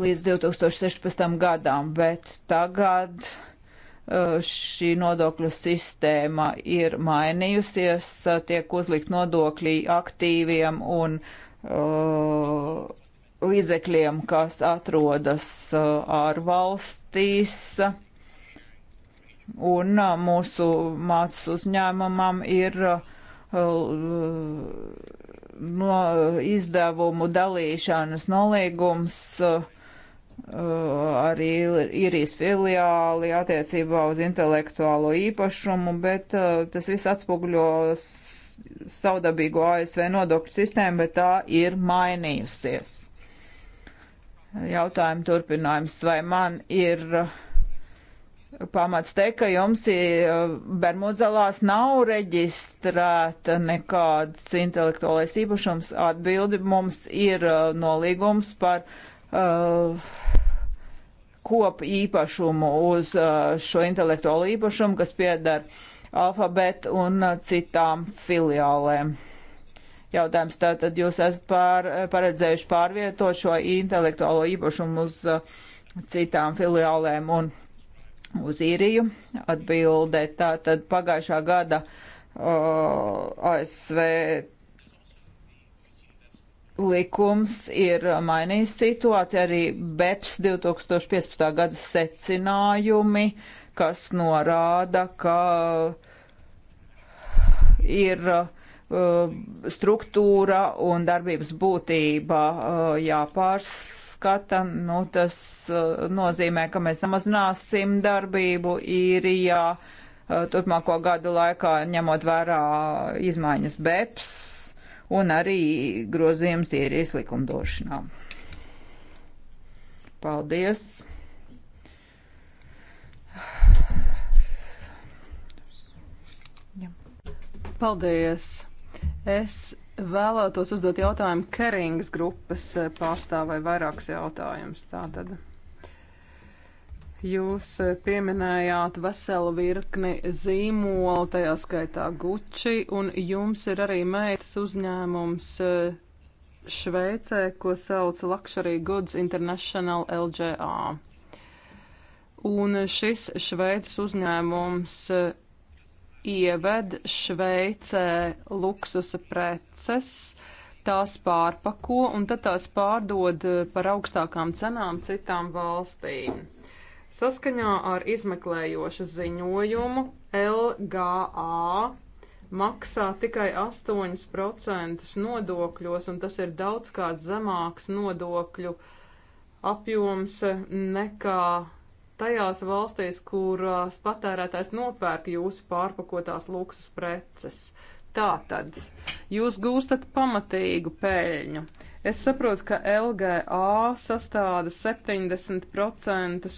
līdz 2016. gadam, bet tagad uh, šī nodokļu sistēma ir mainījusies, uh, tiek uzlikt nodokļi aktīviem un uh, līdzekļiem, kas atrodas uh, ārvalstīs. Un mūsu mācas uzņēmumam ir uh, no izdevumu dalīšanas nolīgums eh, arī īrijas filiāli attiecībā uz intelektuālo īpašumu, bet eh, tas viss atspoguļo savdabīgo ASV nodokļu sistēmu, bet tā ir mainījusies. Jautājuma turpinājums, vai man ir uh, pamats teikt, ka jums eh, Bermudzalās nav reģistrēta nekāds intelektuālais īpašums. Atbildi mums ir eh, nolīgums par uh, eh, kopu īpašumu uz uh, šo intelektuālo īpašumu, kas piedara alfabet un uh, citām filiālēm. Jautājums tātad jūs esat pār, paredzējuši pārvietot šo intelektuālo īpašumu uz uh, citām filiālēm un uz īriju atbildē. Tātad pagājušā gada uh, ASV likums ir mainījis situāciju, arī BEPS 2015. gada secinājumi, kas norāda, ka ir uh, struktūra un darbības būtība uh, jāpārs skata, nu, tas uh, nozīmē, ka mēs samazināsim darbību īrijā uh, turpmāko gadu laikā, ņemot vērā izmaiņas BEPS un arī grozījums īrijas likumdošanā. Paldies! Paldies! Es Vēlētos uzdot jautājumu Kerings grupas eh, pārstāvai vairākus jautājumus. Tātad. Jūs eh, pieminējāt veselu virkni zīmolu, tajā skaitā Gucci, un jums ir arī meitas uzņēmums eh, Šveicē, ko sauc Luxury Goods International LGA. Un šis šveicis uzņēmums ieved Šveicē luksusa preces, tās pārpako un tad tās pārdod eh, par augstākām cenām citām valstīm. Saskaņā ar izmeklējošu ziņojumu LGA maksā tikai 8% nodokļos, un tas ir daudzkārt zemāks nodokļu apjoms nekā tajās valstīs, kurās uh, patērētājs nopērk jūsu pārpakotās luksus preces. Tātad jūs gūstat pamatīgu peļņu. Es saprotu, ka LGA sastāda 70%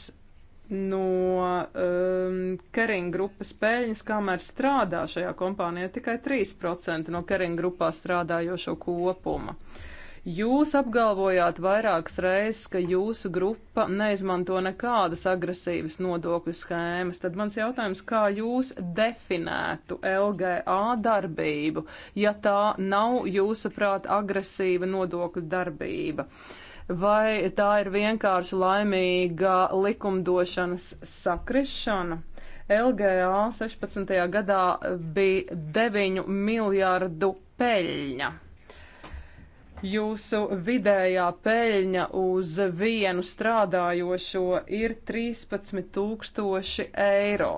no um, Kering grupas peļņas, kamēr strādā šajā kompānijā tikai 3% no Kering grupā strādājošo kopuma. Uh, Jūs apgalvojāt vairākas reizes, ka jūsu grupa neizmanto nekādas agresīvas nodokļu schēmas. Tad mans jautājums, kā jūs definētu LGA darbību, ja tā nav jūsuprāt agresīva nodokļu darbība? Vai tā ir vienkārši laimīga likumdošanas sakrišana? LGA 16. gadā bija 9 miljārdu peļņa. Jūsu vidējā peļņa uz vienu strādājošo ir 13,000 eiro.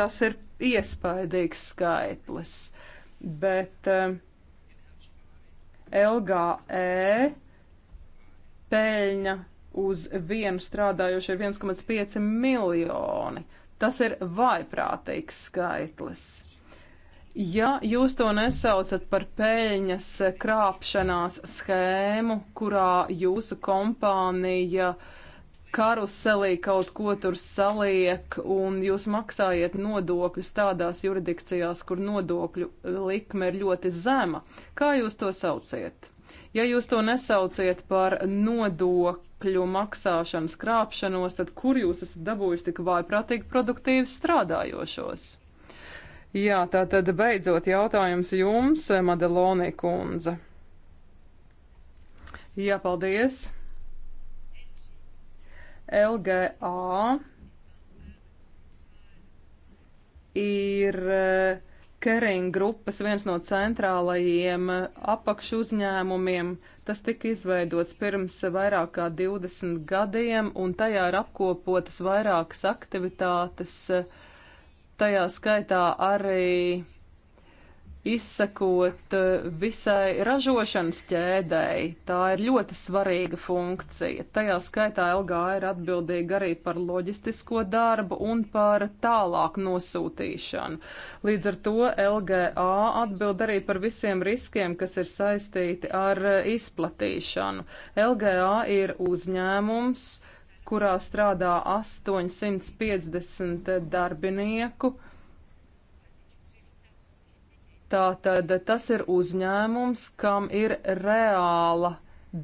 Tas ir iespaidīgs skaitlis, bet um, LGE peļņa uz vienu strādājošu ir 1,5 miljoni. Tas ir vaiprātīgs skaitlis. Ja jūs to nesaucat par peļņas krāpšanās schēmu, kurā jūsu kompānija karuselī kaut ko tur saliek un jūs maksājiet nodokļus tādās juridikcijās, kur nodokļu likme ir ļoti zema, kā jūs to sauciet? Ja jūs to nesauciet par nodokļu maksāšanas krāpšanos, tad kur jūs esat dabūjuši tik vājprātīgi produktīvi strādājošos? Jā, tā tad beidzot jautājums jums, Madelonī kundze. Jā, paldies. LGA ir eh, Kering grupas viens no centrālajiem eh, apakšu uzņēmumiem. Tas tika izveidots pirms vairāk kā 20 gadiem, un tajā ir apkopotas vairākas aktivitātes, uh, tajā skaitā arī izsakot eh, visai ražošanas ķēdēji. Tā ir ļoti svarīga funkcija. Tajā skaitā LGA ir atbildīga arī par loģistisko darbu un par tālāk nosūtīšanu. Līdz ar to LGA atbild arī par visiem riskiem, kas ir saistīti ar eh, izplatīšanu. LGA ir uzņēmums, uh, kurā strādā 850 darbinieku. Tātad tas ir uzņēmums, kam ir reāla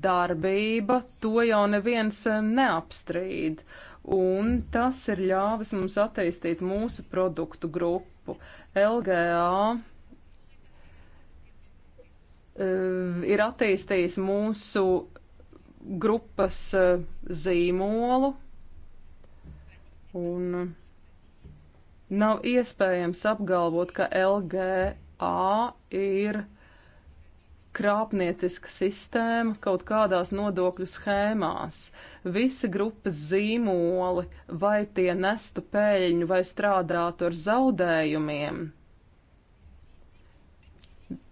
darbība, to jau neviens eh, neapstrīd. Un tas ir ļāvis mums attīstīt mūsu produktu grupu. LGA eh, ir attīstījis mūsu grupas eh, zīmolu un eh, nav iespējams apgalvot, ka LGA ir krāpnieciska sistēma kaut kādās nodokļu schēmās. Visi grupas zīmoli, vai tie nestu peļņu vai strādātu ar zaudējumiem,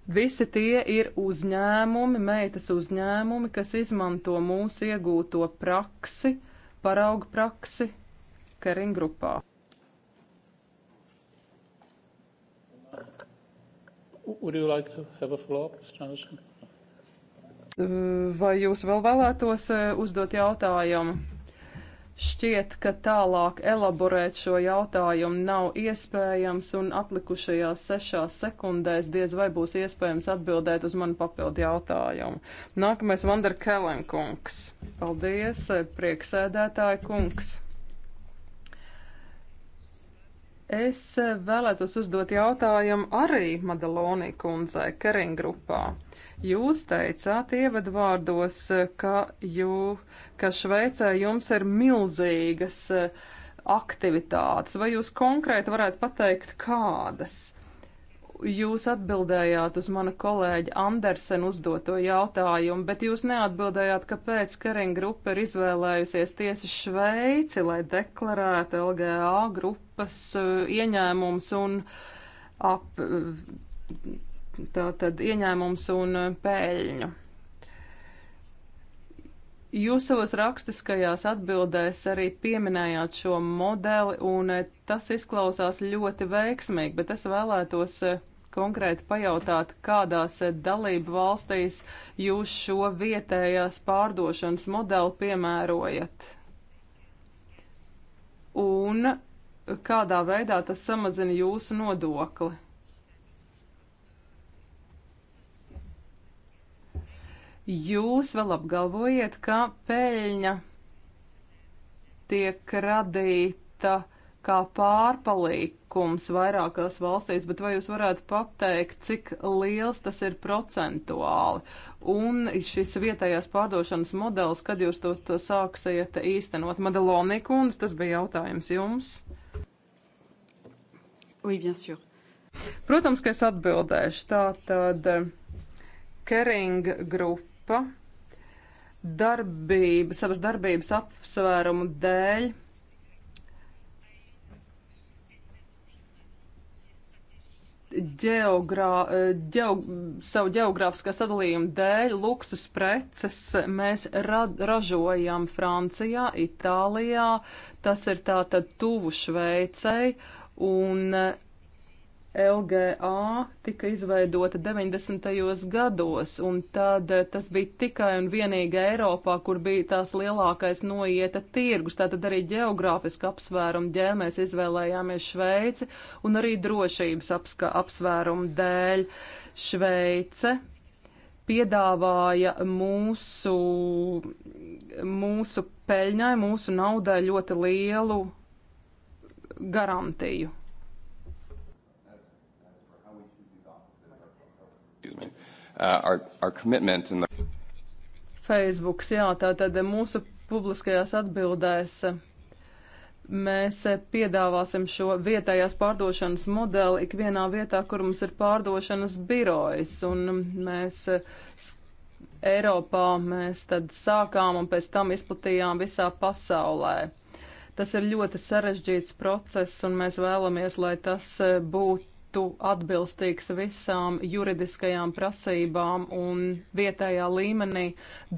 Visi tie ir uzņēmumi, meitas uzņēmumi, kas izmanto mūsu iegūto praksi, paraugu praksi Kering grupā. Would you like to have a follow-up, Mr. Anderson? Vai jūs vēl vēlētos eh, uzdot jautājumu? Šķiet, ka tālāk elaborēt šo jautājumu nav iespējams, un atlikušajās sešās sekundēs diez vai būs iespējams atbildēt uz manu papildu jautājumu. Nākamais Vander Kellen kungs. Paldies, prieksēdētāja kungs. Es vēlētos uzdot jautājumu arī Madalonī kundzei Kering grupā. Uh, Jūs teicāt ievadvārdos, ka, jū, ka Šveicē jums ir milzīgas eh, aktivitātes, vai jūs konkrēti varētu pateikt, kādas? Jūs atbildējāt uz mana kolēģa Andersena uzdoto jautājumu, bet jūs neatbildējāt, kāpēc Kariņa grupa ir izvēlējusies tieši Šveici, lai deklarētu LGA grupas eh, ieņēmums un ap, tātad ieņēmums un eh, pēļņu. Jūs savos rakstiskajās atbildēs arī pieminējāt šo modeli, un eh, tas izklausās ļoti veiksmīgi, bet es vēlētos eh, konkrēti pajautāt, kādās dalību valstīs jūs šo vietējās pārdošanas modeli piemērojat. Un kādā veidā tas samazina jūsu nodokli? Jūs vēl apgalvojat, ka peļņa tiek radīta kā pārpalikums vairākās valstīs, bet vai jūs varētu pateikt, cik liels tas ir procentuāli? Un šis vietējās pārdošanas modelis, kad jūs to, to sāksiet īstenot? Madelonī kundze, tas bija jautājums jums. Oui, bien sûr. Protams, ka es atbildēšu. Tā tad Kering grupa grupa darbība, savas darbības apsvērumu dēļ ģeogrā, ģeo, savu geogrāfiskā sadalījuma dēļ luksus preces mēs rad, ražojam Francijā, Itālijā, tas ir tātad tuvu Šveicei, un LGA tika izveidota 90. gados, un tad eh, tas bija tikai un vienīgi Eiropā, kur bija tās lielākais noieta tirgus. Tātad arī geogrāfiski apsvērumu dēļ mēs izvēlējāmies Šveici, un arī drošības apska, apsvērumu dēļ Šveice piedāvāja mūsu, mūsu peļņai, mūsu naudai ļoti lielu garantiju. Uh, our, our commitment in the Facebooks, jā, tātad mūsu publiskajās atbildēs mēs piedāvāsim šo vietējās pārdošanas modeli ikvienā vietā, kur mums ir pārdošanas birojas, un mēs Eiropā mēs tad sākām un pēc tam izplatījām visā pasaulē. Tas ir ļoti sarežģīts process, un mēs vēlamies, lai tas eh, būtu būtu atbilstīgs visām juridiskajām prasībām un vietējā līmenī.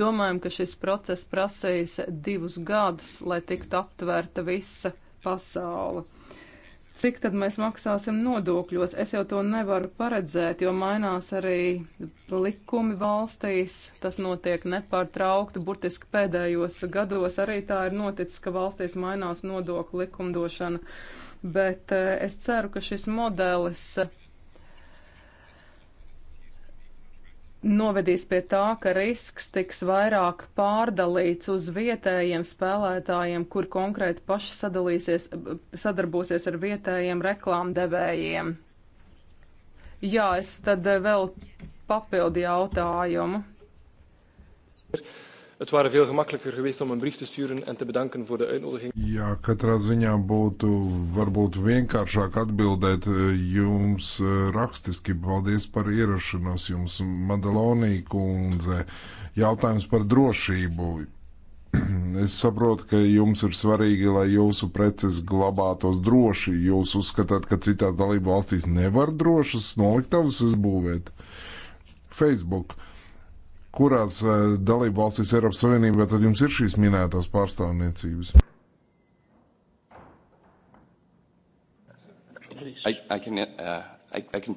Domājam, ka šis process prasīs divus gadus, lai tiktu aptvērta visa pasaule. Cik tad mēs maksāsim nodokļos? Es jau to nevaru paredzēt, jo mainās arī likumi valstīs. Tas notiek nepārtraukti. Burtiski pēdējos gados arī tā ir noticis, ka valstīs mainās nodokļu likumdošana. Uh, bet eh, es ceru, ka šis modelis eh, novedīs pie tā, ka risks tiks vairāk pārdalīts uz vietējiem spēlētājiem, kur konkrēti paši eh, sadarbosies ar vietējiem reklāmdevējiem. Jā, es tad vēl papildu jautājumu. Ir. Het waren veel gemakkelijker geweest om een brief te sturen en te bedanken voor de uitnodiging. Jā, katrā ziņā būtu varbūt vienkāršāk atbildēt eh, jums eh, rakstiski. Paldies par ierašanos jums, Madalonī kundze. Jautājums par drošību. Es saprotu, ka jums ir svarīgi, lai jūsu preces glabātos droši. Jūs uzskatāt, ka citās dalību valstīs nevar drošas noliktavas uzbūvēt. Facebook kurās eh, dalību valstīs Eiropas Savienībā tad jums ir šīs minētās pārstāvniecības? I, I can, uh, I, I can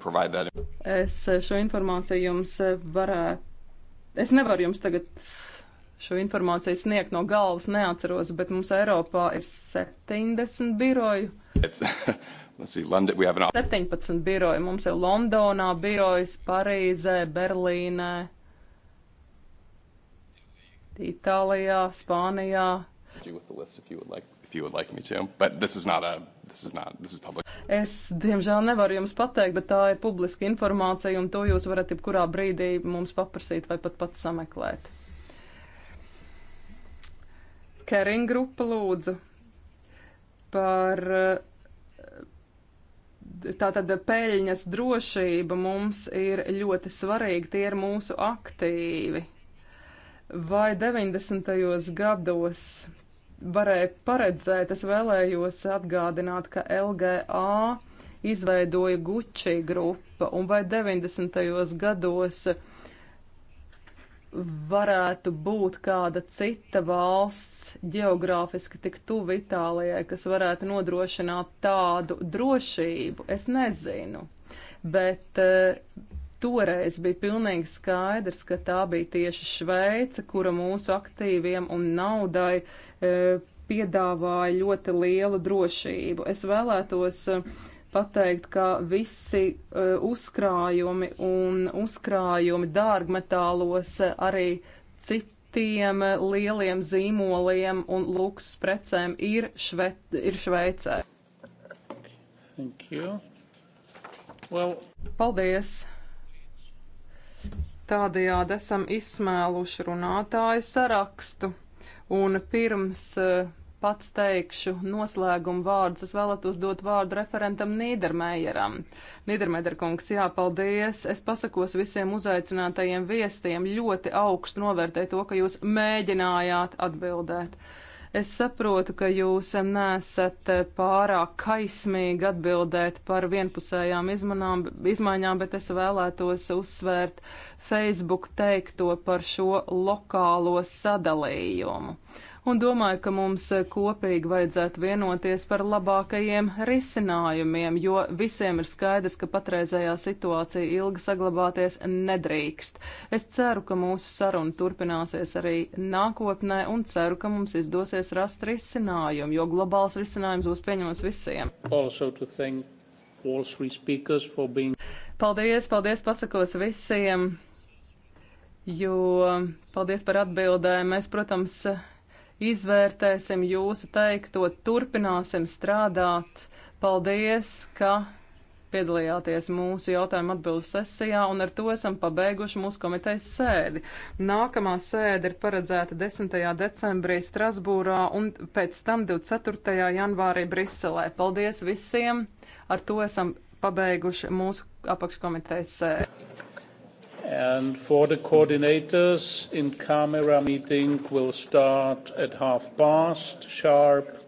es eh, šo informāciju jums eh, varētu. Es nevaru jums tagad šo informāciju sniegt no galvas, neatceros, bet mums Eiropā ir 70 biroju. See, London, 17 biroji. Mums ir Londonā birojas, Parīzē, Berlīnē. Itālijā, Spānijā. Es, diemžēl, nevaru jums pateikt, bet tā ir publiska informācija, un to jūs varat jebkurā brīdī mums paprasīt vai pat pats sameklēt. Kering grupa lūdzu par eh, tātad peļņas drošība mums ir ļoti svarīga, tie ir mūsu aktīvi vai 90. gados varēja paredzēt, es vēlējos atgādināt, ka LGA izveidoja Gucci grupa, un vai 90. gados varētu būt kāda cita valsts geogrāfiski tik tuvu Itālijai, kas varētu nodrošināt tādu drošību, es nezinu. Bet eh, Toreiz bija pilnīgi skaidrs, ka tā bija tieši Šveice, kura mūsu aktīviem un naudai e, piedāvāja ļoti lielu drošību. Es vēlētos e, pateikt, ka visi e, uzkrājumi un uzkrājumi dārgmetālos e, arī citiem e, lieliem zīmoliem un luksus precēm ir, šve, ir Šveicē. Well... Paldies! Tādējādi esam izsmēluši runātāju sarakstu. Un pirms uh, pats teikšu noslēgumu vārdus. Es vēlētos dot vārdu referentam Nīdermējeram. Nīdermēderkungs, jā, paldies. Es pasakos visiem uzaicinātajiem viestiem ļoti augstu novērtēju to, ka jūs mēģinājāt atbildēt. Uh, Es saprotu, ka jūs nesat pārāk kaismīgi atbildēt par vienpusējām izmanām, izmaiņām, bet es vēlētos uzsvērt Facebook teikto par šo lokālo sadalījumu. Uh, un domāju, ka mums eh, kopīgi vajadzētu vienoties par labākajiem risinājumiem, jo visiem ir skaidrs, ka patreizējā situācija ilgi saglabāties nedrīkst. Es ceru, ka mūsu saruna turpināsies arī nākotnē un ceru, ka mums izdosies rast risinājumu, jo globāls risinājums būs pieņemams visiem. Being... Paldies, paldies, pasakos visiem! jo paldies par atbildēm. Mēs, protams, izvērtēsim jūsu teikto, turpināsim strādāt. Paldies, ka piedalījāties mūsu jautājumu atbildu sesijā, un ar to esam pabeiguši mūsu komitejas sēdi. Nākamā sēde ir paredzēta 10. decembrī Strasbūrā un pēc tam 24. janvārī Briselē. Paldies visiem! Ar to esam pabeiguši mūsu apakškomitejas sēdi. And for the coordinators, in camera meeting will start at half past sharp